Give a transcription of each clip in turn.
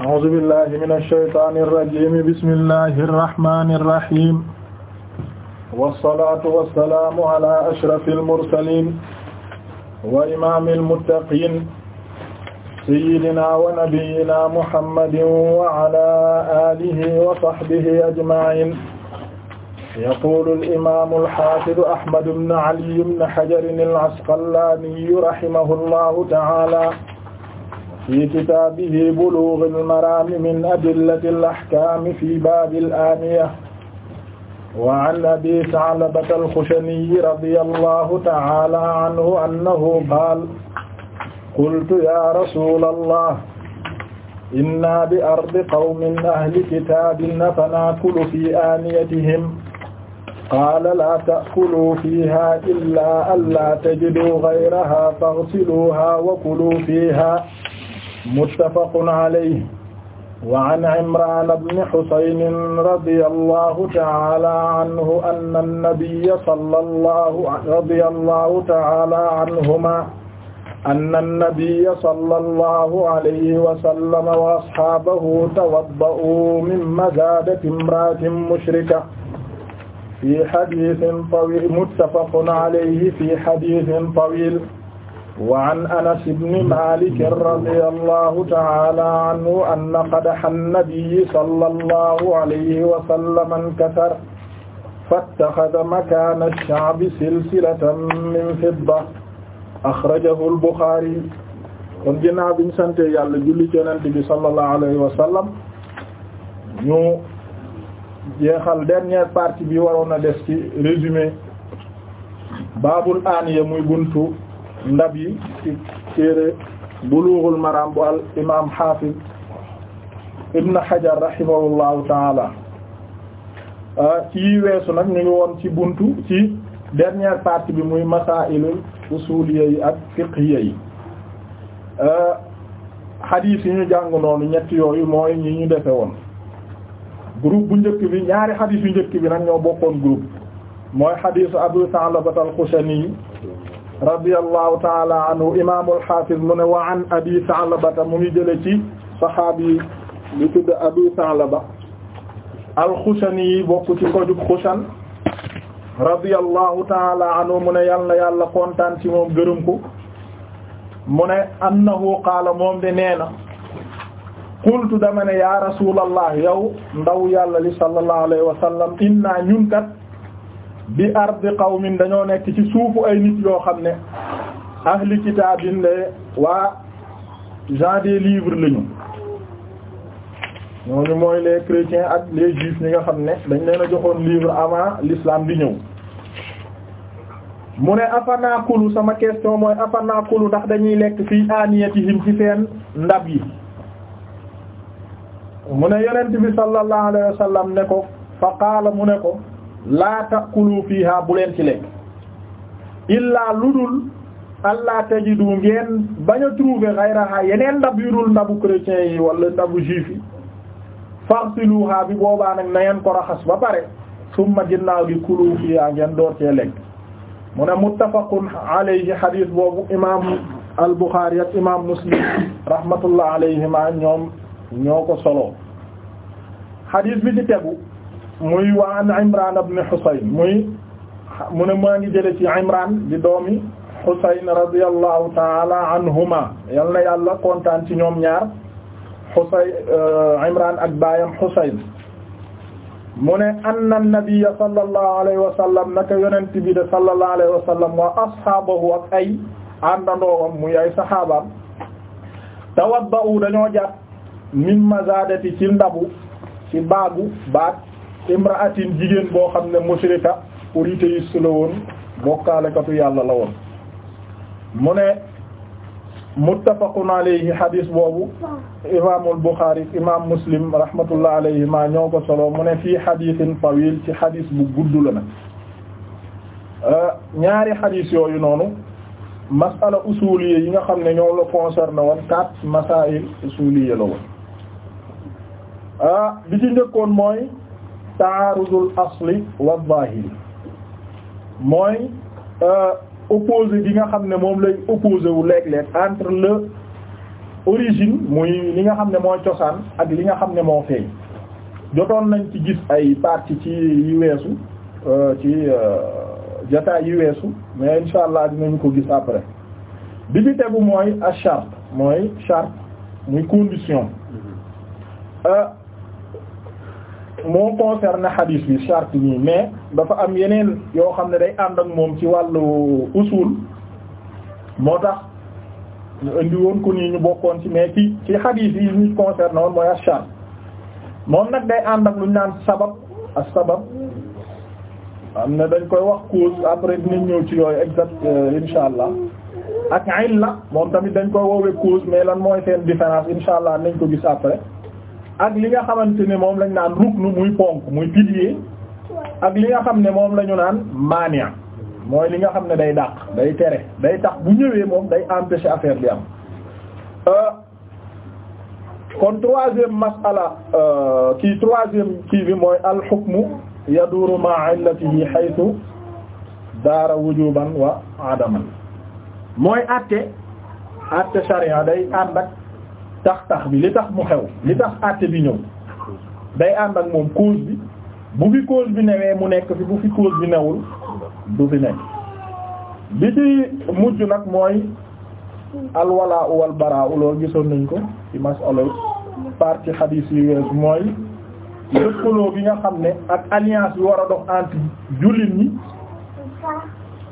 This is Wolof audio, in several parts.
a'uuzu billahi mina shaytaani rajiim bismillahi rahmaani rahiim. wasalaatu wasalaamu ala ashrafil mursaliin wa imaamil muttaqiin sayyidinaa wa nabiyyinaa muhammadin wa ala aalihi wa sahbihi ajma'iin. يقول الإمام الحافظ أحمد بن علي بن حجر العسقلاني رحمه الله تعالى fi kitaabihi buluughil maraami min adillatil ahkaami fi baabil aaniya wa an abi Sa'labatal Xushaniyi radiyallahu ta'aala anhu annahu qaala qultu yaa rasuulallah innaa bi ardi qawmin ahli kitaabin afanaakulu fi aaniyatihim qaala laa ta'kuluu fiihaa illaa allaa tajiduu ghayrahaa faghsiluuhaa wa kuluu fiihaa muttafaqun alayhi wa an Imraan ibn Husayn radiyallahu ta'ala anhu anna an-nabiyya sallallahu radiyallahu ta'ala anhuma anna an-nabiyya sallallahu alayhi wa sallam wa ashaabahu tawadda'u min madaadati imra'atin mushrika fi hadiithin tawiil muttafaqun alayhi fi hadiithin tawiil wa an anas ibni malik radiyallahu ta'ala anhu anna qadaha an-nabiyyi sallallahu alayhi wa sallam inkasara fattakhadha makaana ash-sha'bi silsilatan min fidda akhrajahu al-Bukhari kon ginnaaw bi ñu sante yàlla julli ci Yonent bi sallallahu alayhi wa sallam ñu jeexal dernière partie bi waroon a des ci résumé baabul aaniya muy buntu ndab yi ci téere Bulughul Maram bu al imaam Hafiz Ibn Hajar rahimahullahu taala ah, ci weesu nag ñu ngi woon ci buntu ci dernière partie bi muy masaa'ilul usuliyya yi ak fiqhiyya yi xadiis ah, yi ñu jàng noonu ñett yooyu mooy ñi ñu defe woon groupe bu njëkk bi ñaari xadiis yu njëkk bi nag ñoo bokkoon groupe mooy xadiisu Abu Sa'labata al-Xushani radiyallahu taala anhu imaamul xaafiz mu ne wa an abi Sa'labata mu ngi jële ci saxaabi bi tudd abu Sa'laba alxushani yi ci kojub xushan radiyallahu taala anhu mu ne yal na yàlla kontaan ci moom gërëm ko mu ne annahu qaala moom de nee qultu dama ne ya rasulallah yow ndaw yàlla li sallallahu inna ñun kat bi ardi qawmin dañoo nekk ci suufu ay nit yoo xam ne ahli kitaabin la waa gens des livres lañu ñooñu mooy les chrétiens ak les juifs ñi nga xam ne dañ leen a joxoon livre avant l'islam di ñëw mu ne afanakulu sama question mooy afanakulu ndax dañuy lekk fii aniyatihim ci seen ndab yi mu ne yonent bi sallallahu alayhi wa sallam ne ko fa qaala mu ne ko laa taqulu fiha bu leen ci lekk illaa ludul allah tajidu ngeen bañ a trouver xayraha yeneen ndab yu dul yi wala ndabu juif yi farsiluha bi boobaa nag na ngeen ko raxas ba pare summa ginnaaw gi kulu fiha ngeen door cee lekk mu ne muttafaqun alayhi hadis boobu imam al Bukhari ak imam Muslim rahmatullah alayhima ñoom ñoo ko solo hadis bi ci tegu muy wa an Imran ibn Husayn muy mu ne maa ngi jële ci Imran di doomi Husayn radiyallahu taala anhuma yal na yàlla kontaan ci ñoom ñaar Husayn euh, Imran ak baayam Husayn mu ne anna nabiyya sallallahu alayhi wa sallam naka yonent bi de sallallahu alayhi wa sallam wa ashaabahu ak ay àndandoowam muy ay saxaabaam tawabba'u dañoo jàpp min mazaadati ci ndabu ci baagu baag imraatin jigéen boo xam ne mushrika polythéiste la woon bokkaalekatu yàlla la woon mu ne muttafaqun alayhi hadis boobu imaamul Buxaari imaam Muslim rahmatullah alayhi maa ñoo ko solo mu ne fii hadisin tawil ci hadis bu gudd la nag euh, ñaari hadis yooyu noonu masala usuliye yi nga xam ne ñoo la concerné woon quatre masail usuliye la woon euh, bi ci njëkkoon mooy taarudul asli wa zahiri mooy euh, opposé bi nga xam ne moom lay opposé wu léeg-léeg entre le origine muy li nga xam ne mooy cosaan ak li nga xam ne moo feeñ jotoon nañ ci gis ay partie ci yi weesu euh, ci euh, jataay yi weesu mais insha allah dinañu ko gis après bi ci tegu mooy a charte mooy charte muy condition mm-hmm. moo concerne hadith bi charte bi mais dafa am yeneen yoo xam ne day ànd ak moom ci wàllu usul moo tax ñu indi woon ko nii ñu bokkoon ci mais ci ci hadith yi ñu concerne woon mooy achar moom nag day ànd ak lu ñu naan sabab ak sabab am na dañ koy wax cause après dinañ ñëw ci yooyu exact euh, insha allah ak illa moom tamit dañ koy woowee cause mais lan mooy seen différence insha allah nañ ko gis après ak li nga xamante ni moom lañ naan ruknu muy ponk muy pilier ak li nga xam ne moom lañu naan mania mooy li nga xam ne day dàq day tere day tax bu ñëwee moom day empêcher affaire bi am euh, kon troisième masala euh, kii troisième kii bi mooy al hukmu yaduru ma'a illatihi haythu daara wujuban wa adaman mooy àtte àtte sharia day ànd ak tax-tax bi li tax mu xew li tax àtte bi ñëw day ànd ak moom cause bi bu fi cause bi newee mu nekk fi bu fi cause bi newul du fi nekk bi ci mujj nag mooy alwalaa wal baraa loolu gisoon nañ ko ci masala partie hadith yi wees mooy lëkkaloo bi nga xam ne ak alliance bi war a dox entre jullit ñi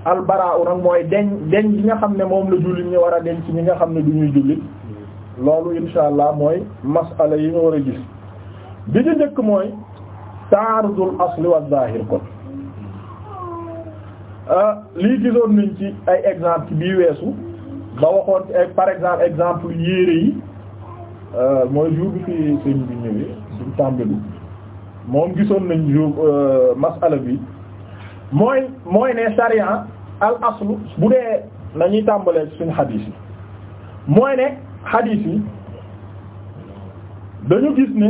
albaraa nag mooy deñ deñ bi nga xam ne moom la jullit ñi war a deñ ci ñi nga xam ne du ñuy jullit loolu insha allah mooy masala yi nga war a gis bi ñu njëkk mooy taarudul asli wa zahir kon ah, lii gisoon nañ ci ay exemple bii weesu ba waxoon par exemple exemple yére yi ah, mooy jour bi fi sëñ bi ñëwee suñ tàmbilu moom gisoon nañ jour ah, masala bi mooy mooy ne sharia al aslu bu dee nañuy tàmbalee suñ xadiis yi mooy ne xadiis yi dañu gis ne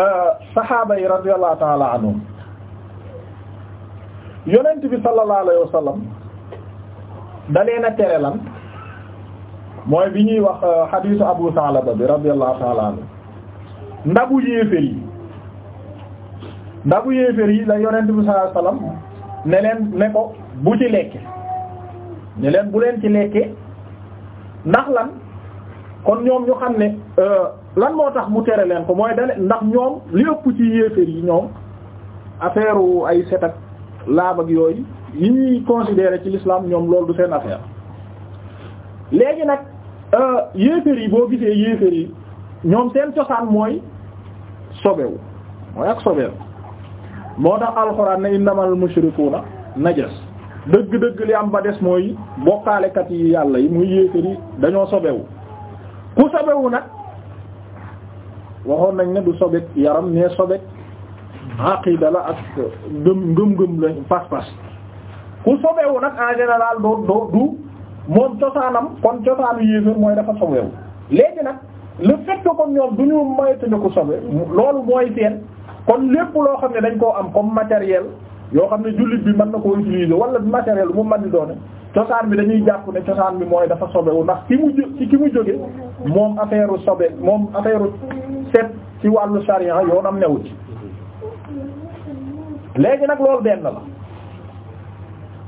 euh, saxaaba yi radiyallahu taala anhum yonent bi sallallahu alayhi wa sallam da leen a tere lan mooy bi ñuy wax euh, xadiisu Abu Sa'laba bi radiyallahu taala anhu ndabu yéeféer yi ndabu yéeféer yi la yonent bi sallallahu alayhi wa ne leen ne ko bu ci lekke ne leen bu leen ci lekke ndax lan kon ñoom ñu xam ne euh, lan moo tax mu tere leen ko mooy dane ndax ñoom li ëpp ci yéeféer yi ñoom affaire ay set ak laab ak yooyu yi ñuy considérer ci lislaam ñoom lool du seen affaire léegi nag euh, yéeféer yi boo gisee yéeféer yi ñoom seen cosaan mooy sobewu mooy ak sobewu moo tax alxuraan ne innamal mushrikuuna najas dëgg-dëgg li am ba des mooy bokkaalekat yi yàlla yi muy yéeféer yi dañoo sobewu ku sobewu nag waxoon nañ ne du sobek yaram ne sobek aqida la ak ngëm ngëm ngëm la pas-pas ku sobewu nag en général doo doo du moom cosaanam kon cosaanu yéeféer mooy dafa sobewu léegi nag le fait que kon ñoom du ñu moytuñu ko sobe loolu mooy seen kon lépp loo xam ne dañ koo am comme matériel yoo xam ne jullit bi mën na koo utiliser wala matériel mu mën di doone cosaan bi dañuy jàpp ne cosaan bi mooy dafa sobewu ndax ki mu ci ki mu jóge moom affaire u sobe moom affaire u set ci wàllu charia yoonam newu ci léegi nag loolu benn la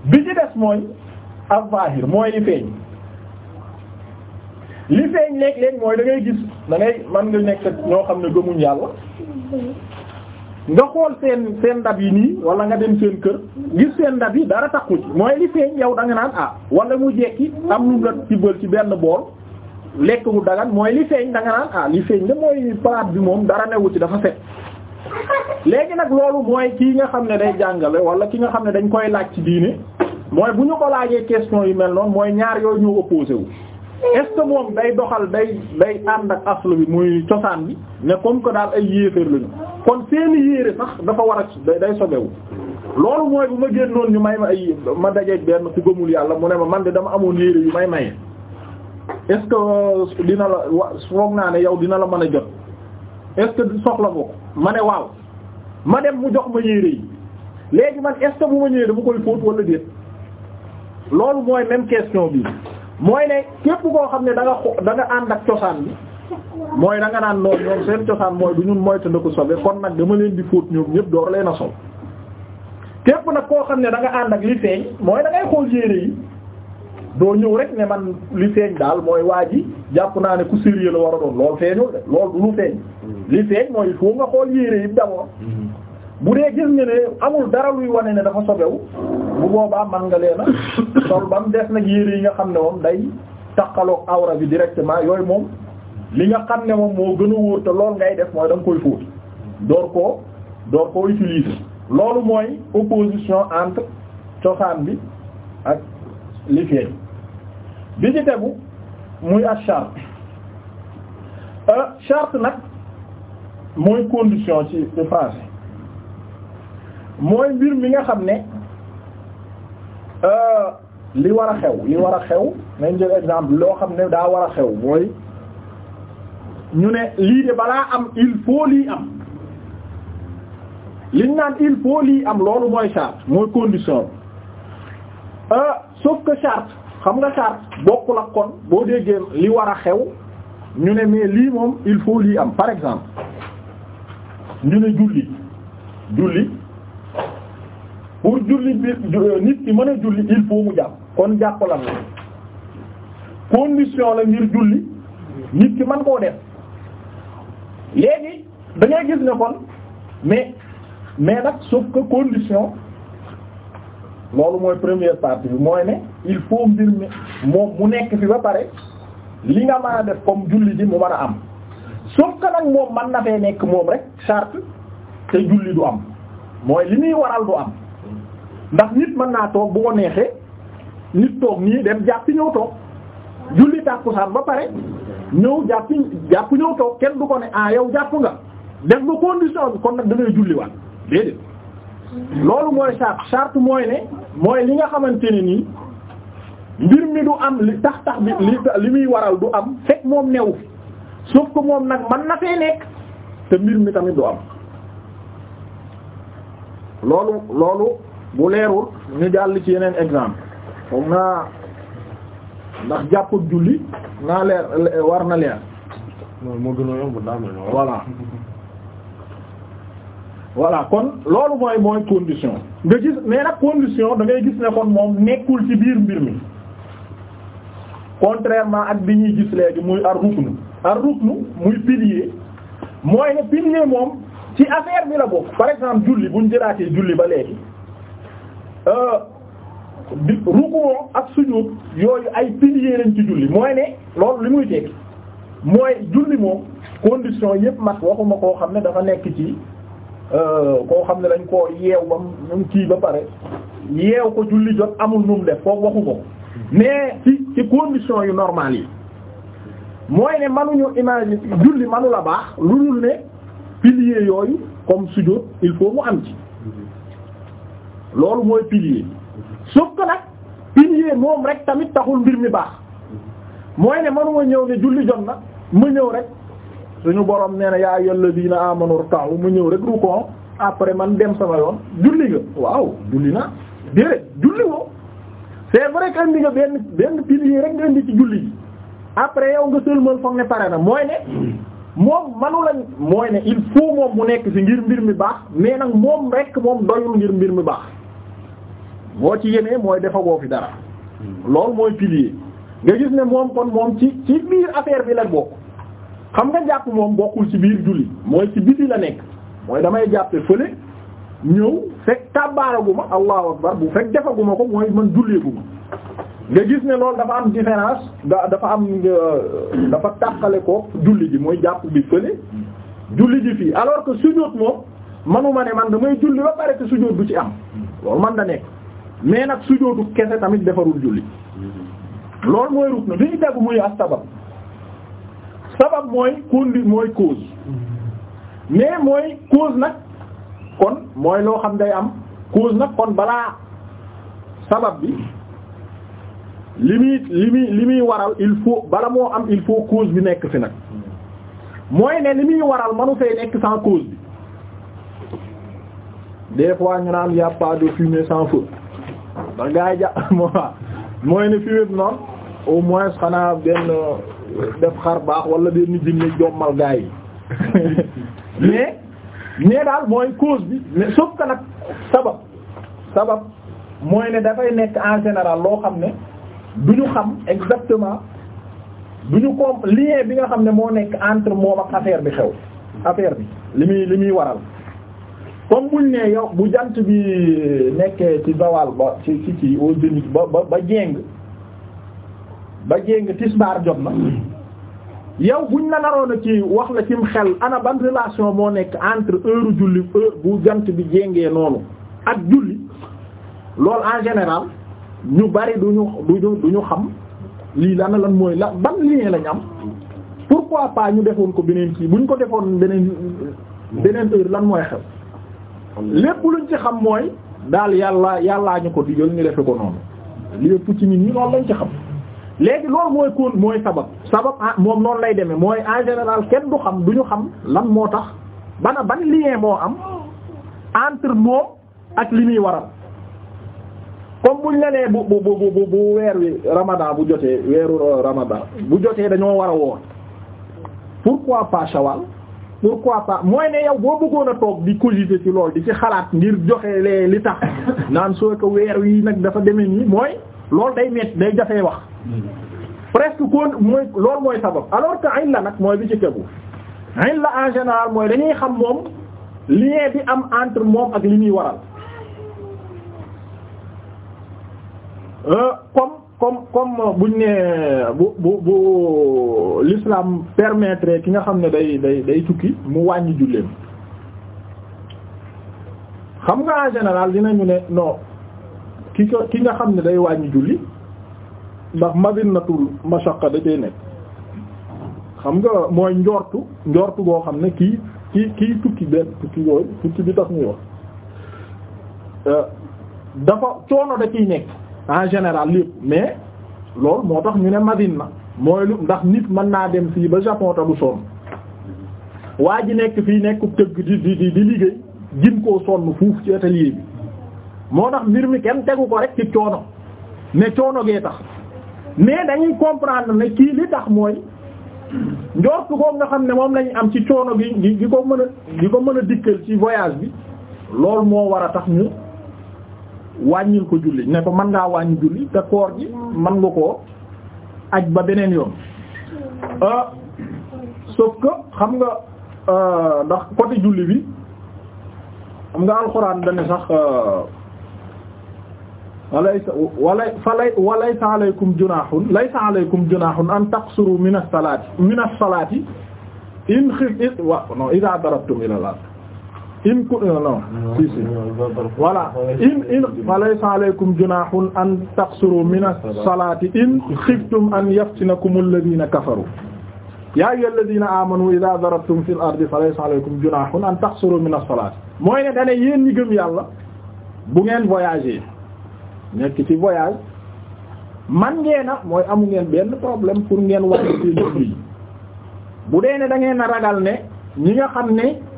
bi ci des mooy al-zahir mooy li feeñ li mooy da ngay gis da ngay mën nga nekk ñoo xam ne gëmuñ yàlla nga xool seen seen ndab yi nii wala nga dem seen kër gis seen ndab yi dara takku ci mooy li feeñ yow da naan ah wala mu jekki am lu la tibbal ci benn bool lekk gu dagan mooy li feeñ da naan ah li feeñ la mooy palaat bi moom dara newu ci dafa set léegi nag loolu mooy kii nga xam ne day jàngale wala ki nga xam ne dañ koy laaj ci diine mooy bu ñu ko laajee question yu mel noonu mooy ñaar yooyu ñu opposé wu est-ce moom day doxal day day ànd ak aslu bi muy cosaan bi ne comme ko daal ay yéeféer lañu kon seeni yéere sax dafa war a day sobewu loolu mooy bu ma génnoon ñu may ma ay ma dajeeg benn ku gëmul yàlla mu ne ma man de dama amoon yéere yu may maye est euh, dina la wa foog naa ne yow dina la mën a jot est-ce que soxla ko ma ne waaw ma dem mu jox ma yéere yi léegi man est-ce bu ma ñëwee dama koy fóot wala déet loolu mooy même question bi mooy ne képp koo xam ne da nga xo da nga ànd ak cosaan bi mooy da nga naan noonu ñoom seen cosaan mooy du ñun moyta nda ko sobe kon nag dama leen di fóot ñoom ñëpp door leen a sol képp nag koo xam ne da nga ànd ak li feeñ mooy da ngay xool yére yi doo ñëw rek ne man li feeñ daal mooy waa ji jàpp naa ne ku sérieux la war a doon loolu feeñul de loolu du lu feeñ mm. li feeñ mooy nga xool yére yi d'abord mm. bu dee gis nga ne amul dara luy wane ne dafa sobewu bu boobaa man nga leena sol ba mu des nag yére yi nga xam ne moom day taqaloog awra bi directement yooyu moom li nga xam ne moom moo gën a wóor te lool ngay def mooy da nga koy fóot door koo door koo utiliser loolu mooy opposition entre cosaan bi ak li feeñ bi ci tegu muy ak charte euh, charte nag mooy condition ci ci mooy mbir mi nga xam ne euh, li war a xew li war a xew nañ jël exemple loo xam ne daa war a xew mooy ñu ne lii de balaa am il faut lii am liñ naan il faut lii am loolu mooy charte mooy condition euh, sauf que charte xam nga charte bokkul ak kon boo déggee li war a xew ñu ne mais lii moom il faut lii am par exemple ñu ne julli julli pour julli bi euh, nit ki mën a julli il faut mu jàpp kon jàpp lan la condition la ngir julli nit ki mën koo def léegi da ngay gis ne kon mais mais nag sauf que condition loolu mooy première partie bi mooy ne il faut mbir mi moom mu nekk fi ba pare li nga mën a def comme julli ji mu mën a am sauf que nag moom mën na fee nekk moom rek charte te julli du am mooy li muy waral du am ndax nit mën naa toog bu ko neexee nit toog nii dem jàppi ñëw toog julli tàkkusaan ba pare ñëw jàppi jàpp ñëw toog kenn du ko ne ah yow jàpp nga def nga condition bi kon nag da ngay julliwaat déedéet loolu mooy charte charte mooy ne mooy li nga xamante ne nii mbir mi du am li tax tax bi li li muy waral du am fekk moom new fi ko moom nag man na fee nekk te mbir mi tamit du am loolu loolu bu leerul ñu jàll ci yeneen exemple foog naa ndax jàpput julli naa leer war na leer moo gën a yomb daa mel voilà voilà kon loolu mooy mooy condition nga gis mais nag condition da ngay gis ne kon moom nekkul ci biir mbir mi contrairement ak bi ñuy gis léegi muy ar ruknu ar ruknu muy pilier mooy ne pilier moom ci affaire bi la bokk par exemple julli buñ jëlaatee julli ba léegi Euh, di ruku ak sujud yooyu ay piliers lañ ci julli mooy ne loolu li muy tekki mooy julli moom condition yëpp mat waxuma koo xam ne dafa nekk ci euh, koo xam ne dañ koo yeew ba mu kii ba pare yeew ko julli jot amul nu mu def foofu waxu ko mais ci ci condition yu normal yi mooy ne manuñu imaginer julli manu la baax lu dul ne piliers yooyu comme sujud il faut mu am ci loolu mooy pilier sauf que nag pilier moom rek tamit taxul mbir mi baax mooy ne manuma ñëw ne julli jot na ma ñëw rek suñu borom nee na yaa ayyuhal ladina amanu ruk'u mu ñëw rek rukon après man dem sama yoon julli nga waaw julli na déedéet julli woo c'est vrai que indi nga benn benn pilier rek nga indi ci julli ji après yow nga sëlmal foog pare na mooy ne moom manu lañ mooy ne il faut moom mu nekk ci ngir mbir mi baax mais nag moom rek moom doyul ngir mbir mi baax boo ci yenee mooy defagoo fi dara loolu mooy pilier nga gis ne moom kon moom ci ci biir affaire bi la bokk xam nga jàpp moom bokkul ci biir julli mooy ci biti la nekk mooy damay jàppe fële ñëw fekk kàbbaaraguma allahu akbar bu fekk defaguma ko mooy man julleeguma nga gis ne loolu dafa am différence da dafa am euh, dafa tàqale ko julli bi mooy jàpp bi fële julli ji fii alors que sujjóot moom manuma ne man damay julli ba pare te sujjóot du ci am loolu man da nekk mais nag sujootu kese tamit defarul julli loolu mooy ruknu na ñu dagg muy as sabab sabab mooy condi mooy cause mais mooy cause nag kon mooy loo xam day am cause nag kon balaa sabab bi li muy li muy li muy waral il faut bala moo am il faut cause bi nekk fi nag mooy ne li muy waral manu fay nekk sans cause bi des fois naan y de fumée sans feu ndax gaa yi ja mooy ne fi wét moins xanaa benn euh, def xar baax wala benn jinne jommal gaa yi mais mais daal mooy cause bi mais sauf que nag sabab sabab mooy ne dafay nekk en général loo xam ne du ñu xam exactement du ñu comp lien bi nga xam ne moo nekk entre moom ak affaire bi xew affaire bi li muy li muy waral comme buñ ne yow bu jant bi nekkee ci zawal ba ci ci ci au zénith ba ba ba jéng ba jéng tisbaar jot na yow buñ la naroon a ci wax la cim xel ana ban relation moo nekk entre heure julli heure bu jant bi jéngee noonu ak julli loolu en général ñu bari duñu duñu du ñu xam lii lana lan mooy la ban lien lañ am pourquoi pas ñu defoon ko beneen kii buñ ko defoon beneen heure lan mooy xel lépp luñ ci xam mooy daal yàlla yàllaa ñu ko digal ñu defe ko noonu lépp ci nit ñi loolu lañ ci xam léegi loolu mooy kon mooy sabab sabab ah, moom noonu lay demee mooy en général kenn du xam du ñu xam lan moo tax bana ban lien moo am entre moom ak li muy waral comme buñ la nee bu bu bu bu bu weer wi ramadan bu jotee weeru euh, ramadan bu jotee dañoo war a woor pourquoi pas pourquoi pas mooy ne yow boo bëggoon a toog di cogiter ci lool di ci xalaat ngir joxe lee li tax naan soo ko weer wi nag dafa demee nii mooy loolu day met day jafee wax presque kon mooy lool mooy sabab alors que añ nag mooy bi ci tegu añ la en général mooy dañuy xam moom lien bi am entre moom ak li ñuy waral euh, comme comme comme euh, buñ ne bu bu bu l'islam permettre ki nga xam ne day day day tukki mu wàññi julleem xam nga en général dinañu ne non ki ko ki nga xam ne day wàññi julli ndax madinatul mashaqqa da cay nekk xam nga mooy njortu njortu boo xam ne kii ki kii tukki benn tukki yooyu tukki bi tax ñuy wax euh, dafa coono da ciy nekk en général lépp mais loolu moo tax ñu ne madine na mooy lu ndax nit mën naa dem fii ba japon ta du sonn waa ji nekk fii nekk tëgg di di di di liggéey gin koo sonn fuuf ci atelier bi moo tax mbir mi kenn tegu ko rek ci coono ne coono gee tax mais dañuy comprendre ne kii li tax mooy njort ko nga xam ne moom lañu am ci coono gi gi ko mën a gi ko mën a dikkal ci voyage bi loolu moo war a tax ñu wàññil ko julli ne ko mën ngaa wàññi julli te koor gi mën nga ko aj ba beneen yoon euh, sauf que xam nga euh, ndax côté julli bi xam nga alxuraan dane sax walay walay falay walaysa alaykum junahun laysa alaykum junahun an taqsuru min as-salati min as-salati in xif wa no idha darabtum ila al-ard in ku euh, non si si voilà in in falaysa alaykum junahun an taqsuru min as-salati in khiftum an yaftinakum alladhina kafaru ya ayyuha alladhina amanu idha darabtum fil ardi falaysa alaykum junahun an taqsuru min as-salati mooy ne dane yéen gëm yàlla bu ngeen voyager nekk ci voyage man ngeena mooy amu ngeen benn problème pour ngeen wàññi seen julli bu dee ne da ragal ne ñi nga xam ne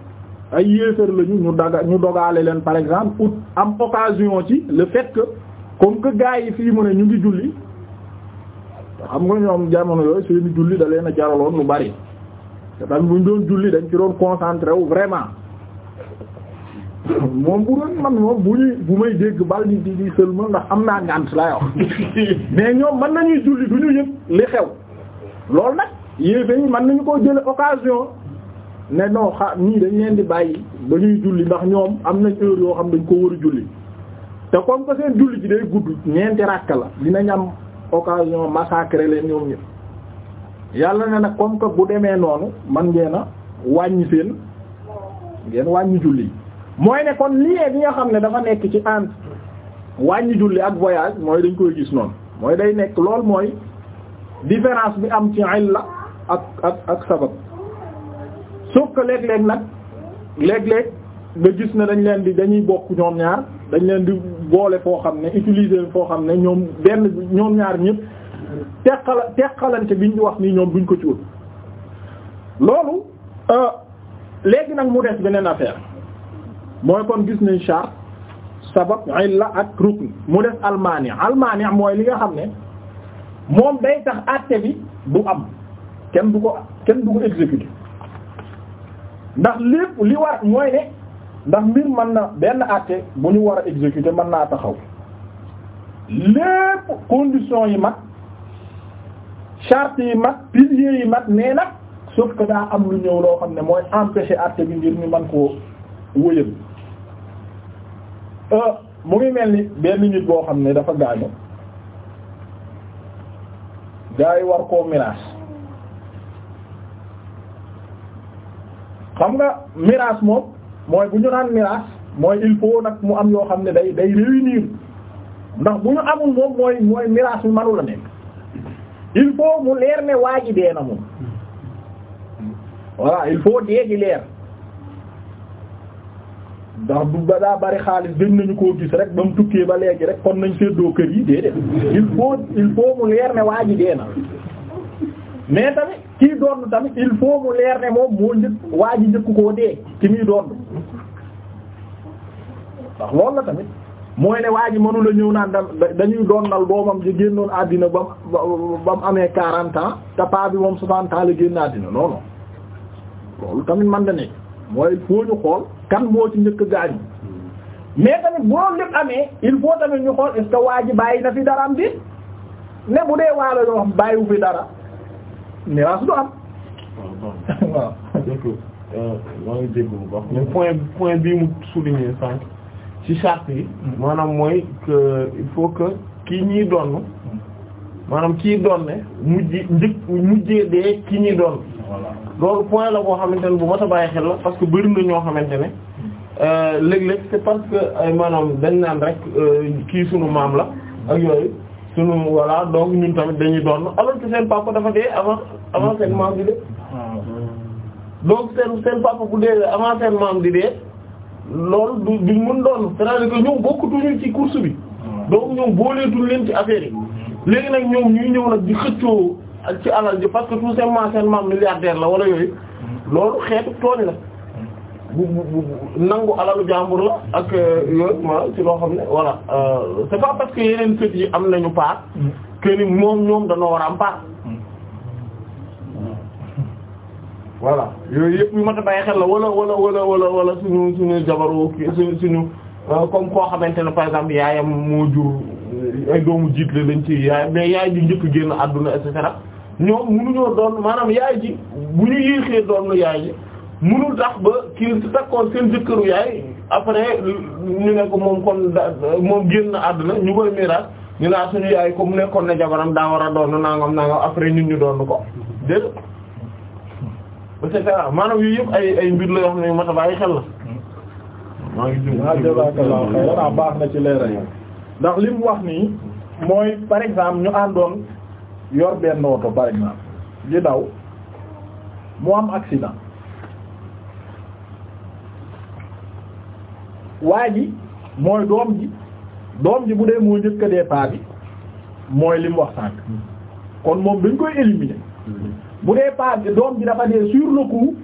ay yéefar lañu ñu daga ñu dogaale leen par exemple pour am occasion ci le fait que comme que gars yi fii mu ne ñu ngi julli xam nga ñoom jamono yooyu seeni julli da leen a jaraloon lu bari te tamit doon julli dañ ci doon concentré wu vraiment moom bu doon man moom bu ñuy bu may dégg bal di di seulement ndax am naa ngànt la wax mais ñoom man nañuy julli du ñu yëg li xew lool nag yéefe yi mën nañu koo jële occasion ne non xa nii dañ leen di bàyyi ba ñuy julli ndax ñoom am na heure yoo xam dañ ko war a julli te comme que seen julli ji day gudd ñeenti ràkk la dinañ am occasion massacrer leen ñoom ñëpp yàlla ne nag comme que bu demee noonu man ngeen a wàññi seen ngeen wàññi julli mooy ne kon lien bi nga xam ne dafa nekk ci ànd wàññi julli ak voyage mooy dañ koy gis noonu mooy day nekk lool mooy différence bi am ci illa ak ak ak sabab sauf que léeg-léeg nag léeg-léeg nga gis na dañ leen di dañuy bokk ñoom ñaar dañ leen di boole foo xam ne utiliser foo xam ne ñoom benn ñoom ñaar ñëpp teqala bi ñu wax nii ñoom buñ ko ci wut loolu euh, léegi nag mu des beneen affaire mooy kon gis nañ char sabab illa ak rukn mu des almaani almaani mooy li nga xam ne moom day tax acte bi bu am kenn bu ko kenn bu ko exécuter ndax lépp li war mooy ne ndax mbir man na benn àtte bu ñu war a exécuter man naa taxaw lépp conditions yi mat charte yi mat piliers yi mat nee nag sauf que daa am lu ñëw loo xam ne mooy empêcher àtte bi ngir ñu mën koo wóyal euh, mu ngi mel ni benn nit boo xam ne dafa gaañu gaa yi war koo menace xam nga miraas moom mooy bu ñu naan miraas mooy il faut nag mu am yoo xam ne day day réunir ndax bu ñu amul moom mooy mooy miraas mi manu la nekk il faut mu leer ne waa ji dee na moom voilà il faut dee leer ndax bu ba daa bari xaalis gën nañu ko gis rek ba mu tukkee ba léegi rek kon nañ seddoo kër yi déedéet il faut il faut mu leer ne waa ji tamit kii doon tamit il faut mu leer ne moom moo njëkk waa ji njëkk koo dee ki muy doon ndax loolu la tamit mooy ne waa ji mënu la ñëw naan dañuy doonal doomam ji génnoon àddina ba ba mu amee quarante ans te bi moom soixante ans la génn àddina non loolu tamit man da nekk mooy il faut ñu xool kan moo ci njëkk gaañu mais tamit bu loolu amee il faut tamit ñu xool est waa ji bàyyi na fi dara am di ne bu dee waa la yoo bàyyiwu fi dara miraas du am. Ah, waaw euh, maa ngi point point bii mu souligné ci charte yi mm. maanaam mooy que il faut que kii ñuy donn mm. maanaam kii doon ne mujj njëkk mujjee dee kii ñuy doon loolu point la boo xamante ne bu mat a bàyyi xel la parce que bëri na ñoo xamante ne mm. euh, léeg-léeg c'est parce que ay maanaam dañ naan rek euh, kii sunu maam la ak yooyu sunu voilà donc ñun tamit dañuy doon alors que seen papa dafa dee avant avant seen maam di dee. donc seen seen papa bu dee avant seen maam di dee loolu du duñ mën doon c'est-à-dire que bokkutuñu ci course bi. donc ñoom booleetuñ leen ci affaire yi. léegi nag ñëw ñuy ñëw nag di xëccoo ci alal ji parce que tout simplement seen maam milliardaire la wala yooyu loolu xeetu tooñ la. bu bu nangu alalu jàmbur la ak euh, yooyu ma ci loo xam ne voilà euh, c'est parce que yeneen sët yi am nañu part que ni moom ñoom dañoo war a am part yooyu yëpp yu ma a bàyyi xel la wala wala wala wala wala suñu suñu jabaru suñu suñu euh, comme koo xamante ne par exemple yaayam moo jur ay doomu jiitle lañ ci yaayam mais yaay ji njëkk génn àdduna et cetera ñoom mënuñoo doon maanaam yaay ji bu ñu yéexee doon yaay ji. mënul tax ba kii takkoon seen jëkkëru yaay après ñu ne ko moom kon da moom génn àdduna ñu koy miraas ñu naa ah suñu yaay mu nekkoon na jabaram daa war a doon nangam nangam après ñu ñu doon ko dégg nga. et cetera maanaam yii yëpp ay ay mbir la yoo xam ne mat a bàyyi xel la. maa ngi déglu maa ngi ah, baax na ci leeral yi ndax li mu wax nii mooy par exemple ñu àndoon yor benn woto par exemple di daw mu am accident. waa ji mooy doom ji doom ji bu dee moo njëkk a dee paa bi mooy li mu wax sànq kon moom dañ koy éliminer mm-hmm. bu dee paa bi doom ji dafa dee sur le coup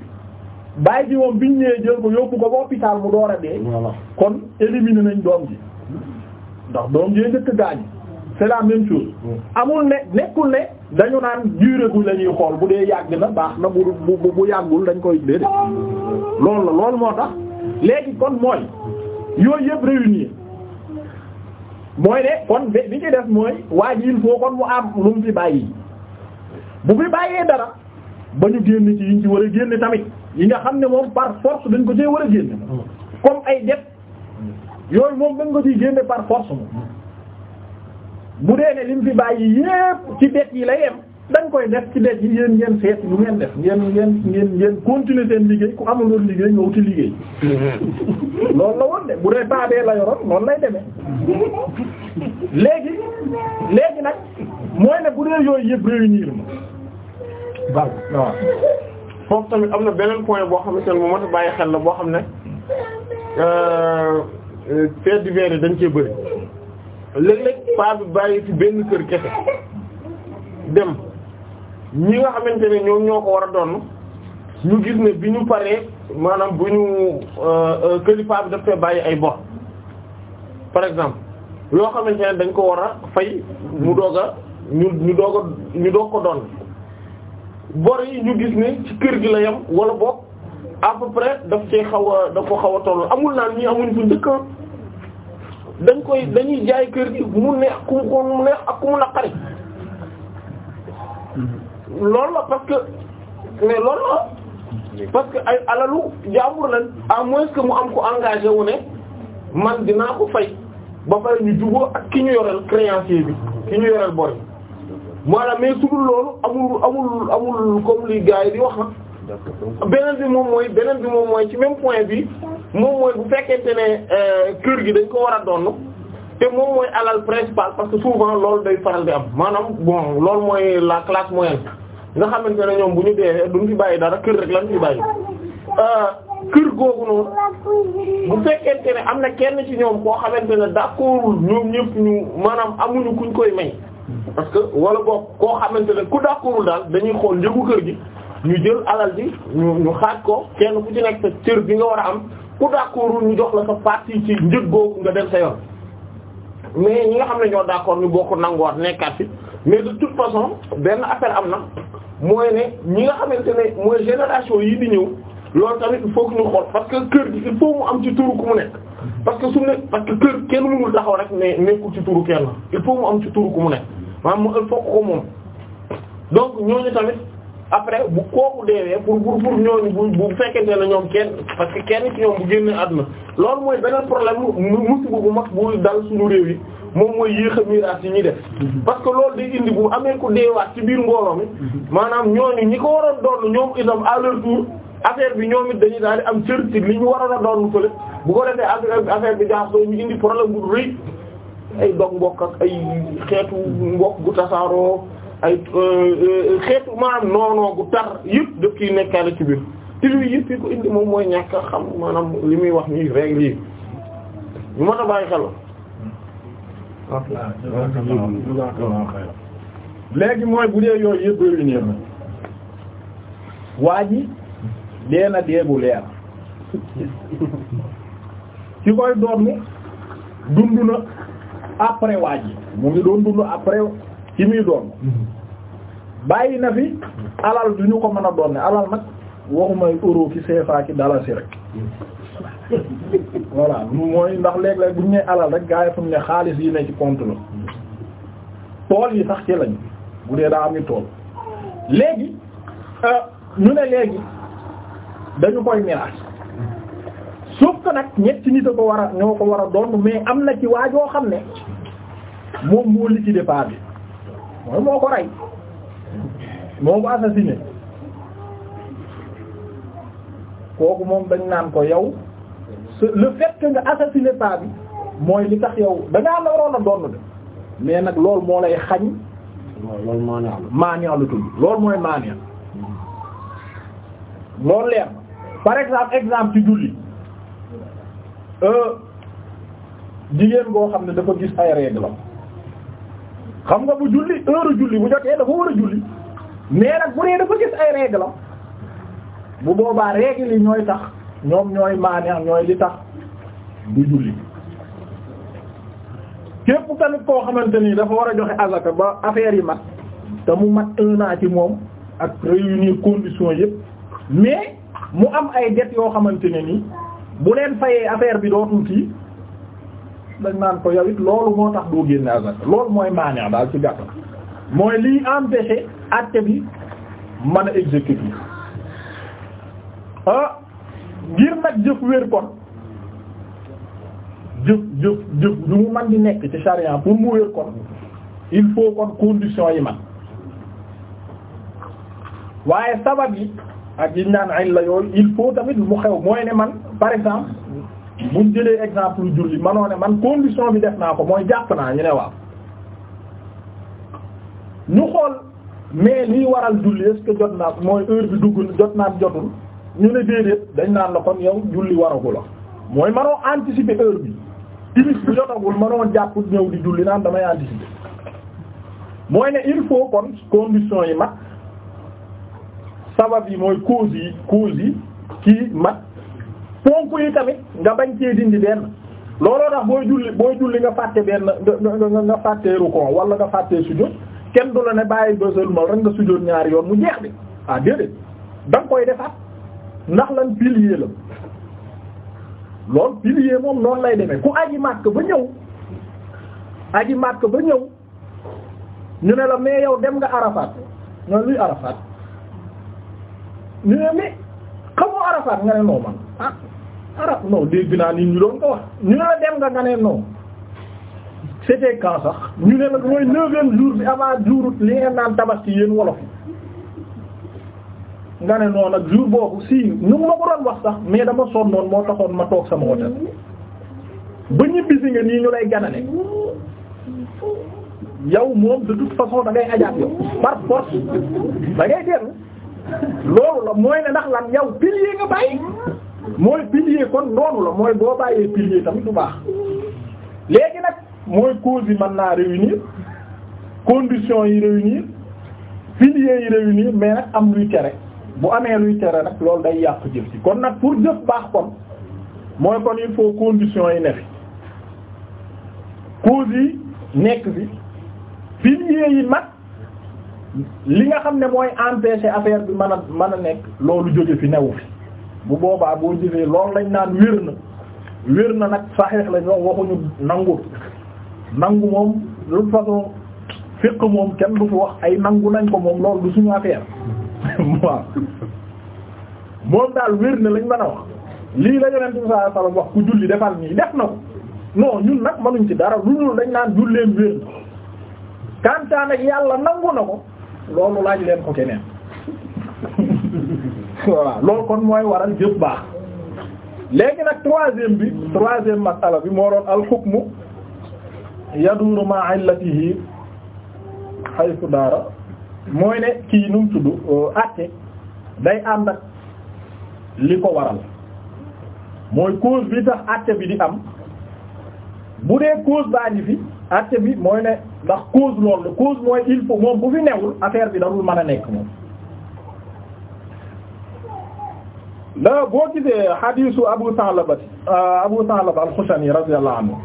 bàyyi ji moom biñ ñëwee jël ko yóbbu ko ba hôpital mu door a dee. kon éliminer nañ doom ji doom ji njëkk gaañ c'est la même chose. Mm-hmm. amul ne nekkul ne dañu naan durée gu la ñuy xool bu dee yàgg na baax na bu bu bu dañ koy déedéet mm-hmm. loolu la loolu moo tax léegi kon mooy. yooyu yëpp réunir mooy ne kon bi ci def mooy waa ji il faut kon mu am lu mu fi bàyyi bu fi bàyyee dara ba ñu génn ci yiñ ci war a génn tamit yi nga xam ne moom par force dañ ko cee war a génn comme ay det yooyu moom dañ ko ciy génne par force moom bu dee ne lim fi bàyyi yépp ci det yi la yem dañ koy def ci dëj yi yéen ngeen seet lu ngeen def ngeen ngeen ngeen ngeen continuer seen liggéey ku amul woon liggéey nga wuti liggéey mm-hmm. loolu la woon de bu dee baabee la yoroon noonu lay demee léegi léegi nag mooy ne bu dee yooyu yëpp réunir ma bal waaw foofu tamit am na beneen point boo xam ne moom moo tax bàyyi xel la boo xam ne faits euh, euh, divers yi dañ cee bëri léeg-léeg paa bi bàyyi fi benn kër kese dem ñi nga xamante ne ñoom ñoo ko war a donn ñu gis ne bi ñu paree maanaam bu ñu euh, euh, kilifa bi daf fee bàyyi ay bor par exemple yoo xamante ne dañ ko war a fay mu doog a ñu ñu doog a ñu doog ko doon bor yi ñu gis ne ci kër gi la yem wala boog a peu près daf cee xaw a daf ko xaw a toll amul naan ñi amuñ fu njëkk dañ koy dañuy jaay kër gi ne neex ku mu neex ak ku mu naqari loolu la parce que mais loolu la parce que ay alalu jàmbur lañ à moins que mu am ko engagé wu ne man dinaa ko fay ba pare ñu juboo ak ki ñu yoreel créancier bi ki ñu yoreel bor bi maanaam mais su loolu amul amul amul comme li gars yi di wax na ah. beneen bi moom mooy beneen bi moom mooy ci même point bi moom mooy bu fekkente ne euh, kër gi dañ ko war a donn te moom mooy alal principal parce que souvent lool day faral di am maanaam bon loolu mooy la classe moyenne nga xamante ne ñoom bu ñu deewee duñ fi bàyyi dara kër rek lañ fi bàyyi euh, kër googu noonu bu fekkente ne am na kenn ci ñoom koo xamante ne d'accordul ñoom ñëpp ñu maanaam amuñu kuñ koy may parce que wala boog koo xamante ne ku d'accordul daal dañuy xool njëgu kër gi ñu jël alal ji ñu ñu xaaj ko kenn ku ci nekk sa cër bi nga war a am ku d'accordul ñu jox la sa partie ci njëg googu nga dem sa yoon mais ñi nga xam ne ñoo d'accord ñu bokk nanguwaat nekkaat fi mais de toute benn affaire am na mooy ne ñi nga xamante ne mooy génération yi di ñëw loolu tamit il faut que ñu xool parce que kër gi il faut mu am ci turu ku mu nekk parce que su ne parce que kër kenn mënul taxaw rek ne nekkul ci turu kenn il faut mu am ci turu ku mu nekk maanaam mu il faut ko moom donc ñooñu tamit après bu kooku deewee pour pour pour ñooñu bu bu fekkente ne ñoom kenn parce que kenn ci ñoom bu génnee na loolu mooy beneen problème mu musiba bu mag bu dal suñu réew yi moom mooy yéex a miraas yi ñuy def mhm. parce que loolu day indi bu amee ku deewaat ci biir mbooloo mi mhm. maanaam ñooñu ñi ko waroon doon ñoom itam à leur tour affaire bi ñoom it dañuy daal di am cër ci li ñu waroon a doon fële bu ko defee affaire bi jaxasoo ñu indi problème bu rëy ay dog mbokk ak ay xeetu mbokk gu tasaaroo ay euh, euh, xeetu maanaam noonoo gu tar yëpp daf kiy nekkaale ci biir te yëpp yi ko indi moom mooy ñàkk a xam maanaam li muy wax nii règle yi ñu mën a bàyyi xel léegi mooy bu dee yooyu yëpp réunir na waa ji dee na dee bu leer ci koy doon dund na après waa ji mu ngi doon dund après ci muy doon bàyyi na fi alal du ñu ko mën a doon ne alal nag waxuma euro ki CFA ki dalasi rek voilà mooy ndax léeg-léeg bu ñu nee alal rek gaa yi fu ñu ne xaalis yi ne ci compte la tool yi sax ci lañ bu dee daa am tool léegi euh, ñu ne léegi dañu koy miraas sauf que nag ñetti nit a ko war a ñoo ko war a doon mais am na ci joo xam ne moom moo liquidé paa bi mooy moo ko rey moo ko assassiné kooku moom dañ naan ko yow le fait que nga assassiné paa bi mooy li tax yow da la waroon a doon de mais nag loolu moo lay xañ. loolu maaneex la tudd loolu mooy maaneex loolu leer par exemple exemple ci julli euh, jigéen boo xam ne dafa gis ay règle xam nga bu julli heure julli bu jotee dafa war a julli mais nag bu dee dafa gis ay règle bu boobaa règle yi ñooy tax ñoom ñooy maaneex ñooy li tax du julli képp tamit koo xamante ni dafa war a joxe azaka ba affaire yi mat te mu mat un ci moom ak réunir conditions yëpp mais mu am ay dettes yoo xamante ne ni bu leen fayee affaire bi dootul kii dañ naan ko yow it loolu moo tax doo génne azaka loolu mooy maaneex daal ci gàttal mooy liy empêcher acte bi mën a exécuter ah ngir nag jëf wér kon jëf jëf jëf lu mu man di nekk ci charia pour mu wér kon il faut kon condition yi man waaye sabab yi ak yi naan ay la yooyu il faut tamit mu xew mooy ne man par exemple buñ jëlee exemple julli manoo ne man condition bi def naa ko mooy jàpp naa ñu ne waaw ñu xool mais liy waral julli est-ce que jot naa mooy heure bi dugg jot naa jotul ñu ne déedéet dañ naan la kon yow julli waragu la mooy manoo anticiper heure bi timis bu jotagul manoo ñëw di julli naan damay anticiper mooy ne il faut condition yi mat sabab yi mooy cause yi cause yi kii mat ponk yi tamit nga bañ cee dindi benn looloo tax booy julli booy julli nga fàtte benn nga nga fàtte rukon wala nga fàtte sujjóot kenn du la ne bàyyi ba seulement rek nga sujjóot ñaari yoon mu jeex bi ah déedéet da koy defaat ndax lan pilier la lool pilier moom noonu lay demee ku aji màkk ba ñëw aji màkk ba ñëw ñu ne la mais yow dem nga Arafat ñoon luy Arafat ñu ne mais xamoo Arafat nga ne non ah Arafat non dégg naa ni ñu doon ko wax ñu ne la dem nga nga ne non c'était quand sax ñu ne la mooy neuvième jour bi avant jour li ngeen naan tabaski yéen wolof yi nga ne noonu ak jour boobu si ñu ma ko doon wax sax mais dama sonnoon moo taxoon ma toog sama hôtel ba ñibbisi nga nii ñu lay ganale yow moom de toute façon da ngay ajaat yow par force da ngay dellu loolu la mooy ne ndax lan yow pilier nga bàyyi mooy pilier kon noonu la mooy boo bàyyee pilier tamit du baax léegi nag mooy cause yi mën naa réunir conditions yi réunir piliers yi réunir mais am luy tere bu amee luy tere nag loolu day yàq jëf ci kon nag pour jëf baax kon mooy kon il faut conditions yi ne fi causes yi nekk fi fii yi mat li nga xam ne mooy empêcher affaire bi mën a mën a nekk loolu jóge fi newu fi bu boobaa boo jëfee lool lañ naan wér na wér na nag saxiix lañ wax waxuñu nangu nangu moom de toute façon fiq moom kenn du fi wax ay nangu nañ ko moom loolu du suñu affaire waaw moom daal wér na lañ mën a wax la yonent bi sallallahu alayhi wasallam wax ku julli defal nii def na ko non ñun nag mënuñ ci dara lu dul dañ naan julleen wér na kantaan ak yàlla nangu na ko loolu laaj leen ko keneen voilà loolu kon mooy waral jëf baax léegi nag troisième bi troisième masala bi moo doon alxukmu yaduuru ma illatihi haythu daara mooy ne kii nu mu tudd euh, àtte day ànd ak li ko waral mooy cause bi tax àtte bi di am bu dee cause baa ngi fi àtte bi mooy ne ndax cause loolu la cause mooy il faut moom bu fi newul affaire bi darul mën a nekk moom. la boo gisee hadiisu Abu Salaba euh, Abu Salaba al-Xushani radiyallahu anhu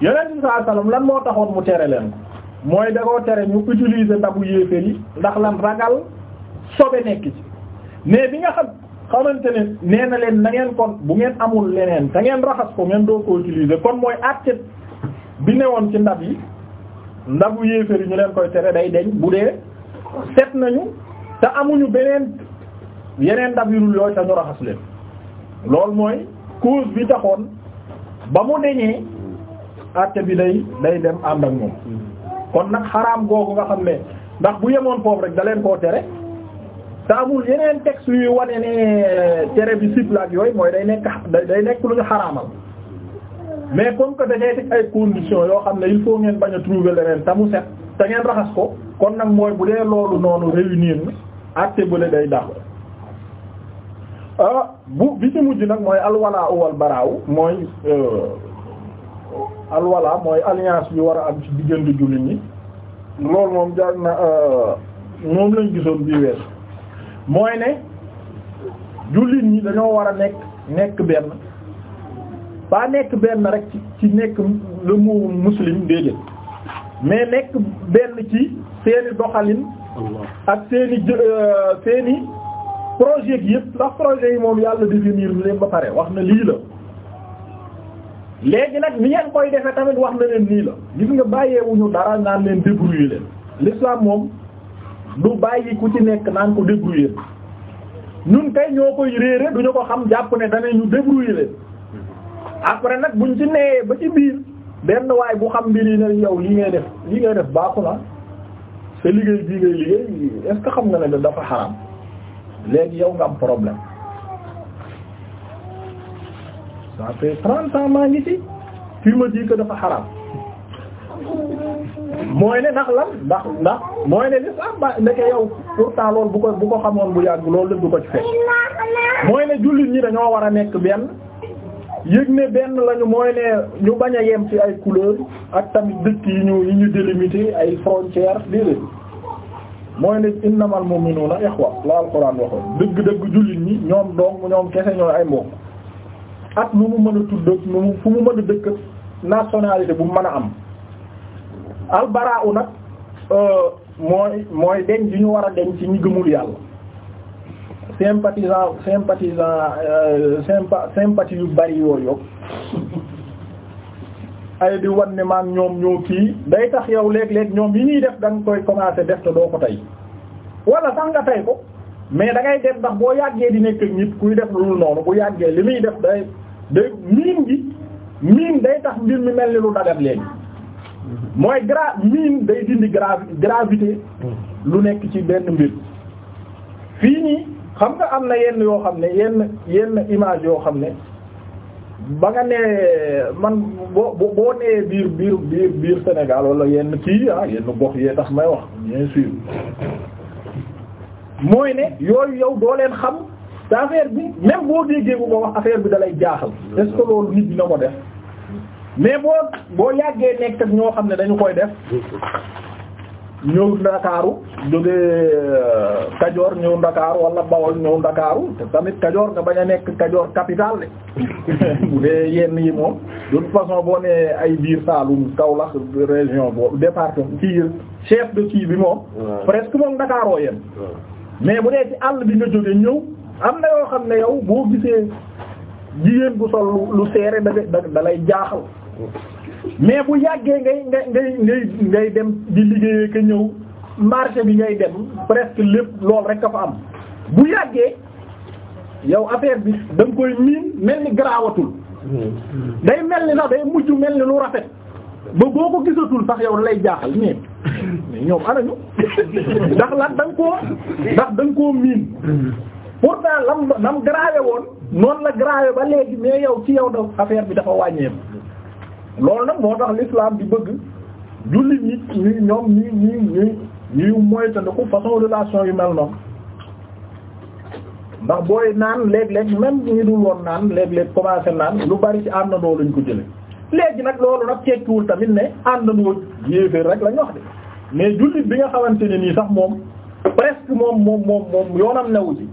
yeneen ci saa salaam lan moo taxoon mu tere leen ko. mooy da tere ñu utiliser ndabu yéeféer yi ndax lan ragal sobe nekk ci mais bi nga xam xamante ne nee na leen na ngeen kon bu ngeen amul leneen da ngeen raxas ko ngeen doo ko utiliser kon mooy àtte bi newoon ci ndab yi ndabu yéeféer yi ñu leen koy tere day deñ bu dee set nañu te amuñu beneen yeneen ndab yu dul yooyu te raxas leen loolu mooy cause bi taxoon ba mu deñee àtte bi day day dem ànd ak moom kon nag xaraam googu nga xam ne ndax bu yemoon foofu rek da leen koo tere te amul yeneen texte yuy wane ne tere bi sib la ak yooyu mooy day nekk day nekk lu ñu xaraamal mais comme que dangay teg ay conditions yoo xam ne il faut ngeen bañ a trouver leneen te mu set te ngeen raxas ko kon nag mooy bu dee loolu noonu réunir na bële day dàq euh, bu bi ci mujj nag mooy alwalaa wal baraaw mooy euh, alwala mooy alliance bi war a am ci diggante jullit ñi loolu moom jaar na euh, moom lañ gisoon bii wees mooy ne jullit ñi dañoo war a nekk nekk benn ba nekk benn rek ci ci nekk le mot muslim déedéet mais nekk benn ci seeni doxalin ak seeni euh, seeni projet yi yëpp ndax projet yi moom yàlla définir leen ba pare wax na lii la léegi nag ni ngeen koy defee tamit wax na leen nii la gis nga bàyyeewuñu dara naan leen débrouiller leen l'islam moom du bàyyi ku ci nekk naan ko débrouiller ñun kay ñoo koy réere duñu ko xam jàpp ne dana ñu débrouiller leen après nag buñ ci neeyee ba ci biir benn waay bu xam mbir yi ne yow li ngay def li ngay def baaxu na ah sa liggéey bii ngay liggéey est xam nga ne dafa xaram léegi yow nga am problème ça fait maa ngi ci fi ma ji que dafa xaraam mooy ne ndax la ndax ndax mooy ne li sax ndeke yow pourtant loolu bu ko bu ko xamoon bu yàgg loolu lépp du ko ci fekk mooy ne jullit ñi dañoo war a nekk benn yëg ne benn lañu mooy ne ñu bañ a yem ci ay couleur ak tamit dëkk yi ñu yi ñu délimité ay frontières déedéet mooy ne innamal mu'minuna ikhwa la alquran waxoon dëgg-dëgg jullit ñi ñoom donc ñoom kese ñooy ay mbokk ak nu mu mën a tudd nu mu fu mu mën a dëkk nationalité bu mu mën a am albaraa nag euh, mooy mooy deñ ci ñu war a deñ ci ñu gëmul yàlla sympathisant sympathisant euh, sympa sympathie yu bari yooyu ay di wan ne maag ñoom ñoo kii day tax yow léeg-léeg ñoom yi ñuy def da nga koy commencer def te doo ko tey wala sax nga tey ko mais dangay ngay def ndax boo yàggee di nekk nit kuy def lu noonu bu yàggee li muy def day day miin gi miin day tax mbir mi mel ni lu dagat léegi mooy gra miin day dindi gravi gravité lu nekk ci benn mbir fii nii xam nga am na yenn yoo xam ne yenn yenn image yoo xam ne ba nga nee man boo boo nee biir biir biir biir Sénégal wala yenn kii ah yenn gox yee tax may wax bien sûr mooy ne yooyu yow doo leen xam te affaire bi même boo déggee bu ko wax affaire bi dalay jaaxal est-ce que loolu nit dina ko def mais boo boo yàggee nekk ñoo xam ne dañu koy def ñëw ndakaaru jóge euh, Kajoor ñëw ndakaaru wala Bawol ñëw ndakaaru te tamit Kajoor nga bañ a nekk Kajoor capitale de bu dee yenn yi moom de toute façon boo nee ay biir Saalum Kaolack région boobu département kii chef de kii bi moom presque moom ndakaaroo yéen mais bu dee ci àll bi nga jóge ñëw am na yoo xam ne yow boo gisee jigéen bu sol lu seere da da lay jaaxal mais bu yàggee ngay ngay ngay ngay dem di liggéeyee ka ñëw marché bi ngay dem presque lépp lool rek a fa am bu yàggee yow affaire bi da koy miin mel ni garaawatul hmm. day mel ni sax day mujj mel ni lu rafet ba boo ko gisatul sax yow lay jaaxal mais ñoom anañu ndax lan da nga koo ndax da nga koo miin pourtant lam nam gravé woon noonu la gravé ba léegi mais yow ci yow da affaire bi dafa wàññeeku loolu na moo tax l'islam di bëgg jullit nit ñuy ñoom ñuy ñuy ñuy ñuy moytandiku façon relation yu mel noonu ndax booy naan léeg-léeg même ñu dul woon naan léeg-léeg commencé naan lu bari ci àndandoo lañ ko jële léegi nag loolu nag tekkiwul tamit ne na àndandoo yéeféer rek lañ wax de mais jullit bi nga xamante ne nii sax moom presque moom moom moom moom yoonam newu ci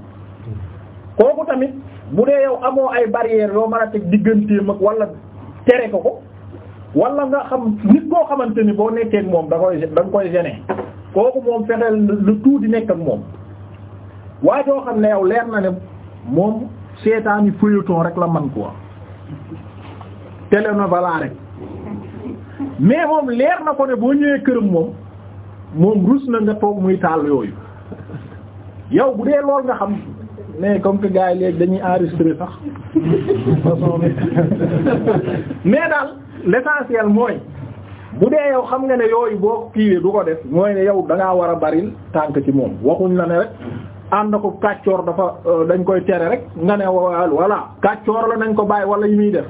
kooku tamit bu dee yow amoo ay barrières yoo man a teg digganteem ak wala tere ko ko wala nga xam nit koo xamante ni boo nekkee moom da koy da nga koy gêner kooku moom fexeel lu tout di nekk ak moom waaye doo xam ne yow leer na ne moom seetaani feuilleton rek la man quoi balaa rek mais moom leer na ko ne boo ñëwee këram moom moom rus na nga toog muy taal yooyu yow bu dee lool nga xam mais comme que gars yi léegi dañuy enregistrer sax façon mais daal l'essentiel mooy bu dee yow xam nga ne yooyu boo kii du ko def mooy ne yow da ngaa war a baril tànk ci moom waxuñ la ne rek ànd ko kàccoor dafa euh, dañ koy tere rek nga ne wala kàccoor la nañ ko bàyyi wala yi muy def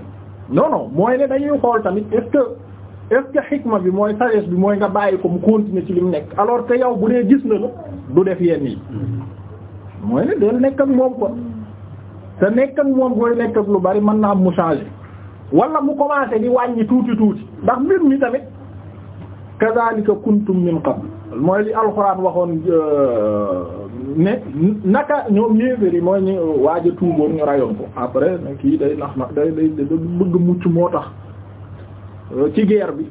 non mooy ne dañuy xool tamit est-ce que bi mooy sagesse bi mooy nga bàyyi ko mu continuer ci li mu nekk alors que yow bu dee gis na la du def yenn yi mooy ne del nekk ak moom ko te nekk moom koy nekk lu bari mën naa am mu changer wala mu commencé di wàññi tuuti tuuti ndax mbir mi tamit kazalika kuntum min qabl mooy li alxuraan waxoon euh, ne naka ñoom yéeféer yi mooy ñu waaj a tuuboon ñu rayoon ko après kii day nax na day day bëgg mucc moo tax euh, ci guerre bi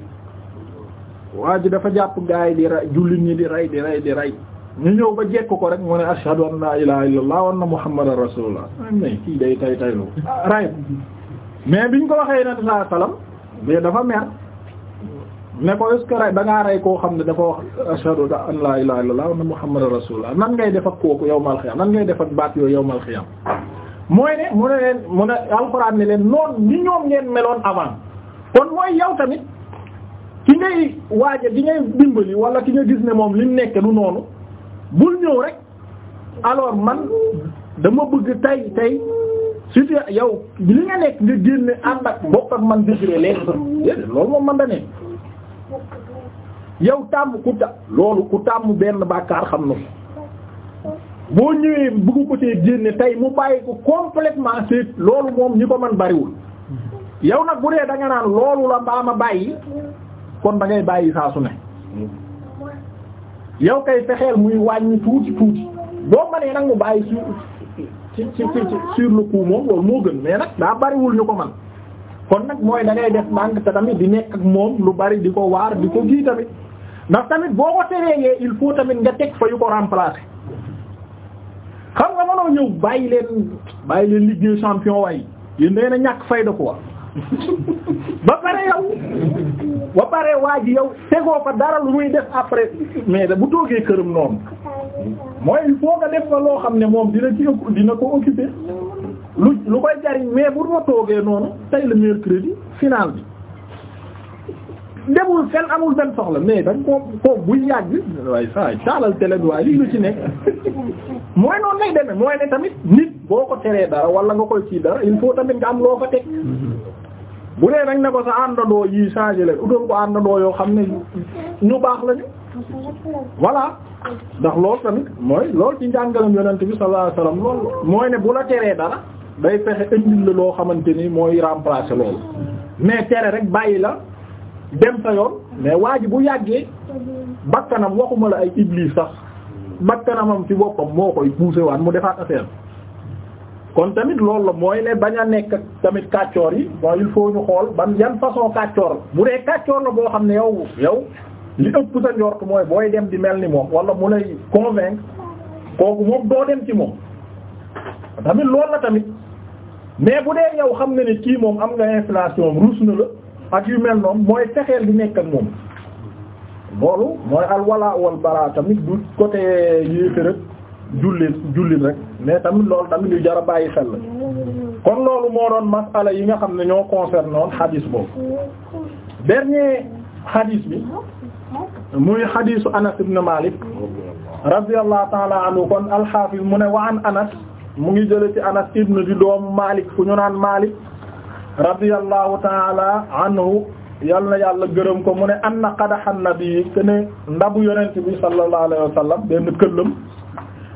waa ji dafa jàpp gaay di ray jullit ñi di ray di ray di ray ñu ñëw ba jekk ko rek mu ne ashhadu an la ilaha illallah wa anna muhammadan rasulullah am ah, na kii day tay taylu ah, ray mais biñ ko waxee na sallam mais dafa mer ne ko est-ce que rey da rey koo xam ne dafa wax ashhadu an laa ilaaha illallaah wa anna muhammadan rasuulullaah nan ngay def ak kooku yawmal qiyaam nan ngay def ak baat yooyu yawmal qiyaam mooy ne mu ne leen mu ne alxuraan ne leen noon ni ñoom ngeen meloon avant kon mooy yow tamit ki ngay waaja di ngay dimbali wala ki nga gis ne moom li mu nekk du noonu bul ñëw rek alors man dama bëgg tey tey surtout yow li nga nekk nga génne ànd ak bokk ak man degré léegi loolu moom man da nekk yow tàmm ku loolu ku tàmm benn bàkkaar xam na boo ñëwee bëgg ko cee génne tey mu bàyyi ko complètement seet loolu moom ñi ko mën bariwul yow nag bu dee danga nga naan loolu la mbaama bàyyi kon dangay bàyyi saa su ne yow kay fexeel muy wàññi tuuti tuuti boo mënee nag mu bàyyi sur ci ci ci sur le coup moom loolu moo gën mais nag daa bariwul ñu ko man kon nag mooy da ngay def màng te tamit di nekk ak moom lu bari di ko waar di ko gii tamit ndax tamit boo ko teree il faut tamit nga teg fa yu ko remplacer xam nga mënoo ñëw bàyyi leen bàyyi leen liggéey des champions waaye yéen na ñàkk fayda quoi ba pare yow ba pare waa ji yow tegoo fa dara lu muy def après mais da bu toogee këram noonu mooy il faut nga def fa loo xam ne moom dina ci dina ko occuper lu lu koy jariñ mais bu ma toogee noonu tey le mercredi final bi. demul fenn amul benn soxla mais dañ koo koo buy yàgg waaye saa yi taalal télé bi waaye lii lu ci nekk mooy noonu lay tamit nit boo ko teree dara wala nga koy ci dara il faut am loo fa teg. Mm-hmm. bu dee nag ne ko sa àndandoo yi changé leen utal ko àndandoo yoo xam ne ñu baax lañu voilà ndax loolu tamit mooy loolu ci njàngalam yonent bi sallallahu alayhi wasallam loolu mooy ne bu la teree dara day fexe indil la loo xamante ni mooy remplacer loolu mm-hmm. mais tere rek bàyyi la. dem sa yoon mais waa ji bu yàggee bakkanam waxuma la ay iblis sax bakkanamam ci boppam moo koy poussé waat mu defaat affaire kon tamit loolu la mooy la bañ a nekk tamit kàccoor yi mooy il faut ñu xool ban yan façon kàccoor bu dee kàccoor la boo xam ne yow yow li ëpp sa njort mooy booy dem di mel ni moom wala mu lay convaincre kooku moom doo dem ci moom tamit loolu la tamit mais bu dee yow xam nga ne kii moom am nga inflation ruus na la ak yu mel noonu mooy fexeel di nekk ak moom loolu mooy alwala wal bara tamit du côté yéefér ak jullit jullit rek mais tamit loolu tamit yu jar a bàyyi xel la kon loolu moo doon masala yi nga xam ne ñoo concerné woon xadiis boobu dernier xadiis bi muy xadiisu Anas ibn Malik radiyallahu ta'ala anhu kon alxaafis mu ne wa Anas mu ngi jële ci Anas ibn di doomu Malik fu ñu naan Malik radiyallahu taala anhu yal yàlla gërëm ko mu ne anna qadahan nabi te ne ndabu yonent bi sallallahu alayhi benn këllam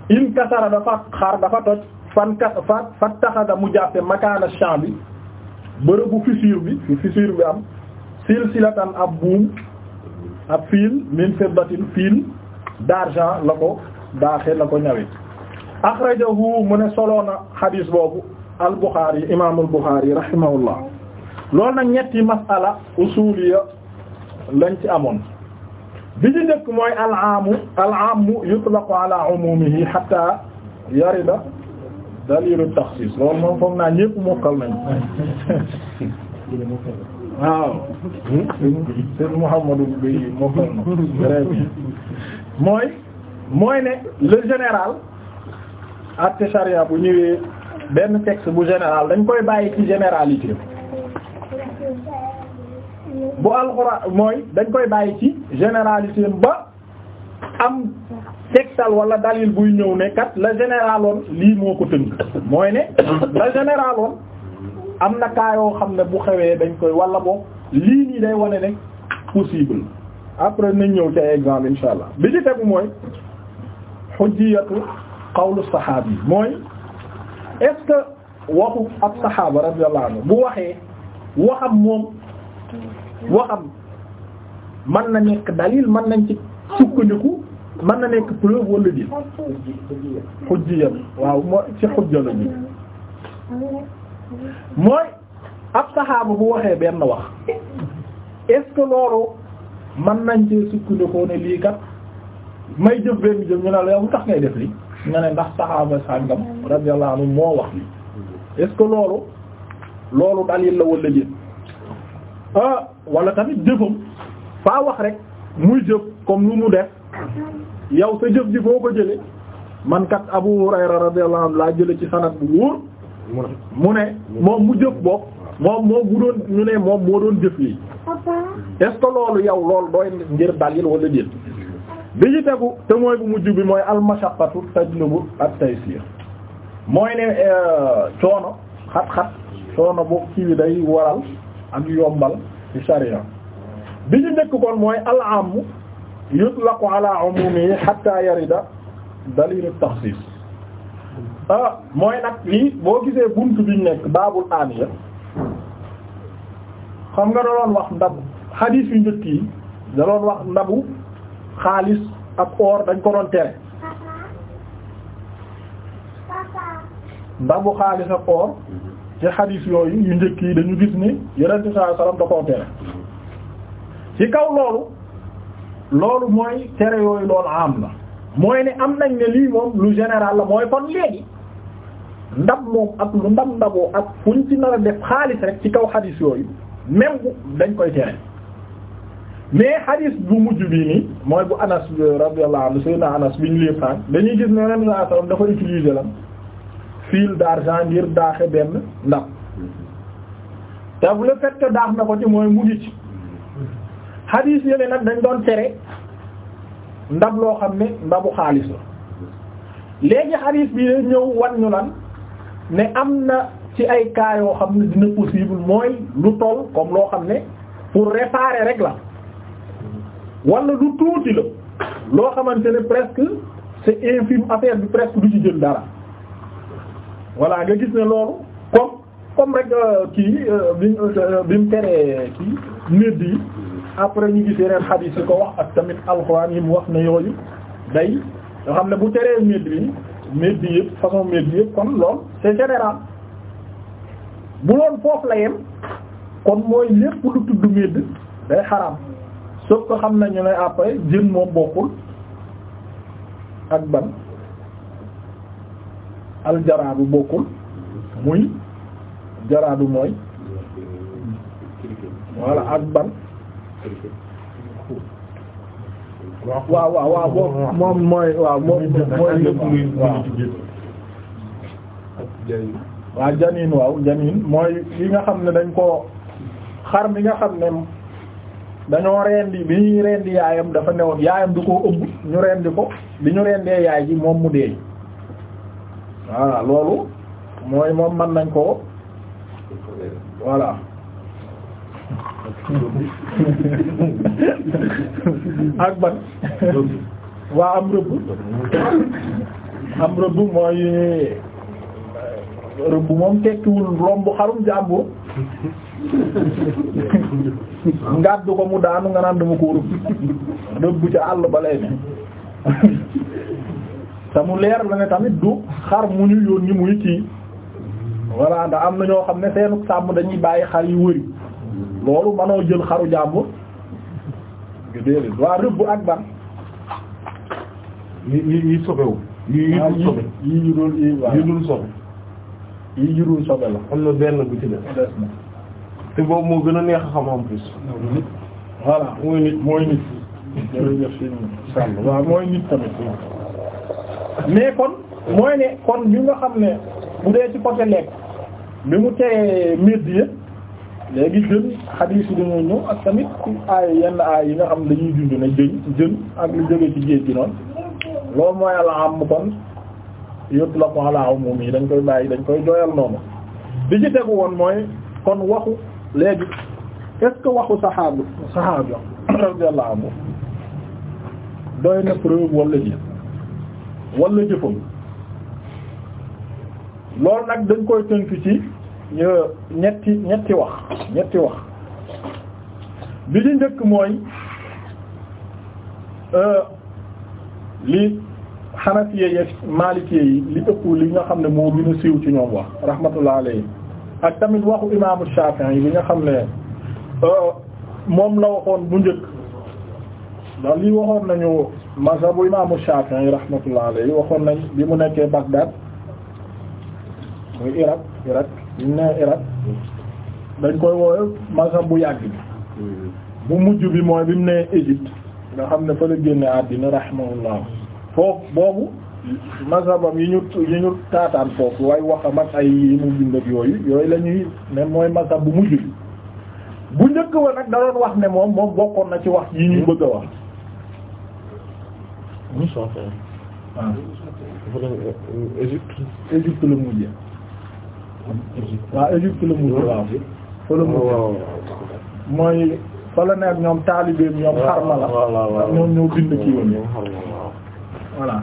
in kasara dafa xar dafa toj fan ka fa fa taxada mu jàppe makaana champ bi bërëbu fissure bi fi bi am silsilatan ab buum ab fiil min fiddatin fiil d'argent la ko daaxe la ko ñawe akhrajahu mu ne soloona xadiis boobu al Bukhari imaamul Bukhari rahimahullah loolu ñetti masala usuliya lañ ci amoon bi ci njëkk mooy al aamu al aamu yutlaqu ala umumihi hatta yarida dalilu waaw seen Muhammadu bi mokkal na mooy mooy ne le général atte bu ñëwee benn texte bu général dañ koy bàyyi ci généralité bu alxuraan mooy dañ koy bàyyi ci généralité ba am tegtal wala dalil buy ñëw ne kat la généraloon lii moo ko tënk mooy ne la généraloon am na cas yoo xam ne bu xewee dañ koy wala boog lii nii day wane ne possible après nañ ñëw ci ay exemple insha allah bi ci tegu mooy xujjiyatu qawlu saxaabi mooy est-ce que waxu ab saxaaba radiyallahu anhu bu waxee waxam moom waxam mën na nekk dalil mën nañ ci sukkandiku mën na nekk preuve wala di xujjiyam mooy bi mooy ab saxaaba bu waxee benn wax est loolu mën nañ ci sukkandikoo ne lii kat may jëf benn jëf ñu ne la yow tax ngay def lii nga ne ndax saxaaba sàngam radiyallahu anhu moo wax loolu loolu dalil la wala déet ah tamit jëfam faa wax rek muy jëf comme nu mu def yow sa jëf ji foo ko jële man kat Abu Hurayra radiyallahu anhu laa jële ci sanad bu wóor mu ne moom mu jëf bopp moom moom mu doon ñu ne moom moo doon jëf lii est-ce que loolu yow lool dooy ngir dalil walla déet bi ci tegu te mooy bu mujj bi mooy almashaqqatu tajlubu at-taysir mooy ne euh, coono xat-xat coono bu kii day waral ak yombal ci sharia bi ci nekk kon mooy al-aam yutlaqu ala umumihi hatta yarida dalil at ah mooy nag lii boo gisee buntu biñ nekk baabul aaniya xam nga da doon wax ndabu xadiis yu njëkk yi da wax ndabu xaalis ak or dañ ko doon tere ndabu xaalis ak or ci xadiis yooyu yu njëkk yi dañu gis ni yonent bi sallallahu alayhi wasallam tere ci kaw loolu loolu mooy tere yooyu loolu am na mooy ne am nañ ne lii moom lu général la mooy kon léegi ndab moom ak lu ndab ndaboo ak fuñ ci nar a def xaalis rek ci kaw xadiis yooyu même dañ koy tere mais hadis bu mujj bii nii mooy bu Anas euh, radiyallahu anhu Seydina Anas bi ñu leen fànn dañuy gis ne ren laa xam dafa utiliser lan fil d'argent ngir daaxe benn ndax te bu le fait daax na ko ci mooy mu ci hadis yële nag dañ doon tere ndab loo xam ne ndabu xaalis la léegi hadis bi ñëw wan ñu lan ne am na ci ay cas yoo xam ne dina possible mooy lu tol comme loo xam ne pour réparer rek la. wala lu tuuti la loo xamante ne presque c'est infime affaire bi presque du ci jël dara voilà nga gis ne loolu comme comme rek euh, kii euh, bi euh, bi mu teree kii nédd yi après ñu gis yeneen xadiis yi ko wax ak tamit alxuraan yi mu wax na yooyu day yoo xam ne bu teree nédd yi nédd yëpp façon nédd yëpp kon lool c'est général bu loon foofu la yem kon mooy lépp lu tudd médd day xaraam sauf que xam nañu ne après jën moom bokkul ak ban aljaraadu bokkul muy jaraadu mooy voilà ak ban waaw waaw waaw moom mooy waaw mooy waaw janiin waaw janiin mooy yi nga xam ne dañ ko xar mi nga xam ne dañoo rendi bi ñuy yaayam dafa newoon yaayam du ko ëmb ñu rendi ko bi ñu rendee yaay ji moom mu dee voilà loolu mooy moom man nañ ko voilà ak ban waa am rëbb am rëbb mooy rëbb moom tekkiwul lom bu xarum jàmbur ngàddu ko mu daanu nga naan dama ko rëbb ci àll ba lay ne leer la tamit du xar mu ñu yoon ni muy kii voilà ndax am na ñoo xam ne seenu sàmm dañuy bàyyi xar yu wëri loolu manoo jël xaru jàmbur waa rëbb ak ban yi yi yi sobewu yi yi sobe yi yi dul sobe yi dul sobe la am na benn bu ci def des na te boobu moo gën a neex a xam en plus. voilà mooy nit mooy tamit. mais kon mooy ne kon ñu nga xam ne bu dee ci côté lekk bi mu tee média léegi jën xadiis yi ñëw ak tamit aay yenn aay yi nga xam dañuy dund ne jën jën ak lu jóge ci géej gi noonu loolu mooy ala am kon yëpp la ko ala amum yi dañ koy bàyyi dañ koy doyal noonu li ci tegu woon mooy kon waxu léegi est-ce que waxu saxaabu saxaabu radiyallahu anhu doy na preuve wala ji wala jëfam loolu nag dañ koy tënk ci e, ñetti ñetti wax ñetti wax bi di njëkk mooy e, li xanafiye yi malikiye yi li ëpp li nga xam ne moo gën a siiw ci ñoom wax rahmatullah alayhi ak tamit waxu imaamu Shafi'i yi bi nga xam ne euh, moom la waxoon bu njëkk ndax lii waxoon nañu mazhabu imaamu Shafi'i yi rahmatullah alayhi waxoon nañ bi mu nekkee Bagdad muy Irak Irak bi mu nee Irak dañ koy woowe mazhab bu yàgg bi bu mujj bi mooy bi mu nee Égypte nga xam ne fa la génne àddina rahmatullah foofu boobu mazhabam yi ñu yi ñu taataan foofu waaye wax ak ay yi mu bind ak yooyu yooyu lañuy ñuy mooy mazhab bu mujj bi bu njëkk wa nag da wax ne moom moom bokkoon na ci wax yi ñu bëgg a wax. mu soxla ah. euh, waaw. la mujjee. Oh, waaw mooy fa la nekk ñoom taalibeem ñoom xarma la. ñoom ñoo bind kii woon voilà.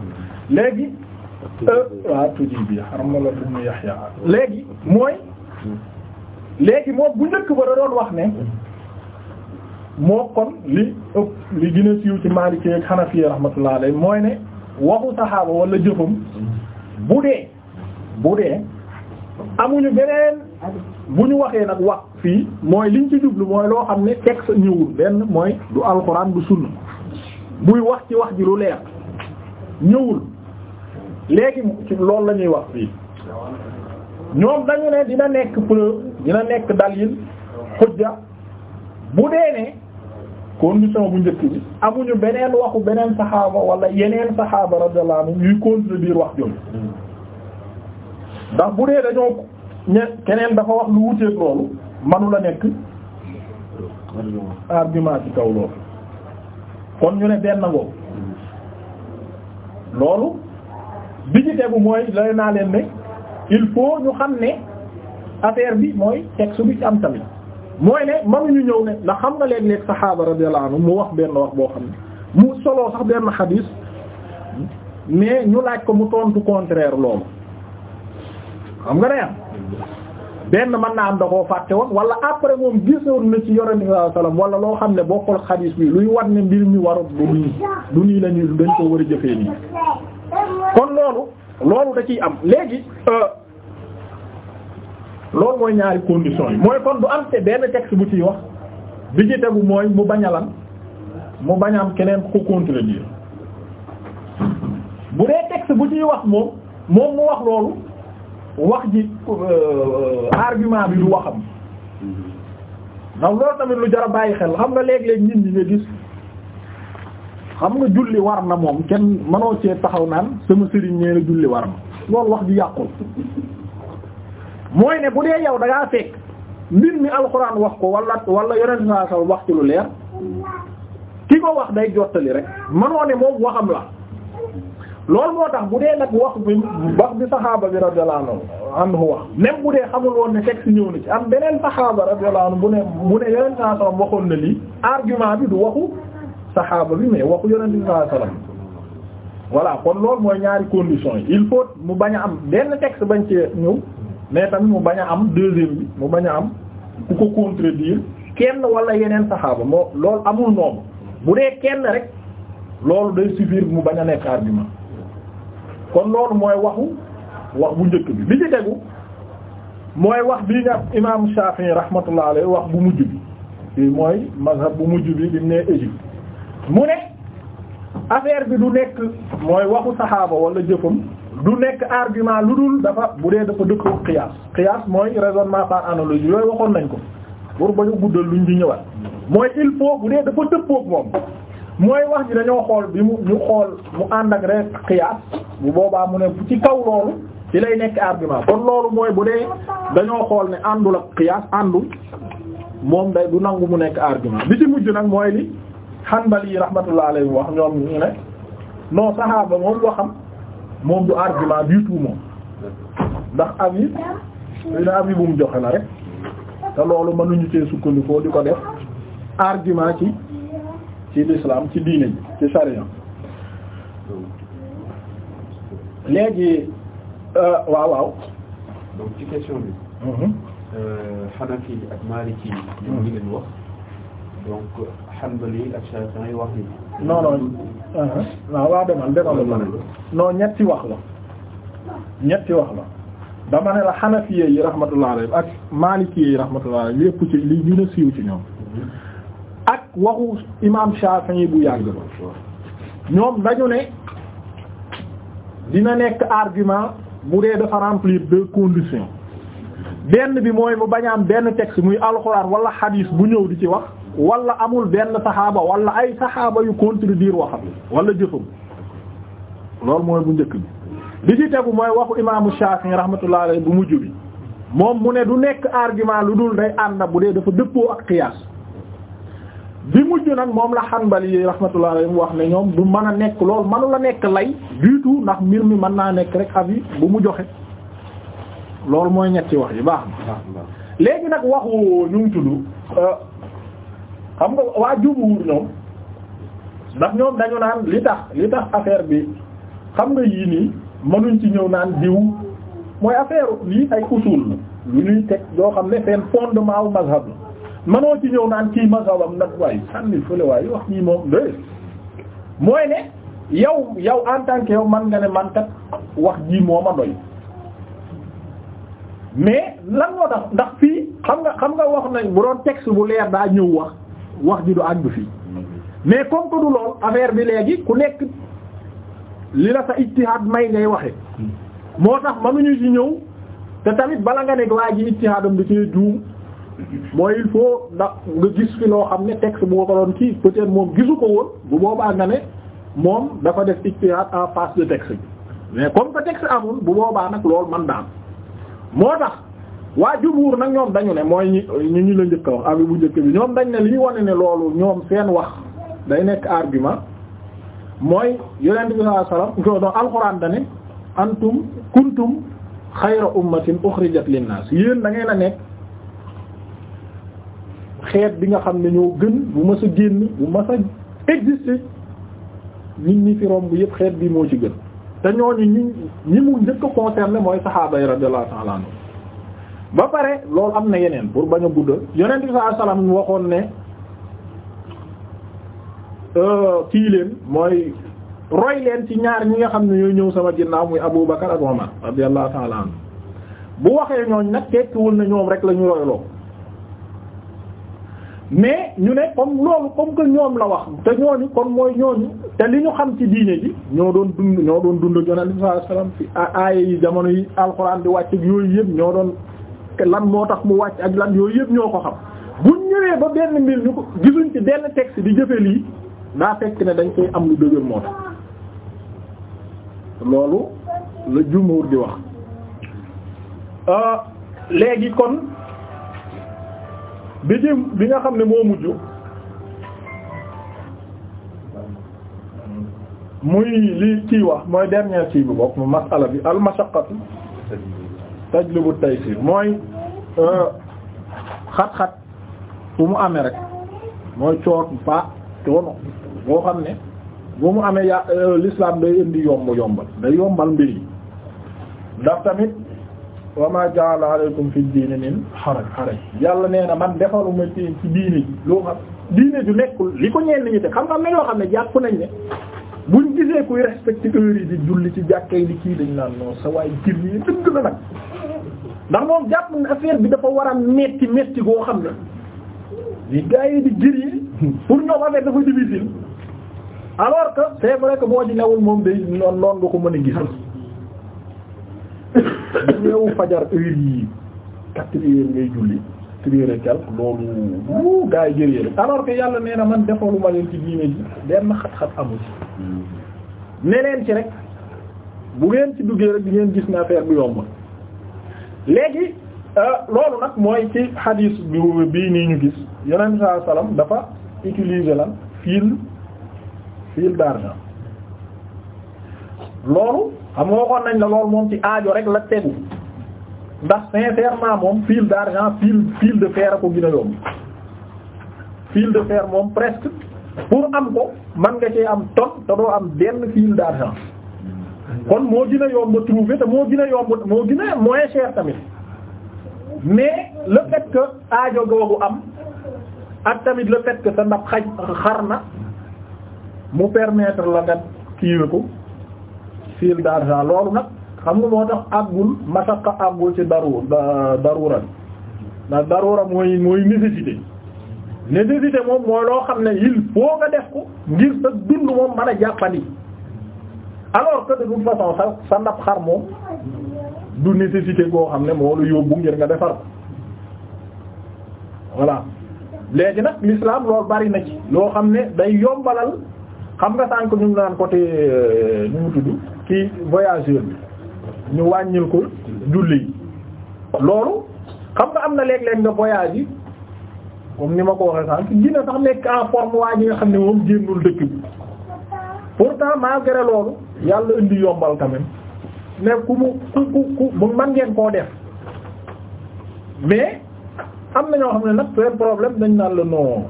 léegi euh, waaw tuji bi léegi mooy léegi moom bu njëkk ba da wax ne moo kon li ëpp li gën a siiw ci Maliki ak Hanafi rahmatullah alayhi mooy ne waxu saxaaba wala jëfam bu dee bu dee amuñu beneen bu ñu waxee nag wax fii mooy liñ ci jublu mooy loo xam ne texte ñëwul benn mooy du alxuraan du sunna buy wax ci wax ji lu leer ñëwul léegi ci loolu la ñuy wax fii ñoom dañu ne dina nekk preuve dina nekk dalil xujja bu dee ne condition bu njëkk bi amuñu beneen waxu beneen saxaaba wala yeneen saxaaba radiyallahu anhum yuy contredire wax jooju ndax bu dee dañoo ñe keneen dafa wax lu wuteek loolu manu la nekk argument ci kaw loolu kon ñu ne benn ngoo loolu bi ci tegu mooy lay naa leen ne il faut ñu xam ne affaire bi mooy texte bi ci am tamit mooy ne ñu ñëw ne ndax xam nga léeg-léeg saxaaba radiyallahu anhu mu wax benn wax boo xam ne mu solo sax benn xadiis mais ñu laaj ko mu tontu contraire loolu xam nga day am benn mën naa am da koo fàtte woon après moom gisoon na ci yorente sallallahu wala loo xam ne bokkul xadiis bi luy war ne mbir mi war bu nii du nii lañu dañ koo war a jëfee nii kon loolu loolu da ciy am léegi euh, loolu mooy ñaari conditions yi mooy kon du am te benn texte bu ciy wax bi ci tegu mooy mu bañ a lan mu bañ am keneen ku contredire bu dee texte bu ciy wax moom moom mu wax loolu wax ji euh, argument bi du waxam mm-hmm. ndax loolu tamit lu jara bàyyi xel xam nga léegi léeg nit ñi nga gis xam nga julli war na moom kenn mënoo cee taxaw naan sama sëriñ nee na julli war na loolu wax ji yàqul mooy ne bu dee yow da fekk mbir mi alxuraan wax ko wala wala yonent saa wax ci lu leer ki ko wax day jottali rek mënoo ne moom waxam la loolu moo tax bu dee nag wax bi wax bi saxaaba bi radiyallahu anhu wax même bu dee xamul woon ne texte ñëw na ci am beneen saxaaba radiyallahu bu ne bu ne yonent saa sal waxoon na lii argument bi du waxu. saxaaba bi mais waxu yeneen bi sallallahu alayhi wasallam kon loolu mooy ñaari conditions yi il faut mu bañ a am benn texte bañ ci ñëw mais tamit mu bañ a am deuxième bi mu bañ a am ku ko contredire kenn wala yeneen saxaaba moo lool amul noonu bu dee kenn rek loolu day suffire mu bañ a nekk argument kon loolu mooy waxu wax bu njëkk bi bi ci mooy wax bii nga imam Shafi'i rahmatullah alayhi wax bu mujj bi mooy mazhab bu mujj bi di ne mu ne affaire bi du nekk mooy waxu saxaaba wala jëfam du nekk argument lu dul dafa bu dee dafa dëkkook qiyaas qiyaas mooy raisonnement par analogie yooyu waxoon nañ ko pour ba ñu guddal luñ di ñëwaat mooy il faut bu dee dafa dëppook moom mooy wax ji dañoo xool bi mu ñu xool mu ànd ak rek qiyaas boobaa mu ne ci kaw loolu ci lay nekk argument kon loolu mooy bu dee dañoo xool ne àndul ak qiyaas àndul moom day du nangu mu nekk argument bi ci mujj nag mooy Hanbali yi rahmatullah alayhi wax ñoom ñu ne non saxaaba moom waxam moom du argument du moom ndax avis dina avis bu mu joxe la rek te loolu mënuñu cee sukkandikoo di ko def argument ci ci l'islam ci diine ji ci sharia léegi euh, waaw waaw. Hanbali ak Shafi'i wax ni non non uh-huh. waaw waaw demal ma non ñetti wax la ñetti wax la dama ne la Hanafi yi rahmatullah alayhi ak Maliki yi rahmatullah alayhi lépp ci li gën siiw ci ñoom ak waxu imam Shafi'i bu yàgg ba ñoom dañu ne dina nekk argument bu dee dafa remplir deux conditions benn bi mooy mu bañ a am benn texte muy alxuraan wala xadiis bu ñëw di ci wax wala amul benn saxaaba wala ay saxaaba yu contredire waxam wala jëfam loolu mooy bu njëkk bi bi ci tegu mooy waxu imaamu Shafi'i rahmatullah alayhi bu mujj bi moom mu ne du nekk argument lu dul day ànd bu dee dafa dëppoo ak qiyaas bi mujj nag moom la Hanbali yi rahmatullah alayhi mu wax ne ñoom du mën a nekk loolu manu la nekk lay du tout ndax mbir mi mën naa nekk rek avis bu mu joxe loolu mooy ñetti wax yi baax na léegi nag waxu ñu xam nga waa jumhuur ñoom ndax ñoom dañu naan li tax li tax affaire bi xam nga yii nii mënuñ ci ñëw naan diw mooy affaire lii ay usul lu ñuy teg yoo xam ne seen fondement wu mazhab la mënoo ci ñëw naan kii mazhabam nag waaye sànni fële waaye wax nii moom de mooy ne yow yow en man nga ne man kat wax jii moo ma doy mais lan moo tax ndax fii xam nga xam nga wax nañ bu doon texte bu leer daa ñëw wax. wax ji du àgg fii mais comme que du lool affaire bi léegi ku nekk li la sa ijtihaad may ngay waxe moo tax mënuñu ci ñëw te tamit bala nga nekk waa ji ijtihaadam da cee juum moo il faut ndax nga gis fi loo xam ne texte boo ko doon kii peut-être moom gisu ko woon bu boobaa nga ne moom dafa def ijtihaad en face de texte bi mais comme que texte amul bu boobaa nag loolu man daan moo tax waa jumhuur nag ñoom dañu ne mooy ñi ñu ñu la njëkk a wax abi bu njëkk bi ñoom dañ ne lii wane ne loolu ñoom seen wax day nekk argument mooy yonent bi sallallahu alayhi wasallam ko doon alxuraan dane antum kuntum xayra ummatin uxrijat yéen da ngeen a nekk xeet bi nga xam ne ñoo gën bu mas a génn bu mas a exister nit ñi fi romb yëpp xeet bi moo ci gën te ñooñu ñi ñi mu njëkk a mooy saxaaba yi radiyallahu ta'ala ba pare loolu am na yeneen pour bañ a guddal yonent bi sallallahu alayhi waxoon ne euh, kii leen mooy roy leen ci ñaar ñi nga xam ne ñooy ñëw sama ginnaaw muy Abu Bakar ak Omar radiyallahu ta'ala anhu bu waxee ñooñ nag tekkiwul na ñoom rek la ñu royloo mais ñu ne comme loolu comme que ñoom la wax te ñooñu kon mooy ñooñu te li ñu xam ci diine ji ñoo doon dund ñoo doon dund ak yonent bi sallallahu alayhi wasallam fi aaya yi jamono yi alxuraan di wàcc ak yooyu yëpp ñoo doon ak lan moo tax mu wàcc ak lan yooyu yëpp ñoo ko xam bu ñëwee ba benn mbir ñu ko gisuñ ci benn texte di jëfe lii daa fekk ne dañ koy am lu dëgër moo tax loolu la jumhur di wax euh, léegi kon bi ci bi nga xam ne moo mujj muy li ciy wax mooy dernier kii bi bokk mu masala bi al mashaqqatu tajlibu taysir mooy euh, xat-xat bu mu amee rek mooy coot ba coono boo xam ne bu mu amee ya euh, l'islam day indi yomb yombal day yombal mbir yi ndax tamit wa ma ja'ala alaykum fi diini min xaraj xaraj yàlla nee na man defaluma ci ci diine ji loo xam diine ju nekkul li ko ñeen ñi te xam nga am yoo xam ne jàpp nañ ne buñ gisee kuy respecté yi di julli ci jàkkee li kii lañ naan non sa waay jir yi dëgg la nag ndax moom jàpp na affaire bi dafa war a metti metti goo xam ne li gars yi di jëriñ pour ñoom affaire dafa difficile alors que c'est vrai boo ci newul moom day noonu noonu nga ko mën a gisal bu yi quatre heures ngay julli trois heures et yàlla nee na man defaluma leen ci diine ji benn xat-xat amu ci hmm. ci rek bu ngeen ci duggee rek di ngeen gis na affaire bi yomb léegi euh, loolu nag mooy ci hadis bi bii nii ñu gis yeneen saa salaam dafa utiliser lan fil fil d'argent loolu xam nga waxoon nañ la loolu moom ci aajo rek la tegu ndax sincèrement moom fil d'argent fil fil de fer a ko gën yomb fil de fer moom presque pour am ko mën nga cee am tonne te doo am benn fil d'argent kon moo gën a yomb trouver te moo gën a yomb moo gën a moins tamit mais le fait aajo googu am ak tamit la fait que sa ndab xaj xar na mu permettre la nga kiiwe ko fil d'argent loolu nag xam nga moo tax àggul masaka àggul ci daru darura ndax darura mooy mooy nécessité nécessité moom mooy loo xam ne il faut nga def ko ngir sa dund moom mën a jàppandi alors que de toute façon sa sa ndab xar moom du nécessité boo xam ne moo la yóbbu ngir nga defar ko voilà léegi nag l'islam loolu bari na ci loo xam ne day yombalal xam nga sànq ñu naan côté ñu euh, mu tudd kii voyageur bi ñu wàññil ko julli yi loolu xam nga am na léeg-léeg nga voyage yi comme ni ma ko waxee sànq dina sax nekk en forme waa nga xam ne moom génnul dëkk bi pourtant malgré loolu yàlla indi yombal quand même ne ku mu ku ku ku man ngeen koo def mais am na ñoo xam ne nag seen problème dañ naan la non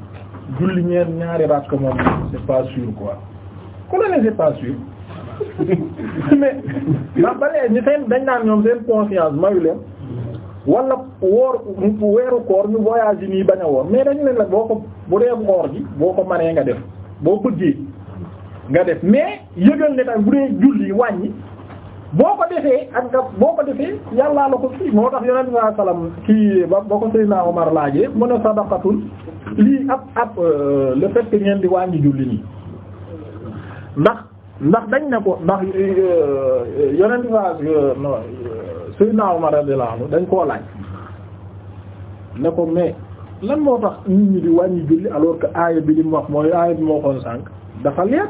julli ñeen ñaari rakk moom c'est pas sûr quoi ku la ne c'est pas mais ba léegi ñu seen dañ naan ñoom seen conscience mayu leen wala woor weeru koor ñu voyage yi nii bañ a woor mais dañ leen la boo ko bu dee koor gi boo ko manee nga def boo bëggee nga def mais yëgal ne tamit bu dee julli wàññi boo ko defee ak nga boo ko defee yàllaa la ko fii moo tax yonent bi sallam kii ba ba ko Seydina Omar laajee mu ne sadaqatul lii ab ab euh, le fait di wàññi julli nii dañ ne ko ndax euh, euh, yonent bi non Seydina Omar dañ koo laaj ne ko mais lan moo tax nit ñi di wàññi julli alors que aaya bi li mu wax mooy aaya bi moo xoon sànq dafa leer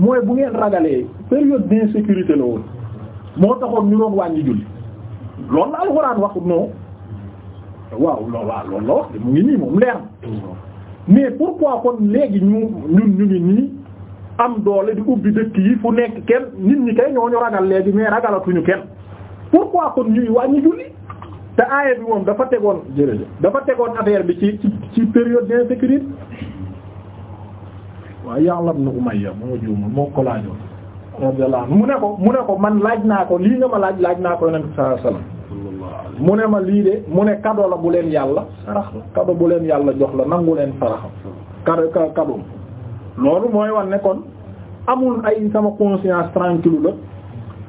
mooy bu ngeen ragalee période d'insécurité la woon moo taxoon ñu doon wàññi julli loolu la alxuraan wax non waaw loolu waaw loolu la wax de mu ngi nii moom leer mais pourquoi kon léegi ñu ñun ñu ngi nii am doole di ubbi dëkk yi fu nekk kenn nit ñi kay ñoo ñu ragal léegi mais ragalatuñu kenn pourquoi kon ñuy wàññi julli te aaya bi moom dafa tegoon jërëjëf dafa tegoon affaire bi ci ci période d'insécurité waaye Ya'la ibn Umayya moo juumul moo ko laajoon radiyallahu anhu mu ne ko mu ne ko man laaj naa ko lii nga ma laaj laaj naa ko yonent bi sallallahu alayhi wasallam mu ne ma lii de mu ne kado la bu leen yàlla sarax la kado bu leen yàlla jox la nangu leen saraxam kado kadoom loolu mooy wan amul ay sama conscience tranquille la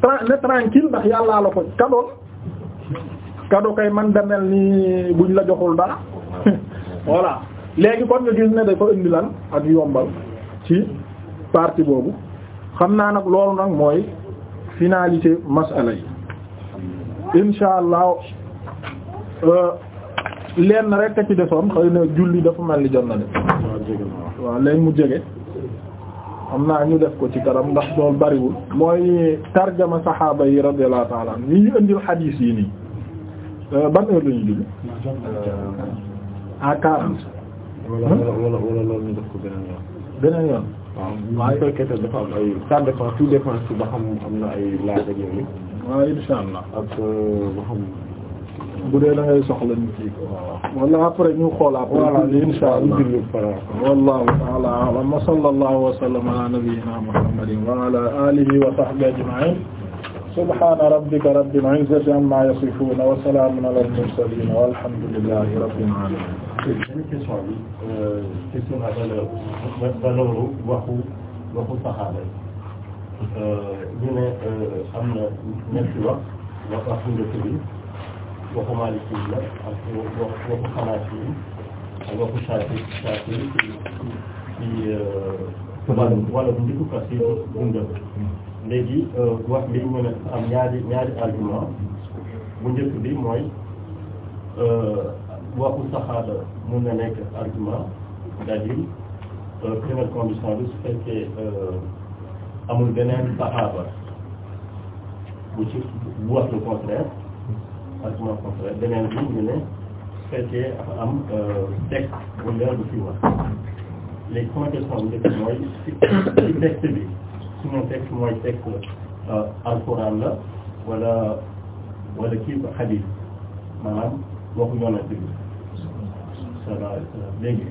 tra- ne tranquille la ko kadoon kado kay man da mel ni buñ la joxul dara voilà léegi kon nga gis ne dafa indi ak yombal ci boobu xam naa nag loolu nag mooy finalité masala yi insha allah euh, lenn rek a ci desoon xëy na julli dafa mel ni jot na de waaw léegi mu jege xam naa ñu def ko ci kanam ndax loolu bariwul mooy tarjama saxaaba yi radiyallahu ta'ala anhum ñu indil xadiis yi nii euh, ban heure lañu julli euh, à quarante wala wala wala def ko beneen yoon beneen yoon. waaw bu fekkee dafa am ay ça dépend tout dépend ci ba xam am na ay laaj ak yooyu. waaw incha allah ak euh, ba xam. bu dee da ngay soxla nit yi quoi. wala après ñu xoolaat. voilà incha allah wallahu ta'ala a'lam wa sallallahu wa sallama ala nabiyyina muhammadin wa ala alihi wa sahbihi ajma'in subhaana rabbika rabbil izzati amma yasifuun wa salaamun alal mursaliin walhamdulillahi rabbil aalamiin. beneen question bi question la valeur waxu waxu saxaaba yi ñu ne am na ñetti wax waxu njëkk bi waxu Maalik la ak waxu Xanaafi ak waxu Shaafi Shaafi ci wàllu wàllu njëkk léegi euh, wax li mën a am ñaari ñaari argument bu njëkk bi mooy euh, waxu saxaada mën na nekk argument dalil euh, première condition bi su fekkee amul beneen saxaaba bu ci bu wax lu contraire argument contraire beneen bi ñu ne su am texte bu leer bu fi wax léegi sama question bi njëkk mooy bi suñu texte mooy texte euh, alquran la wala wala kii ko xadiis maanaam waxu yonent bi sallallahu alayhi léegi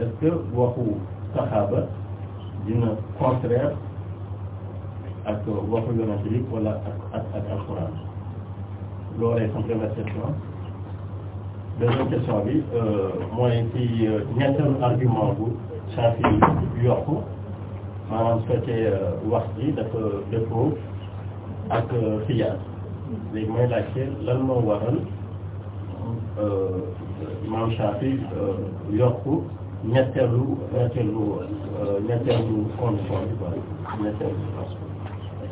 est-ce waxu saxaaba dina contraire ak waxu yonent bi wala ak ak ak alquran loolee sama première bi euh, mooy ci euh, ñetteelu argument bu Shafi'i yokku maam côté euh, wax ji dafa dëppoo ak xiyaas euh, léegi may laajte lan moo waral euh, Imam Shafi yokku ñetteelu ñetteelu ñetteelu condition bi quoi ñetteelu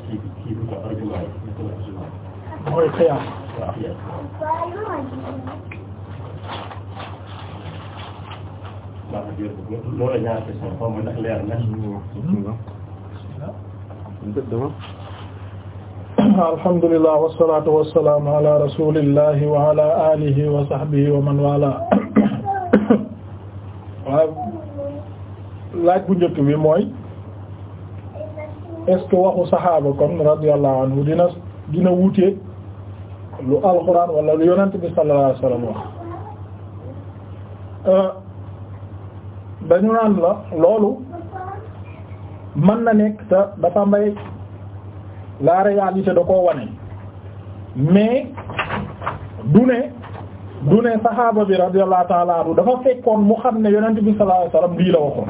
kii bi kii bi ko argument bi ko argument mooy xiyaas waaw xiyaas islam ak wér gu góor loolu ñaar question xaw ma ndax leer na. alhamdulilah wasalaatu wala laaj bu njëkk bi mooy est-ce waxu saxaaba kon radiyallahu anhu dina dina wuute lu alxuraan wala lu yonent bi sallallahu alayhi wax. Euh, dañu naan la loolu mën na nekk te dafa mbay la réalité da koo wane mais du ne du ne saxaaba bi radiyallahu ta'ala dafa fekkoon mu xam ne yonent bi sallallahu alayhi lii la waxoon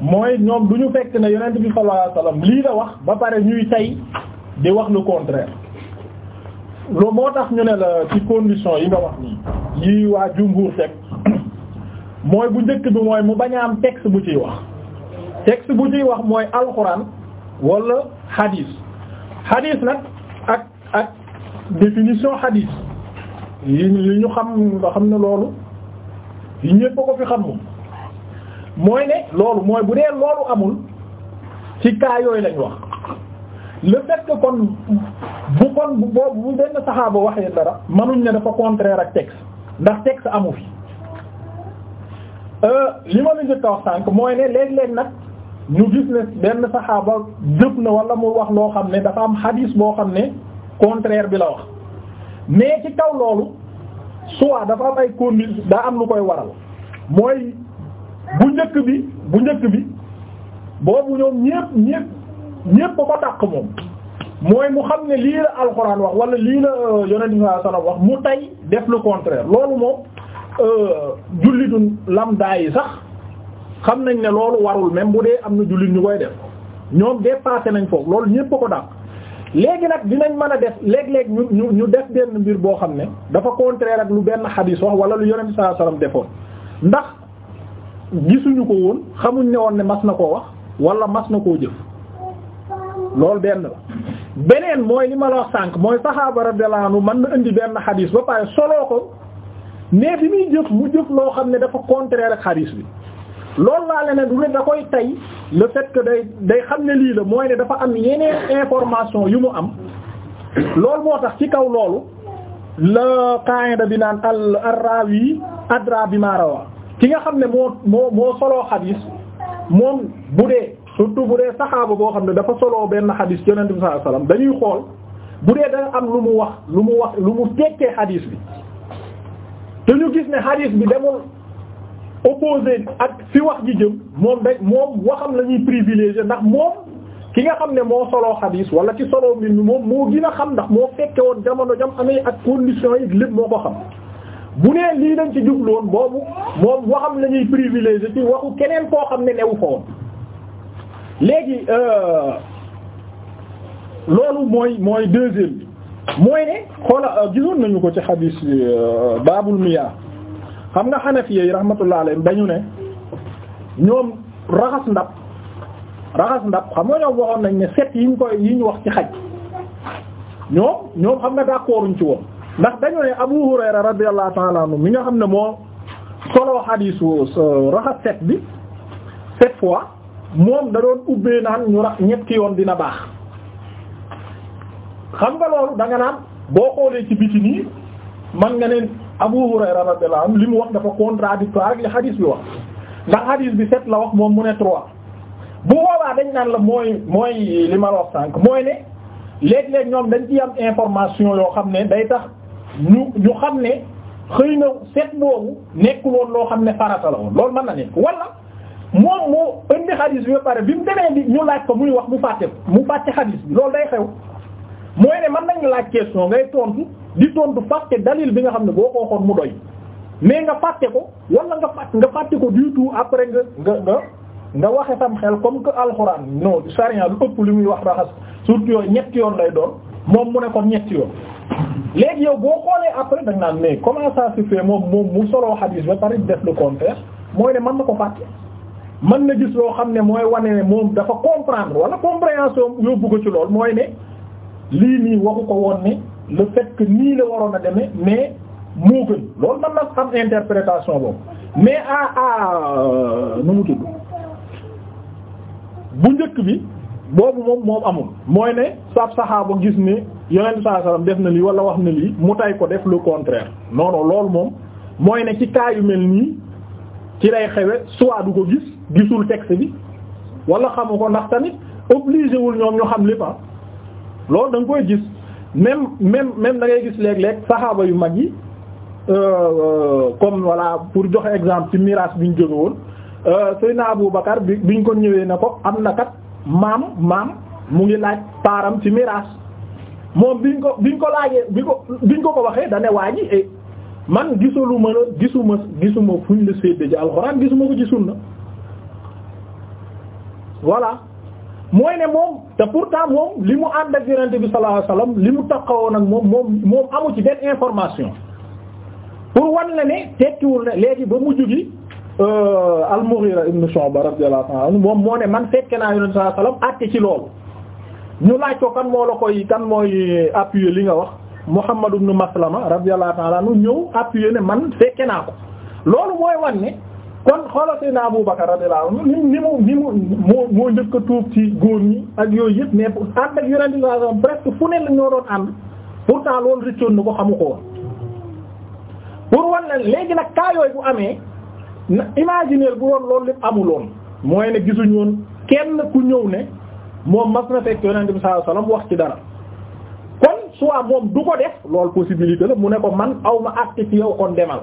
mooy ñoom du ñu fekk ne yonent bi sallallahu alayhi lii la wax ba pare ñuy tay di wax lu contraire lu moo tax ñu ne la ci condition yi nga wax nii yi waa jumhur teg mooy bu njëkk bi mooy mu bañaa a am texte bu ciy wax texte bu ciy wax mooy alxuraan wala hadis hadis nag ak ak définition hadis yi li ñu xam nga xam ne loolu yi ñépp ko fi xamul mooy ne loolu mooy bu dee loolu amul ci cas yooyu lañ wax le fait que kon bu kon bu boobu bu benn saxaaba waxee dara mënuñ ne dafa contraire ak texte ndax texte amu fi. Euh, li ma la njëkk a wax sànq mooy ne léeg-léeg nag ñu gis ne benn saxaaba jëf na wala mu wax loo xam ne dafa am xadiis boo xam ne contraire bi la wax mais ci kaw loolu soit dafa am ay conditions daa am lu koy waral mooy bu njëkk bi bu njëkk bi boobu ñoom ñépp ñépp ñépp ko dàq moom mooy mu xam ne lii la alxuraan wax wala lii la euh, yonent bi sallallahu wax mu tay def lu contraire loolu moom. Euh, jullitu lamda yi sax xam nañ ne loolu warul même bu dee am na jullit ñu koy def ñoom dépassé nañ foofu loolu ñépp ko dàq léegi nag dinañ mën a def léeg-léeg ñu ñu ñu def benn mbir boo xam ne dafa contraire ak lu benn xadiis wax wala lu yeneen sallallahu alayhi wasallam defoon ndax gisuñu ko woon xamuñ ne woon ne mas na koo wax wala mas na koo jëf loolu benn la beneen mooy li ma la wax sànq mooy saxaaba radiyallahu anhu mën na indi benn xadiis ba pare soloo ko mais bi muy jëf mu jëf loo xam ne dafa contraire ak xadiis bi loolu laa la ne du ne da koy tay le fait que day day xam ne lii la mooy ne dafa am yeneen information yu mu am loolu moo tax ci kaw loolu la qaida bi naan al rawi adraa bi ma ki nga xam ne moo moo moo soloo xadiis moom bu dee surtout bu dee saxaaba boo xam ne dafa soloo benn xadiis yonent bi sallallahu dañuy xool bu dee da am lu mu wax lu mu wax lu mu tekkee xadiis bi te ñu gis ne hadith bi demul opposé ak fi wax ji jëm moom rek moom waxam la ñuy privilégié ndax moom ki nga xam ne moo soloo hadith wala ci soloo mbir mi moom moo gën a xam ndax moo fekke woon jamono jam amee ak conditions yi lépp moo ko xam bu nee lii dañ ci jublu woon boobu moom waxam la ñuy privilégié ci waxu keneen koo xam ne newu fa woon léegi euh, loolu mooy mooy deuxième bi mooy ne xoola euh, gisoon nañu ko ci xadiis euh, baabul miyaa xam nga xanafiya yi rahmatullah alayhim dañu ne ñoom raxas ndab raxas ndab xam nga ñoom waxoon nañ ne set yi ñu koy yi ñu wax ci xaj ñoom ñoom xam nga d'accorduñ ci woon ndax dañu ne Abu Hurayra radiyallahu ta'ala anhu mi nga xam ne moo solo xadiisu euh, raxas set bi sept fois moom da doon ubbee naan ñu rax ñetti yoon dina baax xam nga loolu danga naan boo xoolee ci biti nii man nga ne Abu Hurayra radiyallahu anhu li mu wax dafa contradictoire ak li hadis bi wax ndax hadis bi sept la wax moom mu ne trois bu boobaa dañ naan la mooy mooy li ma wax sànq mooy ne léeg-léeg ñoom dañ ci am information yoo xam ne day tax ñu ñu xam ne xëy na seet boobu nekkul woon loo xam ne farata la woon loolu mën na nekk wala moom moo indi xadis bi pare bi mu demee di ñu laaj ko muy wax mu fàtte mu fàtte xadis loolu day xew mooy ne mën nañ laaj question ngay tontu di tontu fàtte dalil bi nga xam ne boo ko waxoon mu doy mais nga fàtte ko wala nga fàtte nga fàtte ko du tout après nga nga nga nga waxe tam xel comme que alxuraan non charia lu ëpp li muy wax raxas surtout yooyu ñetti yoon lay doon moom mu ne kon ñetti yoon. léegi yow boo xoolee après dañ naan mais comment ça se moom moom mu solo xadiis ba pare def le contraire mooy ne mën na ko fàtte. man na gis loo xam ne mooy wane ne dafa comprendre wala compréhension yóbbu ko ci lool mooy lii nii waxu ko woon ni le fait nii la waroon a deme mais moo gën loolu man na am interprétation boobu mais ah ah nu mu tudd bu njëkk bi boobu moom moom amul mooy ne sab saxaaba gis ne yonent saa def na lii wala wax na lii mu tay ko def le contraire non non loolu moom mooy ne ci cas yu mel nii ci lay xewe soit du ko gis gisul texte bi wala xamu ko ndax tamit obligé wul ñoom ñu xam lépp ah. loolu da nga koy gis même même même da ngay gis léeg-léeg saxaaba yu mag yi euh, euh, comme voilà pour joxe exemple ci miraas bi ñu jóge woon euh, Seydina Abu Bakar bi biñ ko ñëwee na ko am na kat maam maam mu ngi laaj taaram ci miraas moom biñ ko biñ ko laajee bi ko biñ ko ko waxee dana ne waa ji eh, man gisalu ma la gisuma gisuma fuñ la séddee ji alxuraan gisuma ko ci sunna voilà mooy ne moom te pourtant moom li mu ànd ak yonent bi sallallahu alayhi li mu takkawoon ak moom moom moom amu ci benn information pour wan la ne tekkiwul ne léegi ba mu mujj gi euh, al-Mughira ibn Shu'ba radiyallahu anhu moom moo ne man fekke naa yonent sallallahu alayhi wasallam àtte ci loolu ñu laaj ko kan moo la koy kan mooy appuyer li nga wax Muhammad ibn Maslama radiyallahu ta'ala anhu ñëw appuyer ne man fekke naa ko loolu mooy wan kon xoolal seen Abu Bakar radiyallahu anhu ni ni mu ni mu moo moo njëkk a tuub ci góor ñi ak yooyu yëpp mais ànd ak Yonent bi sallallahu alayhi wasallam presque fu ne la ñoo doon ànd loolu rëccoon na ko xamu ko woon. pour wan léegi nag cas bu amee na imaginer bu doon loolu lépp amuloon mooy ne gisuñu woon kenn ku ñëw ne moom mas na fekk Yonent bi sallallahu alayhi wasallam wax ci dara. kon soit moom du ko def loolu possibilité la mu ne ko man aw ma àtte yow kon demal.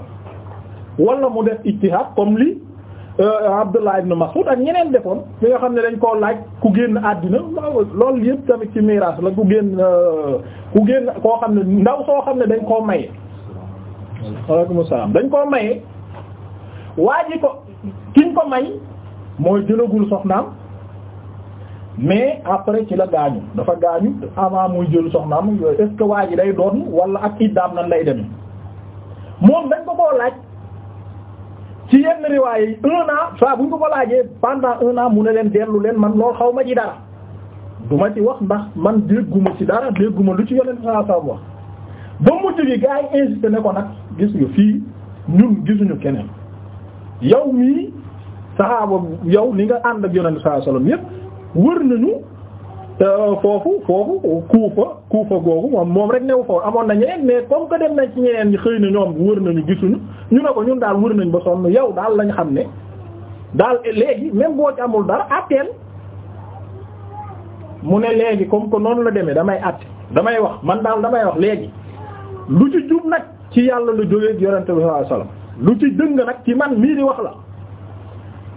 wala mu def ijtihaad comme li euh, Abdullah ibn Mas'ud ak ñeneen defoon mi nga xam ne dañ koo laaj ku génn àddina lool yëpp tamit ci miraas la ku génn euh, ku génn koo xam ne ndaw soo xam ne dañ koo maye. waaleykum salaam dañ koo maye waa ji ko kiñ ko may mooy jëlagul soxnaam mais après ci la gaañu dafa gaañu avant muy jël soxnaam est-ce que waa ji day doon wala ak iddaam na lay demee moom dañ ko koo laaj. ci yenn riwaay yi un an bu ñu ko laajee pendant un mu ne leen dellu leen man lool xaw ma ci dara du ma ci wax ndax man dégguma ci dara dégguma lu ci yonent saa saa wax ba mujj gi gars yi insisté ne ko nag gis nga fii ñun gisuñu keneen yow mii saxaaba yow li nga ànd ak yonent saa sallam yépp wër nañu Euh, foofu foofu kuufa kuufa googu moom moom rek new fa amoon na ñeneen mais comme que dem nañ ci ñeneen ñi xëy na ñoom wër nañu gisuñu ñu ne ko ñun daal wër nañ ba sonn yow daal lañ xam ne daal léegi même boo ci amul dara àtteel mu ne léegi comme que noonu la demee damay àtte damay wax man daal damay wax léegi lu ci jub nag ci yàlla lu jógee yonente bi sallallahu lu ci dëng nag ci man mii di wax la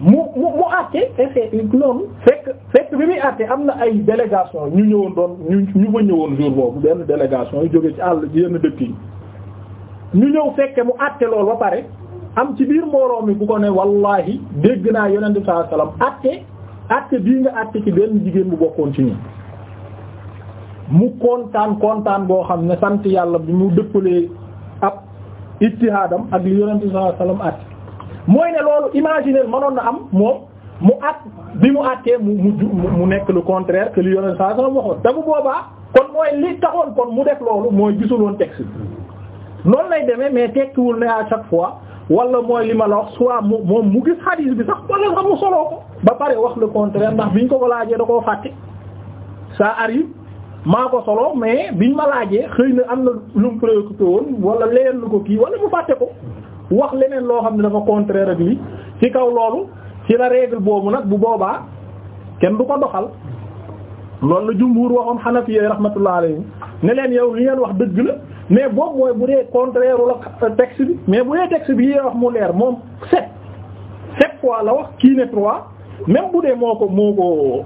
mu mu mu àtte fekk fekk bi muy àtte am na ay délégation ñu ñëwoon doon ñu ñu fa ñëwoon jour boobu benn délégation yu jóge ci àll ci yenn dëkk yi ñu ñëw fekke mu àtte loolu ba pare am ci biir mbooloo mi bu ko ne wallahi dégg naa yonent bi sallallahu alayhi wasallam àtte àtte bii nga àtte ci benn jigéen bu bokkoon ci ñun mu kontaan kontaan boo xam ne sant yàlla bi mu dëppalee ab ittihaadam ak li yonent bi àtte mooy ne loolu imaginer manoon na am moom mu at bi mu àttee mu mu nekk lu contraire que li yoneen saa sama waxoon te bu boobaa kon mooy li taxoon kon mu def loolu mooy gisuloon texte bi noonu lay demee mais tekkiwul ne à chaque fois wala mooy li ma la wax soit mu moom mu gis xadiis bi sax wala sax mu soloo ko ba pare wax le contraire ndax bi biñ ko ko laajee da koo fàtte ça arrive maa ko solo mais biñ ma laajee xëy na am na lu mu préoccupé woon wala leen lu ko kii wala mu fàtte ko wax leneen loo xam ne dafa contraire ak li ci kaw loolu ci la règle boobu nag bu boobaa kenn du ko doxal loolu la jumhur waxoon xanafi yi rahmatullah alayhi ne leen yow li ngeen wax dëgg la mais boobu mooy bu dee contraire la texte bi mais bu dee texte bi yi wax mu leer moom set sept fois la wax kii ne trois même bu dee moo ko moo ko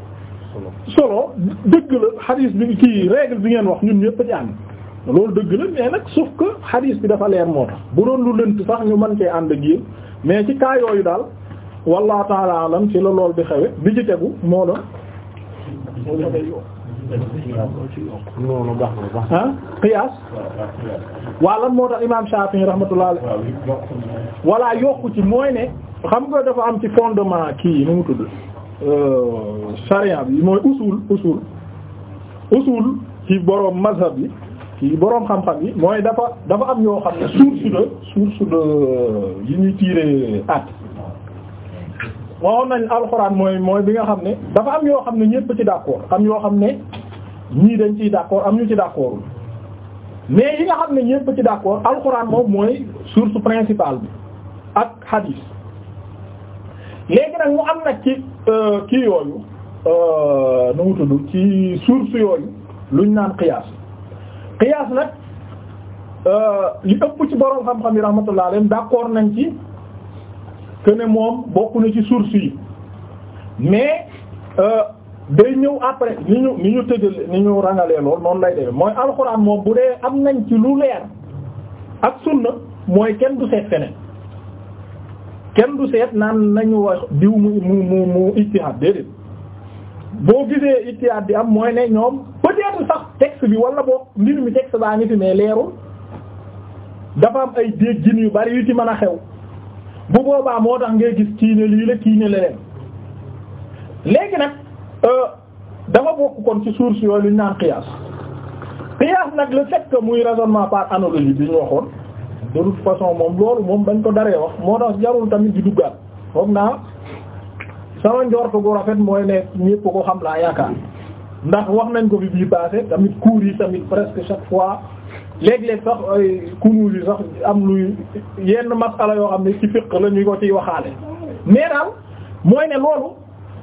solo dëgg la xadiis bi kii règle bi ngeen wax ñun ñëpp a am loolu dëgg la mais nag sauf que hadith bi dafa leer moo tax bu doon lu lënt sax ñu mën cee ànd ak yéen mais ci cas yooyu daal wallahu taala alam ci la lool bi xewe bi ci tegu moo doon. noonu baax na baax na. ah qiyaas. moo tax imaam Shafi'i rahmatullah alayhi. yokku ci mooy ne. xam nga dafa am ci fondement kii nu mu tudd. charia euh, bi mooy usul usul. usul ci borom mazhab yi. kii boroom xam-xam yi mooy dafa dafa am yoo xam ne source de source de yi ñuy tiiree at waxoon nañ alxuraan mooy mooy bi nga xam ne dafa am yoo xam ne ñépp ci d'accord am yoo xam ne ñii dañ ciy d'accord am ñu ci d'accordul mais yi nga xam ne ñépp ci d'accord alxuraan moom mooy source principal bi ak hadith léegi nag mu am nag ci euh, kii yooyu euh, nu mu tudd ci source yooyu luñ naan qiyaas qiyaas nag euh, li ëpp ci borom xam-xam yi rahmatullah alayhim d'accord nañ ci que ne moom bokk na ci source yi mais euh, day ñëw après ni ñu ni ñu tëjale ni ñu rangalee lool noonu lay demee mooy alxuraan moom bu dee am nañ ci lu leer ak sunna mooy kenn du seet feneen kenn du seet naan nañu wax diw mu mu mu mu ijtihaad déedéet boo gisee ittihaad bi am mooy ne ñoom peut-être sax texte bi wala boo mbir mi texte baa ngi fi mais leerul dafa am ay déggin yu bari yu ci mën a xew bu boobaa moo tax ngay gis tiine lii la kii ne leneen léegi nag euh, dafa bokk kon ci source yooyu lu ñu naan qiyaas qiyaas nag le fait que muy raisonnement par analogie bi ñu waxoon de toute façon moom loolu moom dañ ko daree wax moo tax jarul tamit di duggaat foog naa. sama njort gu rafet mooy ne ñépp ko xam laa yaakaar ndax wax nañ ko fi bii tamit cours yi tamit presque chaque fois léeg-léeg sax ay kunuus yi sax am luy yenn masala yoo xam ne ci fiq la ko ciy waxaale mais daal mooy ne loolu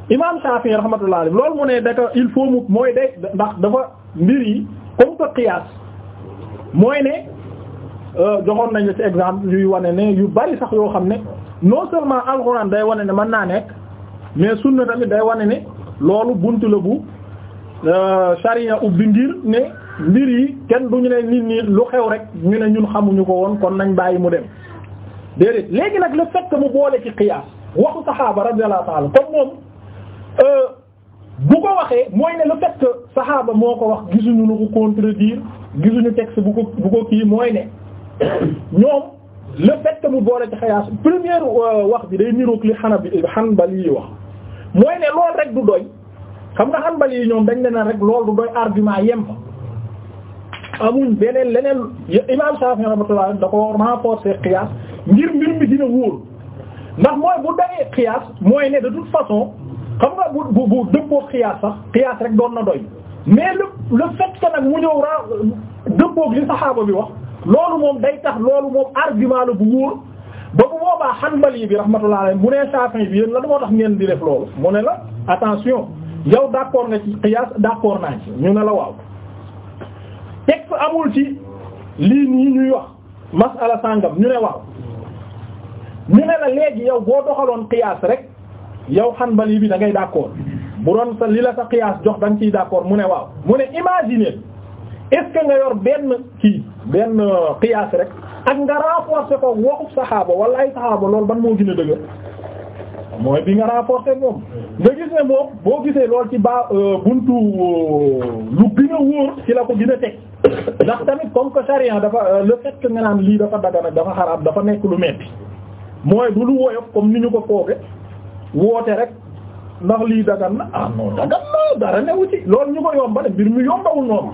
imam Shafi rahmatullah alayhi loolu mu ne daka il faut mu mooy day ndax dafa mbir yi comme que qiyaas mooy ne euh, joxoon nañu ci exemple yuy wane ne yu bari sax yoo xam ne non seulement alxuraan day wane ne mën naa nekk mais sunna tamit day wane ne loolu buntu la bu euh, sariya ubbi ngir ne mbir yi kenn ñu ne nit ñi lu xew rek ñu ne ñun xamuñu ko woon kon nañ bàyyi mu dem déedéet léegi nag la fait mu boole ci qiyaas waxu saxaaba radiyallahu ta'ala comme moom euh, bu ko waxee mooy ne le fait saxaaba moo ko wax gisuñu lu ko contredire gisuñu texte bu ko bu ko kii mooy ne ñoom la fait mu boole ci qiyaas première euh, wax bi day niroog li xana bi xanbali yi wax. mooy ne loolu rek du doy xam nga hanbali yi ñoom dañ ne na rek loolu du doy argument yem amuñ beneen leneen imam Shafi rahmatullah da ko renforcer qiyaas ngir mbir mi dina wóor ndax mooy bu doyee qiyaas mooy ne de toute façon xam nga bu bu bu dëppoo qiyaas sax qiyaas rek doon na doy mais le le fait que nag mu ñëw ra dëppoo ak li saxaaba bi wax loolu moom day tax loolu moom argument la bu wóor. ba bu boobaa Hanbali bi rahmatullah alayhi mu ne Shafi'i bi yéen lan moo tax ngeen di def loolu mu ne la attention yow d'accord nga ci qiyaas d'accord naa ci ñu ne la waaw texte amul ci lii nii ñuy wax masala sàngam ñu ne waaw ñu ne la léegi yow boo doxaloon qiyaas rek yow Hanbali bi da ngay d'accord bu doon sa li la sa qiyaas jox da nga ciy d'accord mu ne waaw mu ne imaginer est nga yor benn kii benn qiyaas rek ak nga renforcer ko waxu saxaaba wala ay saxaaba loolu ban moo gën a dëgër mooy bi nga renforcer moom nga gis ne moom boo gisee lool ci baa euh, buntu euh, lu gën a wóor ci la ko gën a teg ndax tamit comme que charia dafa euh, le fait nga naan lii dafa dagan ak dafa xaraam dafa nekk lu metti mooy du lu woyof comme ni ñu ko fooge woote rek ndax lii dagan na ah non dagan na dara newu ci loolu ñu ko yombale mbir mu yombawul noonu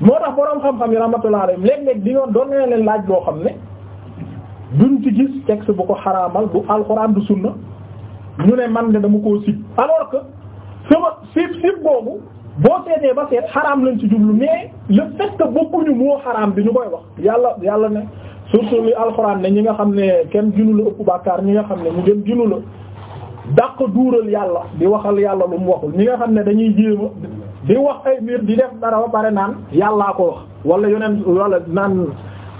moo tax boroom xam-xam yi rahmatullah alayhim di ñoo doon leen laaj loo xam ne duñ ci gis texte bu ko xaraamal bu alxuraan du sunna ñu ne man ne dama koo sib alors que sama sib sib boobu boo seetee ba seet xaraam lañ ci jublu mais le fait que bokkuñu moo xaraam bi ñu koy wax yàlla yàlla ne surtout li alxuraan ne ñi nga xam ne kenn ginu la ëpp bàkkaar ñi nga xam ne ñu gën ginu la dàq duural yàlla di waxal yàlla lu mu waxul ñi nga xam ne dañuy jéema di wax ay miir di def dara ba pare naan yàllaa ko wax wala yoneen walla naan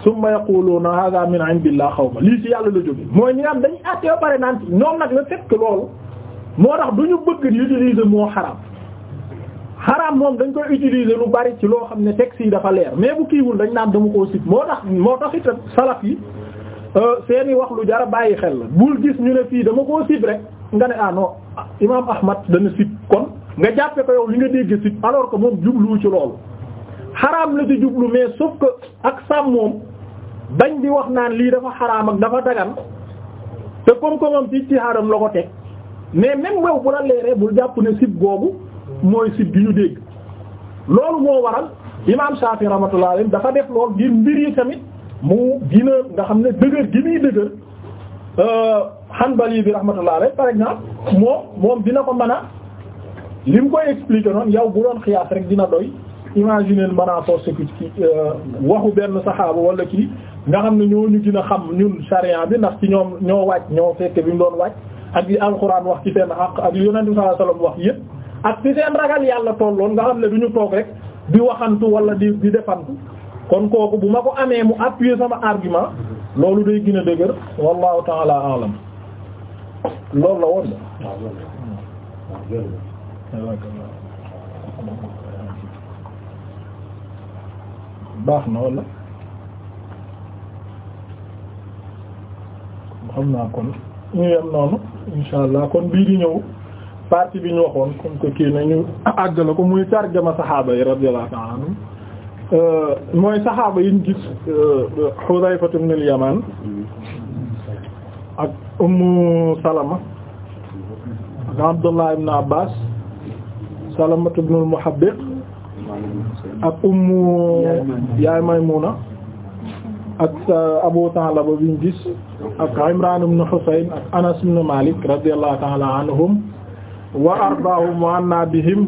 summa yaquluna hadha min indillah xaw ma lii ci yàlla la jóge mooy ñi am dañuy àtte ba pare naan ñoom nag le fait que loolu moo tax du ñu bëgg di utiliser moo xaraam xaraam moom dañ koy utiliser lu bari ci loo xam ne texte yi dafa leer mais bu kiiwul dañ naan dama koo sit moo tax moo tax itam salaf yi euh, seeni wax lu jara bàyyi xel la bul gis ñu ne fii dama koo sib rek nga ne ah non imam ahmad dana sib kon nga jàppe ko yow li nga dégg sit alors que moom jubluwu ci loolu xaraam la ci jublu mais sauf ak sàmm moom bañ di wax naan lii dafa xaraam ak dafa dagan te comme que moom ci ci xaram la ko teg mais même wow bu la leeree bul jàpp ne sib googu mooy sib bi ñu dégg loolu moo waral imam Shafi rahmatullah alayhi dafa def lool ngir mbir yi tamit mu gina nga xam ne dëgër gi muy dëgër euh, Hanbali bi rahmatullah alayhi par exemple moom moom dina ko mën a li mu koy expliquer noonu yow bu doon xiyaas rek dina doy imaginer banaa force ki ci euh, waxu benn saxaaba wala kii nga xam ne ñooñu dina xam ñun sharia bi ndax ci ñoom ñoo wàcc ñoo fekke bi mu doon wàcc ak li alxuraan wax ci seen àq ak li yonent bi sallallahu wax yëpp ak ci seen ragal yàlla tolloon nga xam ne du ñu toog rek di waxantu wala di di defantu kon kooku bu ma ko amee mu appuyer sama argument loolu day gina a dëgër wallahu ta'ala a'lam la woon baax na wala xam naa kon ñu yem noonu insha kon bii di ñëw partie bi ñu waxoon comme que kii nañu àggala ko muy tarjama saxaaba yi radiyallahu ta'ala anhum euh, mooy saxaaba yi ñu gis euh, Hudayfa ibn al ak Ummu Salama ak Abdullah ibn Abbas Salamatu bnul Muhabbiq ak ummu yaay Maymuna ak Abu Taalaba bi ñu gis ak Imraan ibn Husayn ak Anas ibn Malik radiyallahu ta'ala anhum wa ardaahum wa anna bihim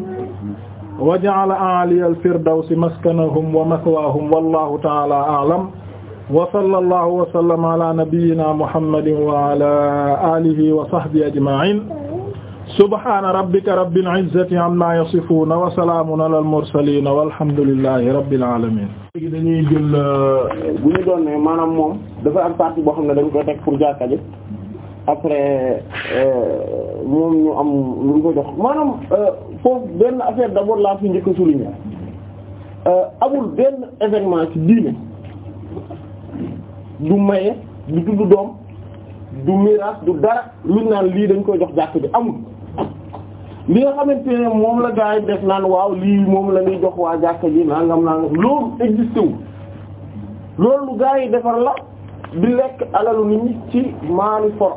wa ja'ala a'liyal firdawsi maskanahum wa maswaahum wallahu ta'ala a'lam wa sallallahu wa sallama ala nabiyyina Muhammadin wa ala alihi wa sahbihi ajma'in subhaana rabbika rabbil izzati amma yasifuuna wa salaamun alal mursaliin walhamdulillahi rabbil aalamiin. léegi dañuy jël euh, bu ñu doon ne maanaam moom dafa am partie boo xam ne dañ ko teg pour jàkka ji après euh, moom ñu am lu ñu ko jox maanaam euh, foofu benn affaire d'abord laa fi njëkk a souligner benn événement ci diine du maye du tudd doom du miraas du dara lu naan lii dañ koy jox jàkk ji amul. li nga xamante ne moom la gars yi def naan waaw lii moom la ñuy jox waa jàkka ji nangam nangam loolu existé wu loolu gars yi defar la di lekk alalu nit ñi ci maani for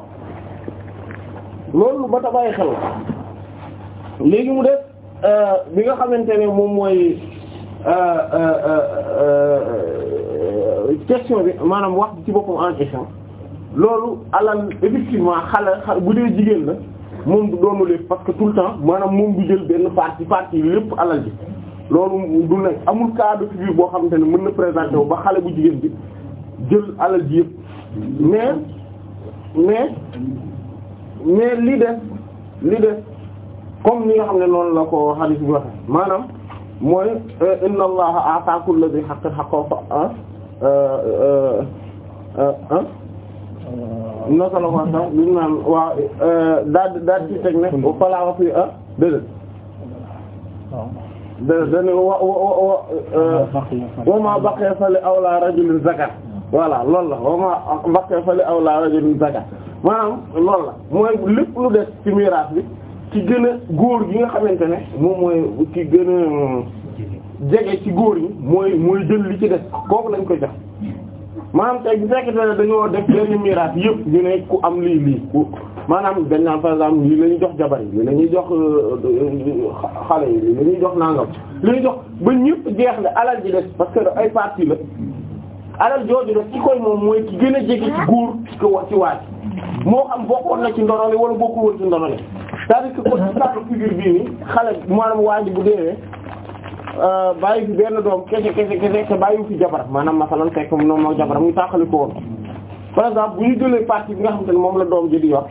loolu ba ta bàyyi xel la léegi mu def euh, bi nga xamante ne moom mooy euh, euh, question bi maanaam wax ci boppam en question loolu alal effectivement xale bu dee jigéen la moom du doonu lépp parce que tout le temps maanaam moom du jël benn partie partie lépp alal ji loolu du nekk amul cas de figure boo xamante ne mën na présenter wu ba xale bu jigéen bi jël alal ji yëpp mais mais mais li des li des comme ni nga xam ne noonu la ko hadith bi waxe maanaam mooy euh, inna allaha ata kulli dhi haqqin haqqahu ah euh, euh, ah ah naka la wax sax li mu naan waaw euh, daal daal ci teg ne falaa wa fii ah déedéet déedéet dañu ne wa wa wa euh, ma baqiya fali awla rajulin zakat voilà loolu la wa ma baqiya fali awla rajulin zakat maanaam loolu la mooy lépp lu des ci miraas bi ci gën a góor gi nga xamante ne moom mooy ci gën a jege ci góor yi mooy mooy jël li ci des kooku lañ koy jox maanaam tey bu fekkente ne dañoo def benn miraas yëpp ñu ne ku am lii lii ku maanaam dañ naan par exemple lii la ñuy jox jabar yi lii la ñuy jox euh, xale yi lii la ñuy jox nangam li jox ba ñëpp jeex na alal ji des parce que ay parti la alal jooju def ci koy moom mooy ki gën a jege ci góor ko wax ci waat moo xam bokkoon na ci ndonole wala bokkul woon ci ndonole cest à que ko ci figure bii nii xale maanaam waa ji bu deewee Euh, bàyyi bi benn doom kese kese kese te bàyyi fi jabar maanaam masalan fekk moom moo jabar mu tàqali ko woon par exemple bu ñu jëlee partie bi nga xam te ne moom la doom ji di yor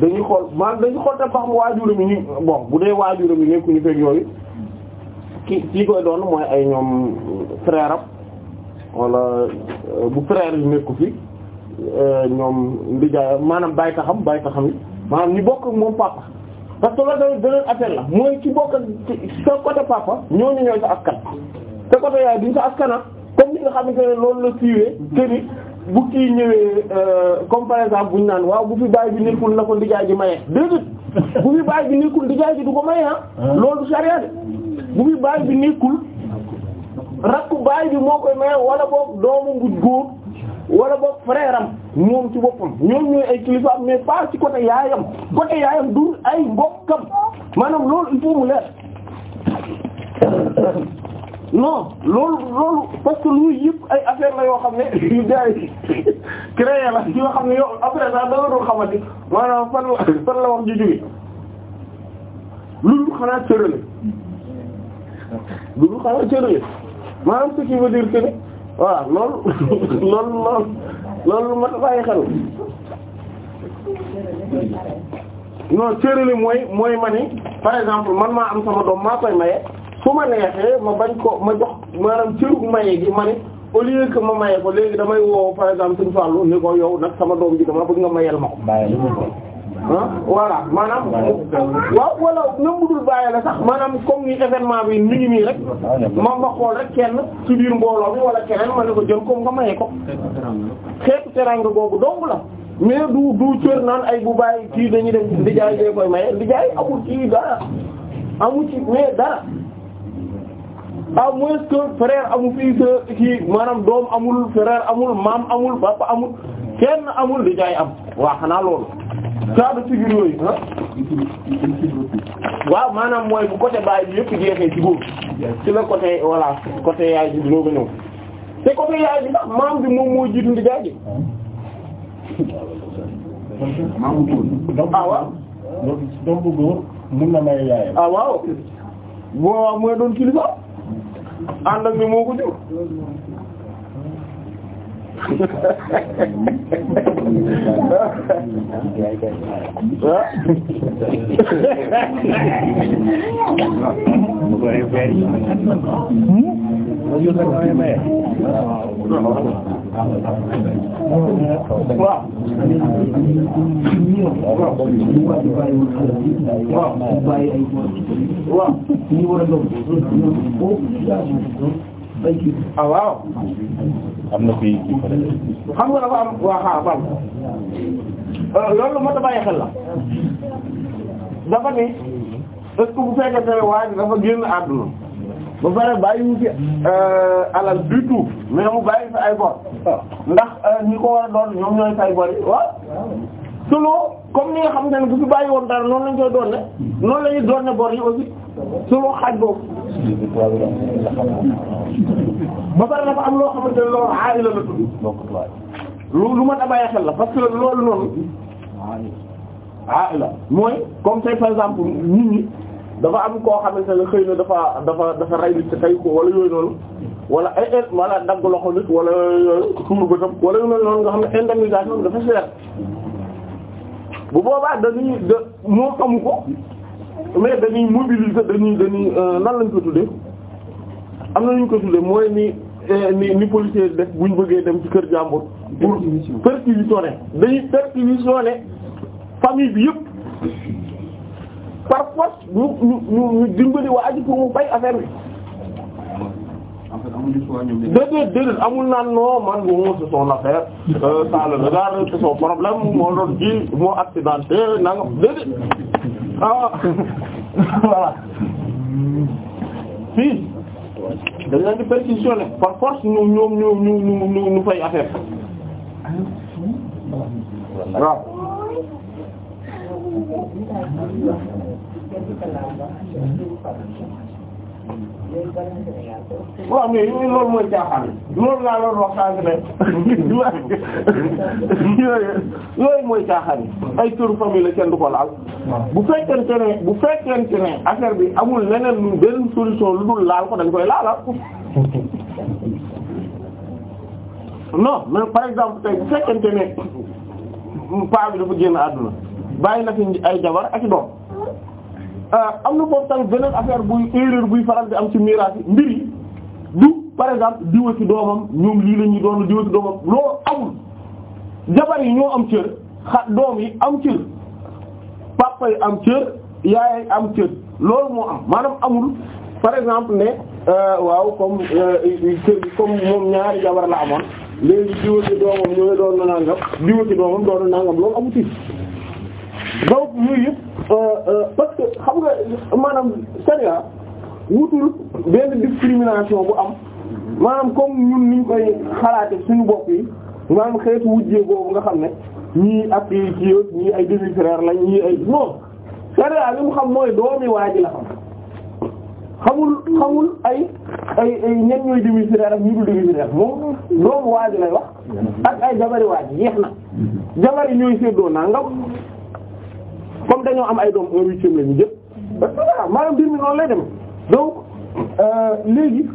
dañuy xool maanaam dañuy xool te faxam waajuram yi ñu bon bu dee waajuram yi nekkuñu fekk yooyu ki kii koy doon mooy ay ñoom frère am wala euh, bu frère yi nekku fi euh, ñoom ndijaay maanaam bàyyi taxam bàyyi taxam yi maanaam ñu bokk moom papa parce que loolu tamit beneen la mooy ci bokk sa côté papa ñooñu ñooy sa askan sa côté yaay duñ sa askana ah. comme ni nga xamante ne loolu la siiwee te bu kii ñëwee euh, comme buñ naan waaw bu fi baay bi nekkul na ko ndijaay ji maye déedéet bu fi baay bi nekkul ndijaay ji du ko maye ah loolu sariya de bu fi baay bi nekkul rakku baay bi moo koy maye wala boog doomu bu góor wala boog frère am moom ci boppam ñoom ñooy ay kilifaam mais pas ci côté yaayam côté yaayam du ay mbokkam maanaam loolu il faut mu leer non loolu loolu parce que lu yëpp ay affaire la yoo xam ne yu gars yi la yoo xam ne yow après ça danga doon xamante maanaam fan la fan ji jóge loolu xanaa cërale loolu xanaa cërale maanaam ce qui veut dire que voilà loolu loolu loolu loolu lu mat a bàyyi xel non cërale mooy mooy ma ni par exemple man maa am sama doom maa koy maye su ma neexee ma bañ ko ma jox maanaam cëru maye gi ma ni au lieu que ma maye ko léegi damay woo par exemple suñu fàllu ni ko yow nag sama doom bi dama bëgg nga mayel ma ko ah voilà maanaam waaw wala même bu dul bàyyi la sax maanaam comme ni événement bi mi ngi nii rek moom ma xool rek kenn ci biir mbooloo mi wala keneen ma ne ko jël ko nga maye ko xeetu teraanga boobu dong la mais du du cër naan ay bu bàyyi kii dañuy dem di jaay dee koy maye di jaay amul ci dara amul ci mais dara à moins que frère amul fii sa kii maanaam doom amul frère amul maam amul papa amul kenn amul di jaay am waaw xanaa loolu saa de figure yooyu ah. waaw maanaam mooy bu côté baay bi yëpp jeexee ci góor ci la côté voilà côté yaay bi dina ko ñëw te côté yaay bi ndax maam bi moom moo jiitu di jaay ji. maamu góor. ah waaw. donc góor mun na may yaayam. ah waaw. boo mooy doon kilifa. ànd ak ni moo waaw waaw ah waaw. am na fii ci xam nga dafa am waa xaaral euh, loolu moo tax bàyyi xel la dafa ne est-ce que bu fekkee ne waa ji dafa génn àdduna ba pare bàyyiwu fi euh, alal du tout mais mu bàyyi ay bor ndax euh, ñi ko war a doon ñoom ñooy fay bor selon comme ni nga xam ne bu fi bàyyi woon dara noonu lañ koy doonne noonu la ñuy doonne bor yi aussi selon xaaj boobu ba pare dafa am loo xamante ne loolu aari la la lu lu mën xel la parce que loolu noonu aari la mooy comme par exemple nit dafa am koo xamante xëy na dafa dafa dafa rey nit tey ko wala yooyu noonu wala ay eh, ay eh, wala dagg loxo nit wala yooyu tuur bëtam wala noonu nga xam ne indemnisation dafa cher bu boobaa dañuy da moom amu ko mais dañuy mobiliser dañuy dañuy euh, nan lañ ko tuddee am na ñu ko tuddee mooy ni eh, ni ni policier def bu ñu bëggee dem ci kër jàmbur. pour perquisitionner dañuy perquisitionner famille bi yëpp par force ñu ñu ñu dimbali waa aji pour mu bay affaire bi. déedéet déedéet amul naan non man moom c'est son affaire ça euh, le regarde c'est son problème moo doon ji moo accidenté na nga déedéet ah voilà fii dañ leen di perquisitionné par force ñoom ñoom ñu ñu ñu ñu fay affaire waaw mais loolu mooy caaxaan loolu mooy caaxaan ay turu famille la kenn du ko laal bu fekkente ne bu fekkente ne affaire bi amul leneen lu benn solution lu dul laal ko dañ koy laala non mais par exemple tey bu fekkente ne paa bi dafa génn àdduna bàyyi na ay jabar ak doom Euh, am na boobu tamit beneen affaire buy erreur buy faral di am ci miraas yi mbir yi du par exemple diwa ci doomam ñoom lii la ñuy doon diwa ci doomam loolu amul yi ñoo am cër doom yi am cër papa yi am cër am cër loolu moo am maanaam amul par exemple ne euh, waaw comme kër euh, comme moom ñaari jabar la amoon léegi diwa ci doomam ñooy doon na nangam diwa ci doomam doon na nangam loolu amu ci. gawut yooyu yëpp euh, euh, parce que xam nga maanaam sariya wutul benn discrimination bu am maanaam comme ñun niñ koy xalaate suñu bokk yi maanaam xeetu wujjee boobu nga xam ne ñii ak yi ci yëpp ñii ay demi frère lañ ñii ay non sariya li mu xam mooy doom waa ji la xamul xamul ay ay ay ñenn ñooy demi frère ak ñu dul demi frère moom doomu waa ji lay wax ak ay jabari waa ji yeex na jabari ñooy séddoo nangam comme dañoo am ay doom un huitième la ñu jëpp voilà maanaam mbir mi noonu lay dem donc euh, léegi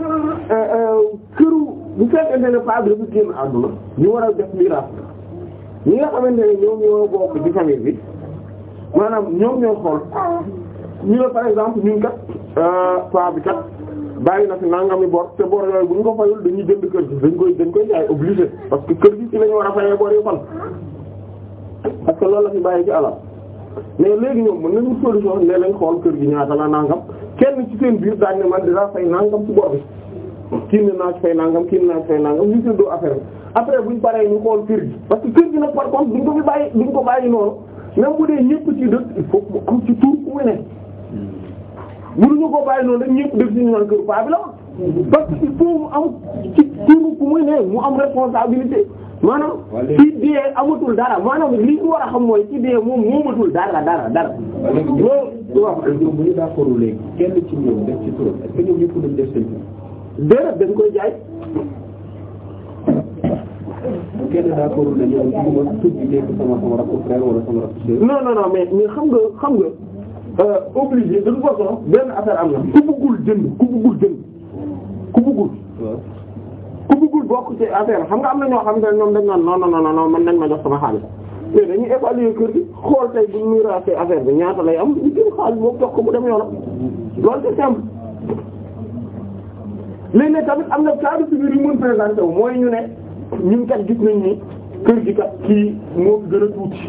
euh, euh, këru bu fekkente ne pas de bu génn àdduna ñu war a def miraas ñi nga xamante ne ñoom ñoo bokk ci famille bi maanaam ñoom ñoo xool ñu ne par exemple ñun kat paa bi kat bàyyi na fi nangami bor te bor yooyu bu ñu ko dañuy jënd kër gi dañ koy dañ koy jaay obligé parce que kër gi ci la ñu war a fayee bor yu fan parce que loolu la fi bàyyi ci alal. mais léegi ñoom mën nañu solution ne lañ xool kër gi ñaata la nangam kenn ci seen biir daañu ne man dinaa fay nangam ci bor kii ne naa ci fay nangam kii ne naa fay nangam ñu seddoo affaire bi après buñ paree ñu xool kër gi parce que kër gi nag par contre duñ ko fi bàyyi duñ ko bàyyi noonu même bu dee ñëpp ci dëkk il mu am ci tur ku mu ne mënuñu ko bàyyi noonu rek ñëpp def ci kër paa la parce que il faut mu am ci tur ku mu ne mu am responsabilité maanaam ci dee amatul dara maanaam li ñu war a xam mooy ci dee moom moomatul dara dara dara. loolu waaw ñoom bu ñu d'accord léegi kenn ci ñoom def ci turam est-ce que ñoom ñëpp dañ def seen tur. déedéet dañ koy jaay. kenn d'accord ne ñoom ñu ma tur bi nekk sama sama rakku frère xam nga xam nga euh, obligé de toute façon benn affaire am na ku bëggul jënd ku ku bëggul bokk ci affaire xam nga am na ñoo xam ne ñoom dañ naan non non non non man nañ ma jox sama xaalis mais dañuy évaluer kër gi xool tey bu ñu miraasee affaire bi ñaata lay am ñu jël xaalis boobu jox ko mu dem yoonam loolu c'est simple. léeg-léeg tamit am na cas de figure yu mën présenté wu mooy ñu ne ñun kat gis nañ ni kër gi kat kii moo fi gën a tuuti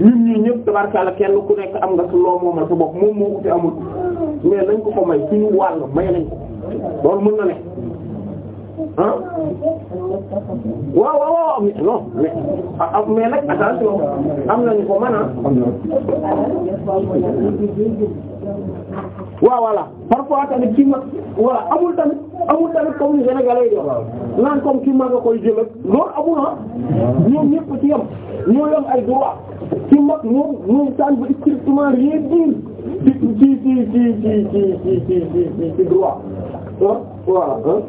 ñun ñii ñëpp tabarkaale kenn ku nekk am nga su loo moomal sa bopp moom moo ko fi amul mais nañ ko ko may suñu wàll may nañ ko loolu mën na ne. ah waaw waaw waaw mais non mais ah, ah mais nag attention am nañu ko mën a. Ah. waaw voilà parfois tamit kii mag voilà amul tamit amul tamit comme ni Sénégalais yi di naan comme kii mag nga koy jël loolu amul ah ñoom ñëpp ci yam ñoo yam ay droit ci mag ñoom ñoom saan ba strictement rien dire ci ci ci ci ci ci ci ci droit. voilà non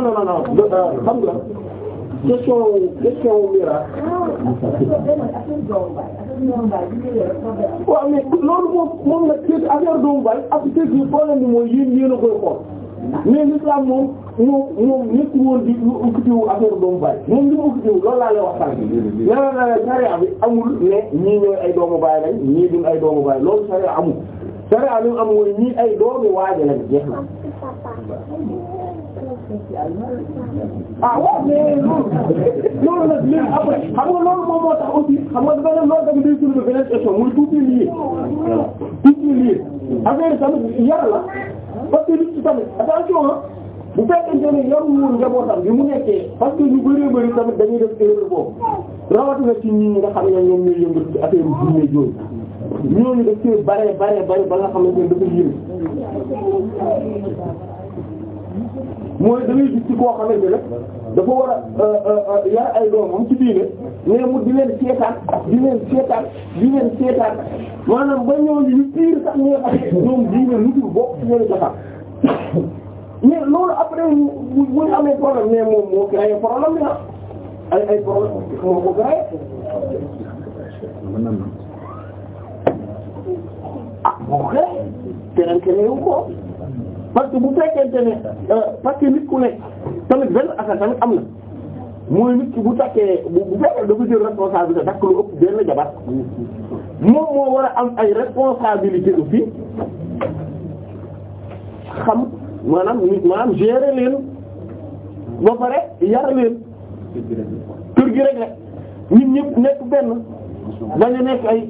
non non non euh, xam nga question question mira waaw mais loolu moom moom la affaire doomu baay ak teg yi problème bi mooy yéen yéen a koy xool mais l'islam moom moom moom nekk woon di lu occupé wu affaire doomu baay moom li mu occupé wu loolu laa lay wax sànq. leneen sariya bi amul ne ñii ñooy ay doomu baay lañ ñii duñ ay doomu baay loolu sariya amul sariya li mu am mooy ñii ay doomu waaje jeex na. ah waaw mais loolu nag léegi après xam nga loolu moom moo tax aussi xam nga beneen loolu tamit day soulever beneen question muy tout est lié tout est lié affaire tamit yar la parce que nit ki tamit attention ah bu fekkente ne yarul woon njabootam bi mu nekkee parce que ñu bëree bëri tamit dañuy def erreur boobu rawatina ci ñi nga xam ne ñoom ñooy yëngu ci affaire bi ñu ñooñu daf cee bare bare bare ba nga xam ne dafa yéeme. mooy da ngay gis ci koo xamante ne dafa war a euh, euh, euh, yar ay doomam ci diine mais mu di leen seetaan di leen seetaan di leen seetaan ba ñooñu yu pire sax ñi nga xam ne ñoom diine lu dul bokk ci ñoom jotaat mais loolu après mu mu ñu amee problème mais moom moo créé problème bi ah ay ay problème moo ko créé. ah moo ko créé keneen keneen wu ko. parce que bu fekkente ne euh, parce nit ku nekk tamit benn affaire tamit am na mooy nit ki bu takkee bu bu fekkee dafa jël responsabilité takk lu ëpp benn jabar moom moo war a am ay responsabilité aussi xam maanaam nit maanaam gérer leen ba pare yar leen kër gi rek rek nit nekk benn bañ nekk ay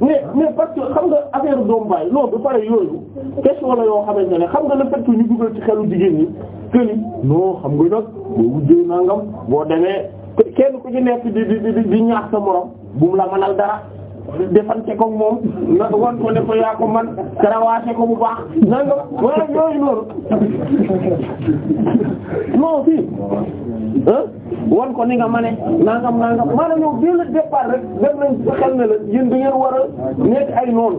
mais mais parce que xam nga affaire doomu baay non ba pare yooyu question la yoo xamante ne xam nga le fait que ñu dugal ci xelu jigéen ñi que ni non xam nga nag boo wujjee nangam boo demee kenn ku gi nekk di di di ñaax sa morom bu la la mënal dara. defante ko moom na wan ko ne ko yaa ko man karawaase ko bu baax na nga wala ñooyu loolu non wan ko ni nga mane nangam nangam maanaam yow dès le départ rek def nañ sa xel ne la yéen da ngeen war a nekk ay noonu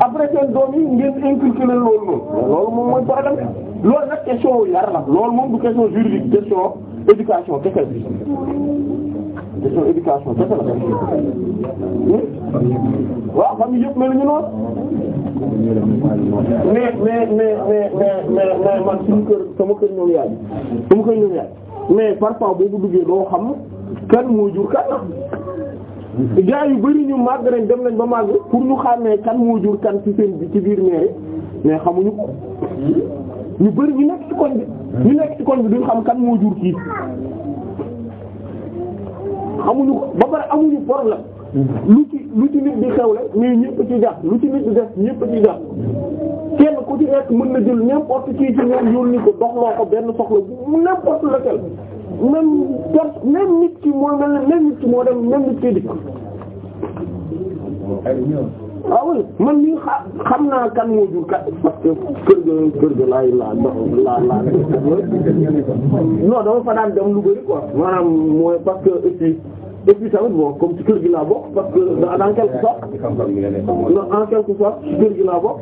après seen doom yi ngeen inculquer leen lool noonu loolu moom mooy problème loolu nag question yar la loolu moom du question juridique question éducation kese question éducation kese la. waaw famille yëpp mel ni noonu. mais mais mais mais mais kër sama kër ñoom kër ñoom yaay mais parfois boo ko duggee doo xam kan moo jur kan gaa yu bari ñu màgg nañ dem nañ ba màgg pour ñu xàmmee kan moo jur kan ci seen ci biir mairie mais xamuñu ko ñu bari ñu nekk ci koñ bi ñu nekk ci bi duñ xam kan moo jur kii amuñu ko ba pare amuñu problème lu ci lu ci nit di xewle mais ñëpp ci jàpp lu ci nit di def ñëpp ci jàpp kenn ku ci nekk mën na jël n'importe qui ci ñoom yónni ko doxloo ko benn soxla bu n'importe lequel même per nit ki moo ma ne même nit ki moo dem même nit ki dikk ah oui man xa xam naa kan moo jur kat parce kër ga kër ga laay laa laa laa non dama fa dem lu bari quoi maanaam mooy parce que et puis et puis comme ci kër gi laa bokk parce que dans quelque sorte en quelque sorte ci kër gi na bokk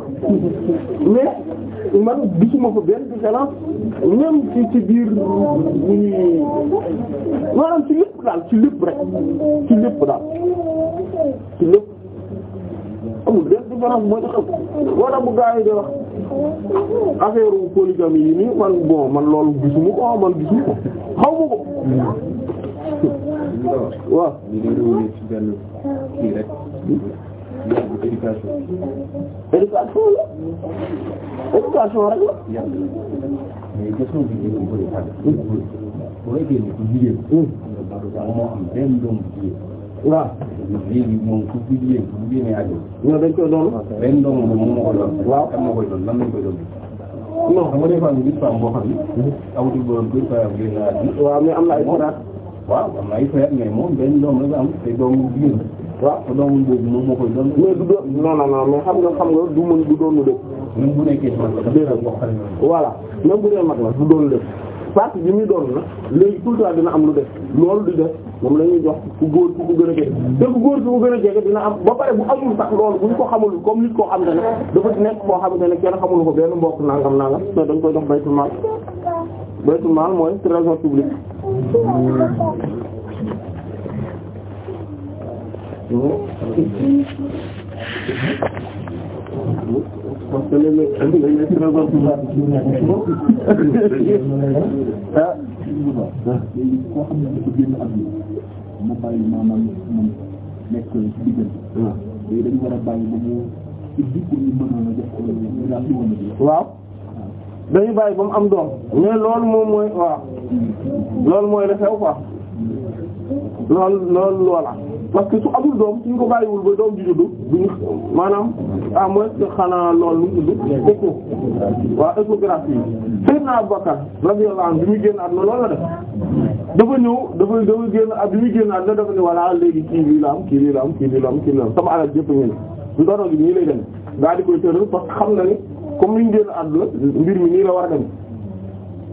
mais man gisuma fa benn différence même ci ci biir bu ñuy maanaam ci lépp daal ci rek ci lépp daal ci lépp. amul benn différence mooy tax boo tax bu gaa yi di wax affaire polygamie yi nii man bon man loolu gisuma ko man gisuma ko xaw ma ko. waaw. éducation. éducation la éducation la. mais question bi ñu ngi koy waxee. la waaw. léegi moom ku ku jigéen ku jigéen aajo. ñoo dañ koy doon. benn doom moom moom moo koy doon. waaw kan moo koy doon lan lañ koy doon. non xam nga des fois gis femme boo xam ne. Mhm. amatul borom kër fayam génn àdduna. waaw mais am na ay fayat. waaw am na ay fayat mais moom benn doom rek am te doomu jigéen. waaw te doomu boobu moom moo koy doon. mais du doon non non non mais xam nga xam nga du mën du doonu lépp. même bu nekkee mag la. dëgg la voilà même bu dee mag la du doon lépp. parce que bi muy doon na léegi tout le temps dina am lu def loolu di def. moom la ñuy jox ku góor ku ko gën a jege te ku góor ku ko gën a jege dina am ba pare bu amul sax loolu buñ ko xamul comme nit koo xam ne dafa nekk koo xamante ne ko benn mbokk nangam nangam mais dañ koy jox baytul maal baytul maal mooy trésor public. parce que léeg-léeg léeg-léeg trésor public ah. mu bàyyi maanaam moom nekk ci diggante. Ah. waaw yooyu dañu war a bàyyi ba mu ubbi pour ñu mën a def ko loolu waaw dañu bàyyi ba mu am doom mais loolu moom mooy waaw loolu mooy la xew quoi loolu loolu loola. parce que su amul doom suñ ko bàyyiwul ba doom ji juddu duñu maanaam à ah, moins xanaa lool lu tudd écho waa échographie Seydina Abubakar radiyallahu anhu bi muy génn àdduna loolu la def dafa ñëw dafa dafa génn ak bi muy génn àdduna na ne voilà léegi kii lii la am kii lii la am kii lii la am kii lii la am sama alal jëpp ngeen ndoro gi nii lay dem daa di koy tëral parce que xam na ni comme ni ñu génn àdduna mbir la war a dem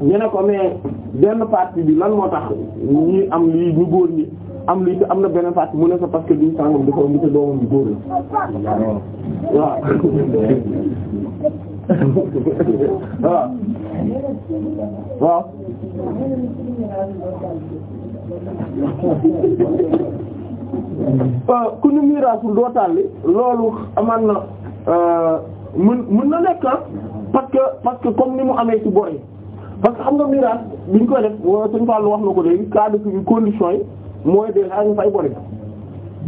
ñu ne ko mais benn partie bi lan moo tax ñi am lii ñu góor ñi am lii te am na benn partie mu ne ko parce que diw sàngam dafa góor la waaw waaw waaw euh, ku ñu miraasul doo tàlli loolu amaan na euh, mun mun na nekk ah, parce que parce que comme ni mu amee ci bor parce que xam nga miraas bi ñu koy def suñu Fallou wax na ko léegi cas de condition yi mooy déjà ñu fay bori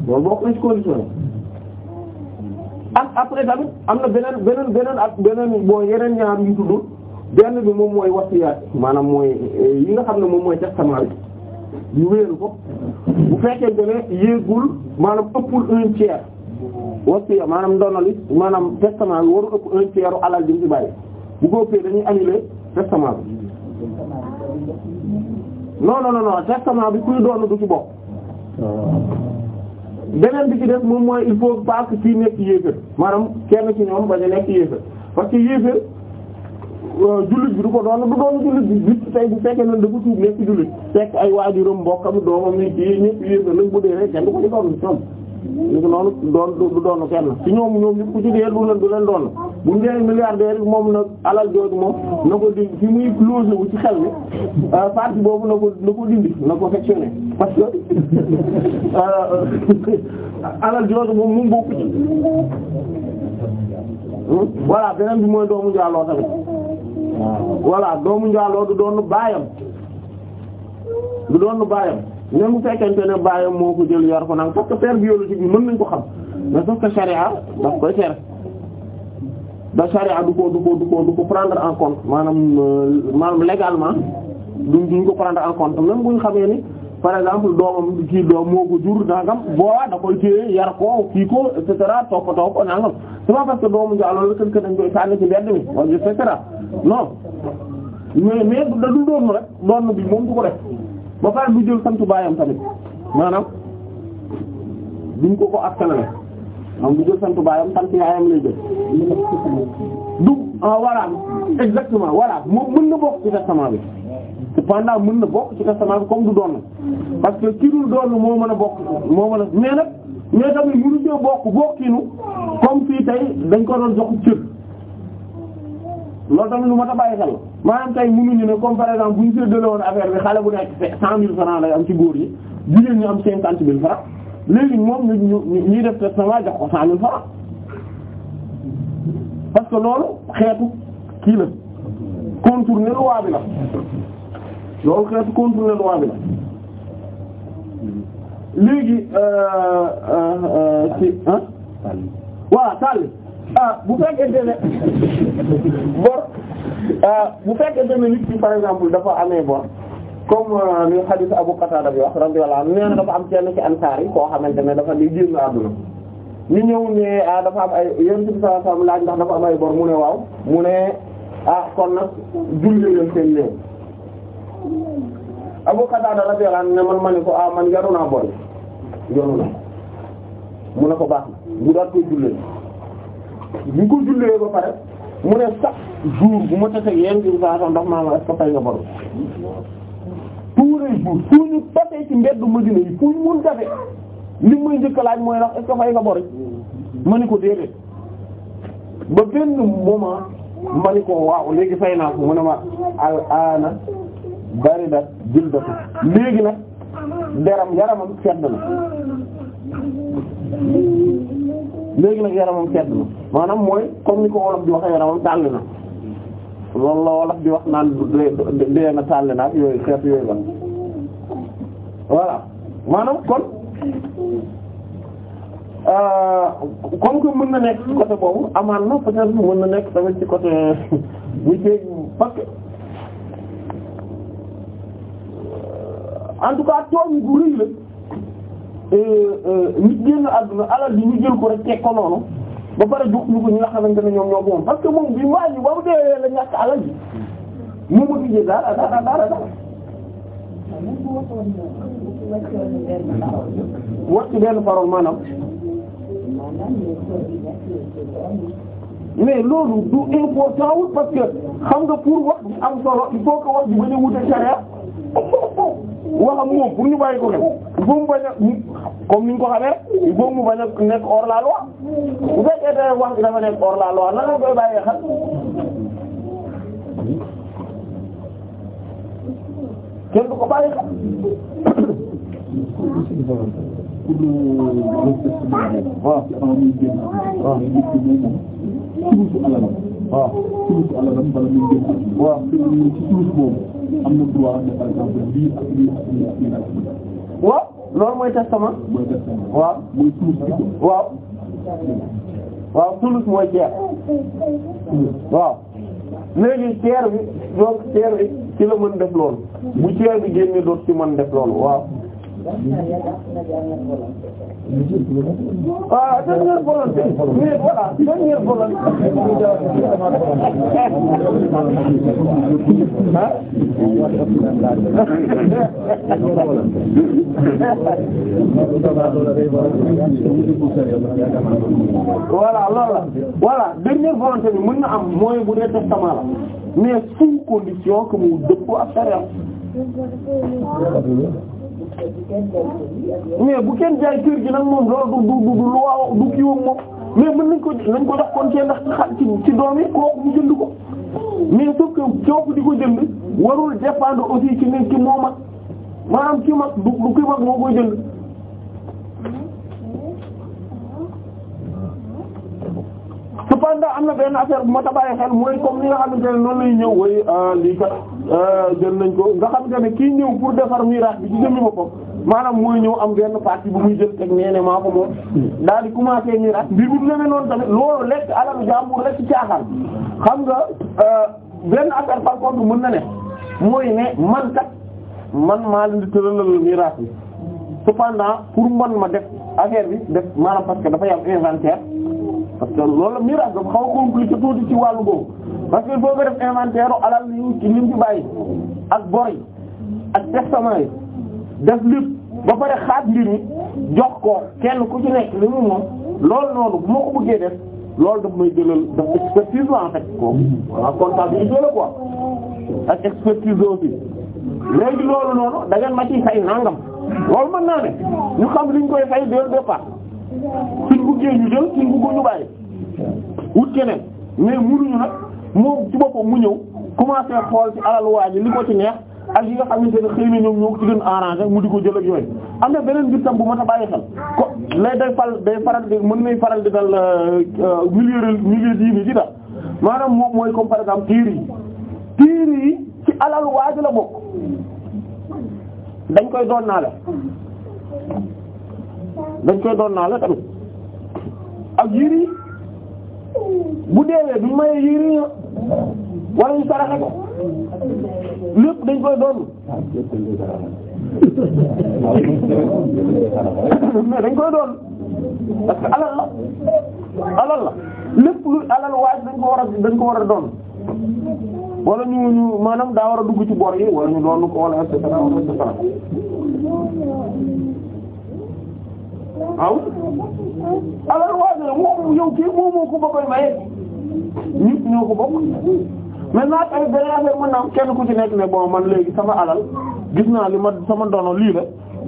loolu bokk na ci condition yi ak après tamit am na beneen beneen beneen ak beneen boo yeneen ñaar yu tudd benn bi moom mooy wasiyaat maanaam mooy yi nga xam ne moom mooy testament bi ñu wéeru ko bu fekkente ne yéegul maanaam ëppul un tiers wasiya maanaam ndonali maanaam testament bi waru ëpp un tiers alal bi mu ci bàyyi bu ko ëppee dañuy annuler testament bi non non non testament bi kuy doon du ci bokk beneen bi ci def moom mooy il faut pas que kii nekk yéefér maanaam kenn ci ñoom bañ a nekk yéefér parce que yéefér euh, bi du ko doon du doon jullit bi bis tey bu fekkee ne dafa tuub nekk jullit fekk ay waajuram mbokkam doomam ni ci ñëpp yéefér lañ bu dee rek kenn du ko di doon ñoom ñu noonu doon du doon kenn ci ñoom ñoom ñëpp ku ci dee du leen du leen doon bu ñu dee milliardaire moom nag alal jooju moom na ko di fi muy close wu ci xel mi euh, partie boobu na ko na ko dindi na ko sectionné parce que euh, alal jooju moom mu bokk ci hmm? voilà beneen bi mooy doomu njaaloo tamit voilà doomu njaaloo du doon baayam du doon baayam même bu fekkente ne bàyyam moo ko jël yor ko nag parce que père biologique bi nañ ko xam mais sauf que charia daf koy tere da charia du ko du ko du ko du ko prendre en compte maanaam euh, maanaam légalement duñ duñ ko prendre en compte même buñ xamee ni par exemple doomam kii doom moo ko jur nangam boobaa da koy téye yar ko kii ko et cetera toppatoo ko nangam c'est pas parce que doomu jàlloon la kër kër dañ koy sànni ci mbedd mi et cetera non mais mais da du doon ba pare du jël sant baayam tamit maanaam duñ ko ko askanale maanaam du jël sant baayam sant yaayam lay jël du ah, voilà exactement voilà moom mën na bokk ci testament bi cependant mën na bokk ci testament bi comme du doon parce que ki dul doon moo mën a bokk moo mën a mais nag mais tamit mënu cee bokk bokkinu comme fii tey dañ ko doon jox cër loolu tamit lu ma ta bàyyi xel maanaam tey mënuñu ne comme par exemple bu ñu séddale woon affaire bi xale bu nekk cent mille francs lay am ci góor yi jigéen ñu am cinquante mille francs léegi moom ñu ñu ñuy def testament jox ko cent mille francs parce que loolu xeetu kii la contourner loi loolu xeetu contourner loi bi la léegi euh, euh, euh, ci ah bu fekkente ne bor ah, bu fekkente ne nit ki par exemple dafa amee bor comme ni euh, hadith Abu Qatada bi wax radiyallahu anhu nee na dafa am kenn ci ansaar yi koo xamante ne dafa di ñu ñëw ne ah dafa am ay yéen ci sallallahu alayhi wasallam laaj ndax dafa am ay bor mu ne waaw mu ne ah kon nag julli leen seen néew Abu Qatada radiyallahu anhu ne man ma ne ko ah man yaru naa bor yaru naa mu ne ko baax na bu daal koy jullee bu ko jullee pare mu ne sax jour bu ma tasee yéen bi saa soxna ndax ma est-ce que fay nga bor tous les jours fu ñu mun dafe li muy njëkk laaj mooy ndax est-ce que fay ma ni ko déedéet ba benn moment ma ni ko waaw léegi fay naa ko mu ne ma al aana bari na jël dëkk léegi nag deram léegi nag yaramam sedd na maanaam mooy comme ni ko wolof di waxee yaramam tàlli na loolu la wolof di wax naan dee na tàlli na ak yooyu xeet yooyu la voilà kon euh, comme que mën na nekk ci côté na peut-être mën na nekk tamit ci nit génn àdduna alal bi ñu jël ko rek teg ko pare jox ñu ko ñi nga xamante ne ñoom ñoo ko moom parce que moom bi waa ji ba mu dee la ñàkk alal ji moom mu tijjee dara dara dara dara. wax ci benn parole maanaam. mais loolu du important wul parce xam nga pour waxam moom pour ñu bàyyi ko xel il faut mu bañ a comme ni ñu ko xamee il faut mu bañ a nekk hors la loi bu fekkee da wax bi dafa nekk hors la loi nan la koy bàyyee xel kenn du ko bàyyi xel. waaw waaw waaw am na droit ne par exemple mooy testament. mooy mooy suuf si waaw. tulus mooy ceer waaw léegi ceer bi donc ceer bi ci la mën def loolu bu ceer bi génne mën def loolu ah dernière volonté mais voilà dernière volonté. voilà loolu la voilà dernière volonté bi mën na am mooy bu dee testament la mais sous condition que mu dëppoo mais bu kenn jaay kër gi nag moom loolu du du du lu du kii moom mais mën nañ ko nañ ko jox kon cee ndax ci ci doom yi kooku mu jënd ko mais sauf que kooku di ko jënd warul dépendre aussi ci nit ki moo mag maanaam ki mag du du ki mag moo koy jënd. cependant am na benn affaire bu ma ta bàyyi xel mooy comme ni nga xamante ne way ah, lii kat. Euh, jël nañ ko nga xam nga ne kii ñëw pour defar miraas bi ci jëmmi boppam maanaam mooy ñëw am benn partie bu muy jël teg nee ne maa ko moom daal di commencé miraas mbir mi demee noonu tamit loolu lekk alalu jàmbur la ci caaxaan xam nga euh, benn affaire par contre mën na ne mooy ne man kat man maa leen di tëralal miraas bi cependant pour man ma def affaire bi def maanaam parce dafay am inventaire parce que loolu miraas dafa xaw a compliqué tuuti ci wàllu boobu. ma que il faut nga def inventaire alal li ñu ci ñu bàyyi ak bor yi ak testament yi def lépp ba pare xaaj mbir mi jox ko kenn ku ci nekk li mu moom loolu noonu bu ma ko bëggee def loolu daf may jëlal daf expertise la en fait ko voilà comptabilité la quoi ak expertise aussi léegi loolu noonu da ngeen ma ciy fay nangam loolu mën naa ne ñu xam liñ koy fay dès le départ suñ buggee ñu jël suñ buggu ñu bàyyi wut keneen mais munuñu nag. moom ci boppam mu ñëw commencé xool ci alal waa li ko ci neex ak yi nga xamante ne xëy na ñoom ñoo ci gën arrangé mu di ko jël ak yooyu am na beneen mbir tam bu mat a bàyyi xel ko lay day faral day faral di mën nay faral di dal euh, milieu milieu diini ci dal maanaam moom mooy comme par exemple tiir yi tiir ci alal waa ji la bokk dañ koy doon naa la dañ koy doon naa la tamit ak yére bu deewee ma maye yéeréer wala ñu saraxe ko lépp dañ koy doon mais dañ koy doon parce que alal la alal la lépp lu alal waaye dañ ko war a dañ ko war a doon wala ñu ñu maanaam daa war a dugg ci bor yi wala ñu doon ko waaw alors waaye moom yow kii moom moo ko boppay maye nit ma ko bokk maintenant tamit na am kenn ku ci nekk ne bon man léegi sama alal gis naa li ma sama ndono lii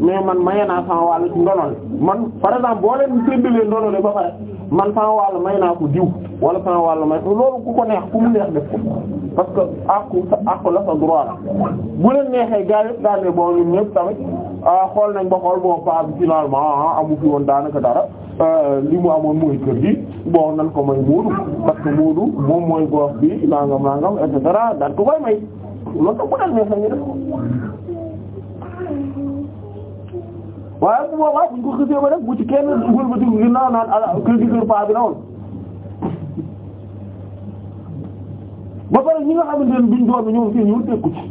mais man maye naa sama wàll ci ndonole man par exemple boo leen séddalee ndonole ba pare man sama wàll may naa ko diw wala sama wàll may loolu ku ko neex ku mu neex def ko parce que àqu sa àqu la sa droit bu leen neexee gars yëpp daal ne bon ñun ah, xool nañ ba xool boo pa bi ah, amu fi woon daanaka dara euh, li mu amoon mooy kër gi bon nan ko may Moodu parce que Moodu moom mooy gox bi nangam nangam et cetera daal ko koy may loolu tam bu waaye bu boobaa bu ñu ko xasee ba rek bu ci kenn wëlbatiku gi naan naan ala culture paa bi na ba pare ñi nga xamante ne duñ doon ñoom seen yoon tekku ci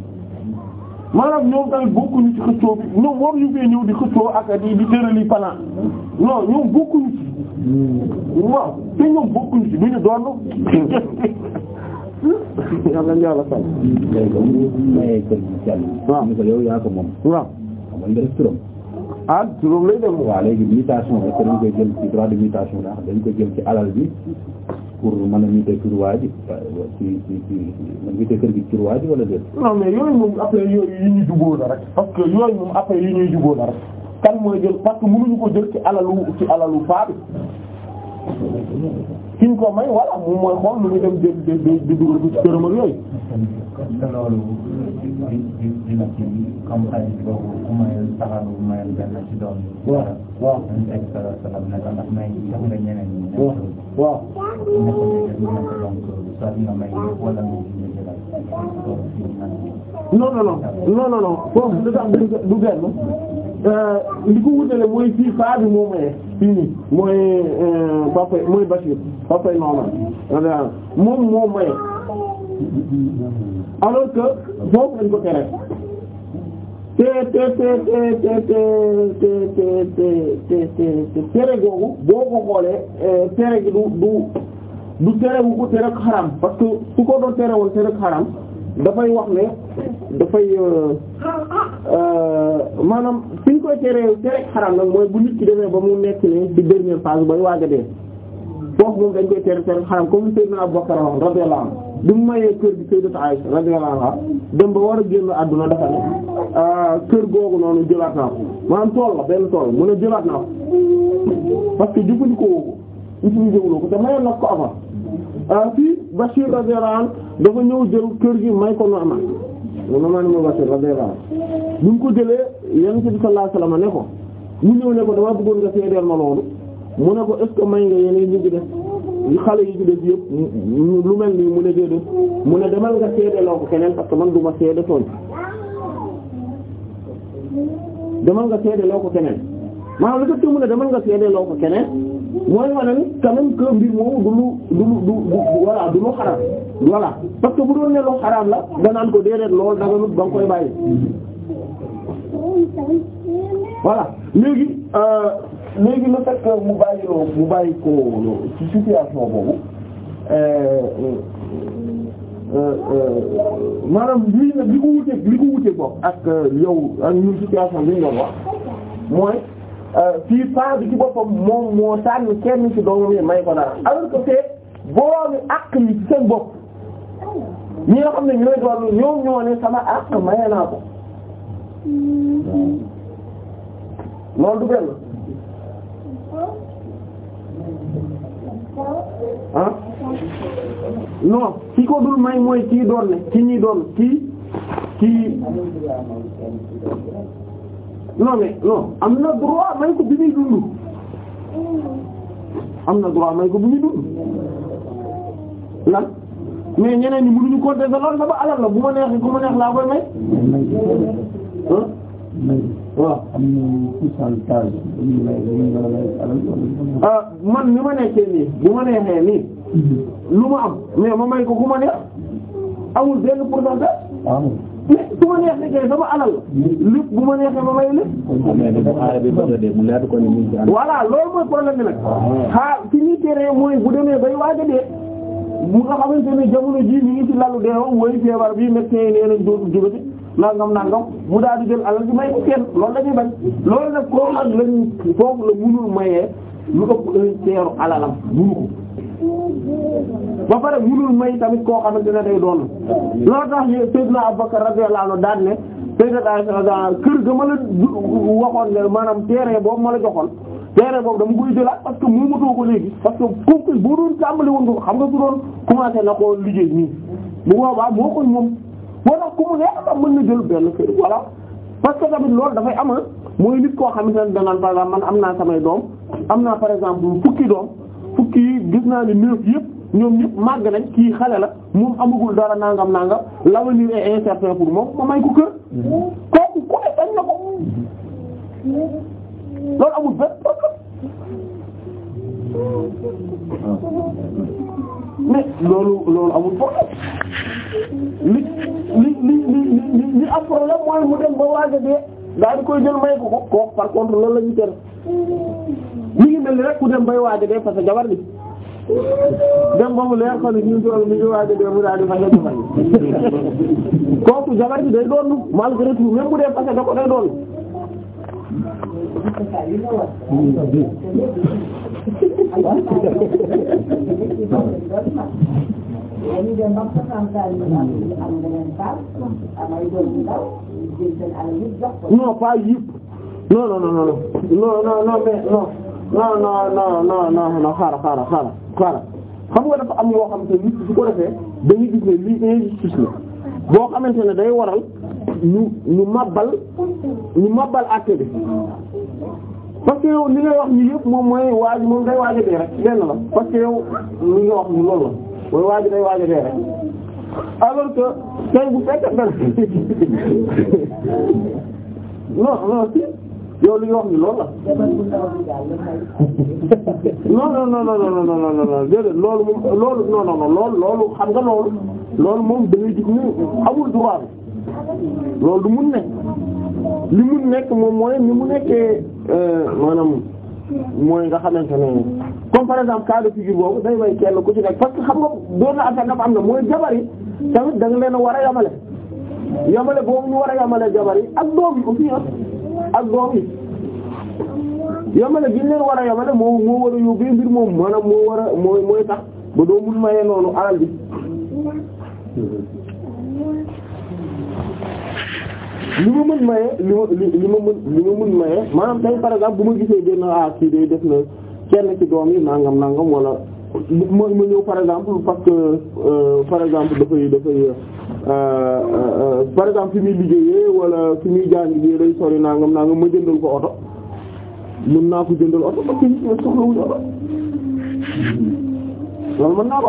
maanaam ñoom tamit bokkuñu ci xëccoo bi ñoom war ñu fee ñëw di xëccoo ak di di tërali palaan non ni ma yeggee kër gi Thiel. waaw ni ko ah loolu lay dem waaw léegi mutation est-ce que dañ koy jël ci droit de mutation ndax dañ koy jël ci alal bi pour mën a muté kër waa ji ci ci ci mën muté kër wala déet. non mais yooyu moom après yooyu yi ñuy jubóo la rek parce que yooyu moom après yi ñuy jubóo la rek kan mooy jël parce que mënuñu ko jël ci alalu ci alalu paa bi ko may walla dem jël di comme xadis boobu non non non non non non foofu du tax du du euh, li ko wutale mooy fii faa bi moo maye fii nii euh, papa mooy Bachir papa noonu moom moo maye alors que foofu lañ ko tere. te te te te te te tere googu boo ko xoolee eh, tere gi du du du terewu ko tere xaram parce que su ko doon terewul tere xaram dafay wax ne dafay euh, euh, maanaam fi ñu koy teree tere xaram nag mooy bu nit ki demee ba mu nekk ne ci dernière phase bay waaj a dee foofu moom dañ koy tere tere xaram comme Seydina Abubakar radiyallahu anhu bi mu mayee kër gi Sayyidatu Aisha radiyallahu dem ba war a génn àdduna dafa ne ah, kër googu noonu jëlaat naa ko maanaam tool la benn tool mu ne jëlaat naa ko parce que jëfandikoo woo ko ko te mayoon na ko avant fii ah, Bashir radiyallahu dafa ñëw jël kër gi may ko Nu'man Nu'man ibn Bashir radiyallahu anhu bu ko jëlee Yonent bi sallallahu alayhi wasallam ne ko mu ñëw ne ko dama bëggoon nga seedeel ma loolu mu ne ko est may nga yeneen ñu ngi def. yi xale yi ci def yëpp lu mel nii mu ne déedéet mu ne demal nga seedeloo ko keneen parce man duma seede tooñ demal nga seedeloo ko keneen maanaam li ko mu ne demal nga seedeloo ko keneen mooy wane ni quand même que mbir moomu du lu du lu du voilà du lu ne lu xaraam la danaan ko déedéet lool danga nut ba nga koy bàyyi euh, léegi le fait que mu bàyyi loo mu bàyyi ko ci situation boobu euh, euh, euh, maanaam lii li ko wutee li ko wutee bopp ak yow ak ñun situation bi ñu doon wax mooy fii paa bi ci boppam moom moo sànni kenn ci doomam yi may ko dara alors que c'est boroom àq yi ci seen bopp ñi nga xam ne ñooy doon ñoom ñoo ne sama àq maye naa ko hmm. loolu du benn. ah non ki ko dul may mooy kii doon ne ki ñuy doon kii kii non mais non am na droit may ko bi muy dund am na droit may ko bi muy dund lan mais ñeneen ñi mënuñu compter na ba alal la bu ma neexee ku ma neex waaw. Ah, man ni ma nekkee nii bu ma neexee nii. lu ma am mais ma may ko ku ma neex amul benn pourcentage. amul mais su ma neexee kay sama alal lépp bu ma neexee ma may lépp. voilà loolu mooy problème bi nag. Ah. xaar ci ñuy tere mooy bu demee bay waaja dee mu nga xamante ne jamono jii ñu ngi ci lalu dee woon mooy feebar bi médecin yi nee nañ dootul jógati. nangam nangam mu daal di jël alal bi may ko kenn loolu dañuy bañ loolu nag koo ak lañ foofu la munul mayee lu ëpp un tiers alalam munu ko ba pare munul may tamit koo xamante ne day doon loolu tax ñu Seydina Abubakar radiyallahu anhu daan ne kër ga ma la waxoon ne maanaam terrain boobu ma la joxoon terrain boobu dama koy jëlaat parce que moomatoo ko léegi parce que kooku boo doon tàmbali woon ko xam nga bu doon commencé na koo liggéey nii bu boobaa wala ku mu neex ba mën na jël benn kër voilà parce que tamit loolu dafay am mooy nit koo xam ne danaan par exemple man am naa samay doom am naa par exemple fukki doom fukki gis naa ni neuf yëpp ñoom ñëpp màgg nañ kii xale la moom amagul dara nangam nangam l'avenir est incertain pour moom ma may ko kër. kooku ku loolu amul benn mais loolu loolu amul problème li li li li li am mooy mu dem ba waaj a dee daal koy jël may ko ko kooku par contre loolu la ñu ter mi ngi mel ni rek ku dem ba waaj a dee parce que jabar bi dem ba mu leer ko ni ñu toll mi ngi waaj a mu daal di faj a jabar kooku jabar bi day doon malgré tout même bu dee parce dañuy dem ba pourcentage bi am am beneen taal am ay doom yu ndaw jël seen alal yëpp jox ko. non pas yëpp non non non non non non non mais non non non non non non xaaral xaaral xaaral xaaral xam nga dafa am loo xam te nit su ko defee dañuy gis ne lii injustice la boo xamante ne day waral ñu ñu mabal ñu mabal àtte bi. parce que yow li ngay wax nii yëpp moom mooy waaj moom day waaj a dee rek lenn la parce que yow li nga wax nii loolu la mooy waaj day waaj a dee rek alors que tey bu fekkee non non si yow li nga wax nii loolu la non non non non non non non non déedéet loolu moom loolu non non non loolu loolu xam nga loolu loolu moom da ngay dig ni amul droit bi loolu du mun ne. li mu nekk moom mooy ni mu nekkee euh, maanaam mooy nga xamante ne comme par exemple cas day way kenn ku ci nekk xam nga doon na affaire dafa am na mooy jabar yi tamit da nga war a yamale yamale boobu ñu war a yamale jabar yi ak doom yi aussi ah, ak doom yamale gi ñu leen yamale moo moo war a mbir moom maanaam moo wara a mooy mooy tax ba doo mun mayee noonu alal bi li ma mën maye li ma li ma mën li ma mën maye maanaam tey par exemple bu ma gisee benn ah kii day def na kenn ci doom yi nangam nangam wala ma ma ñëw par exemple parce que euh, par exemple dafay dafay euh, euh, par exemple fi muy liggéeyee wala fi muy jàng liggéey day sori nangam nangam ma jëndal ko oto mën naa ko jëndal oto parce que loolu mën naa ko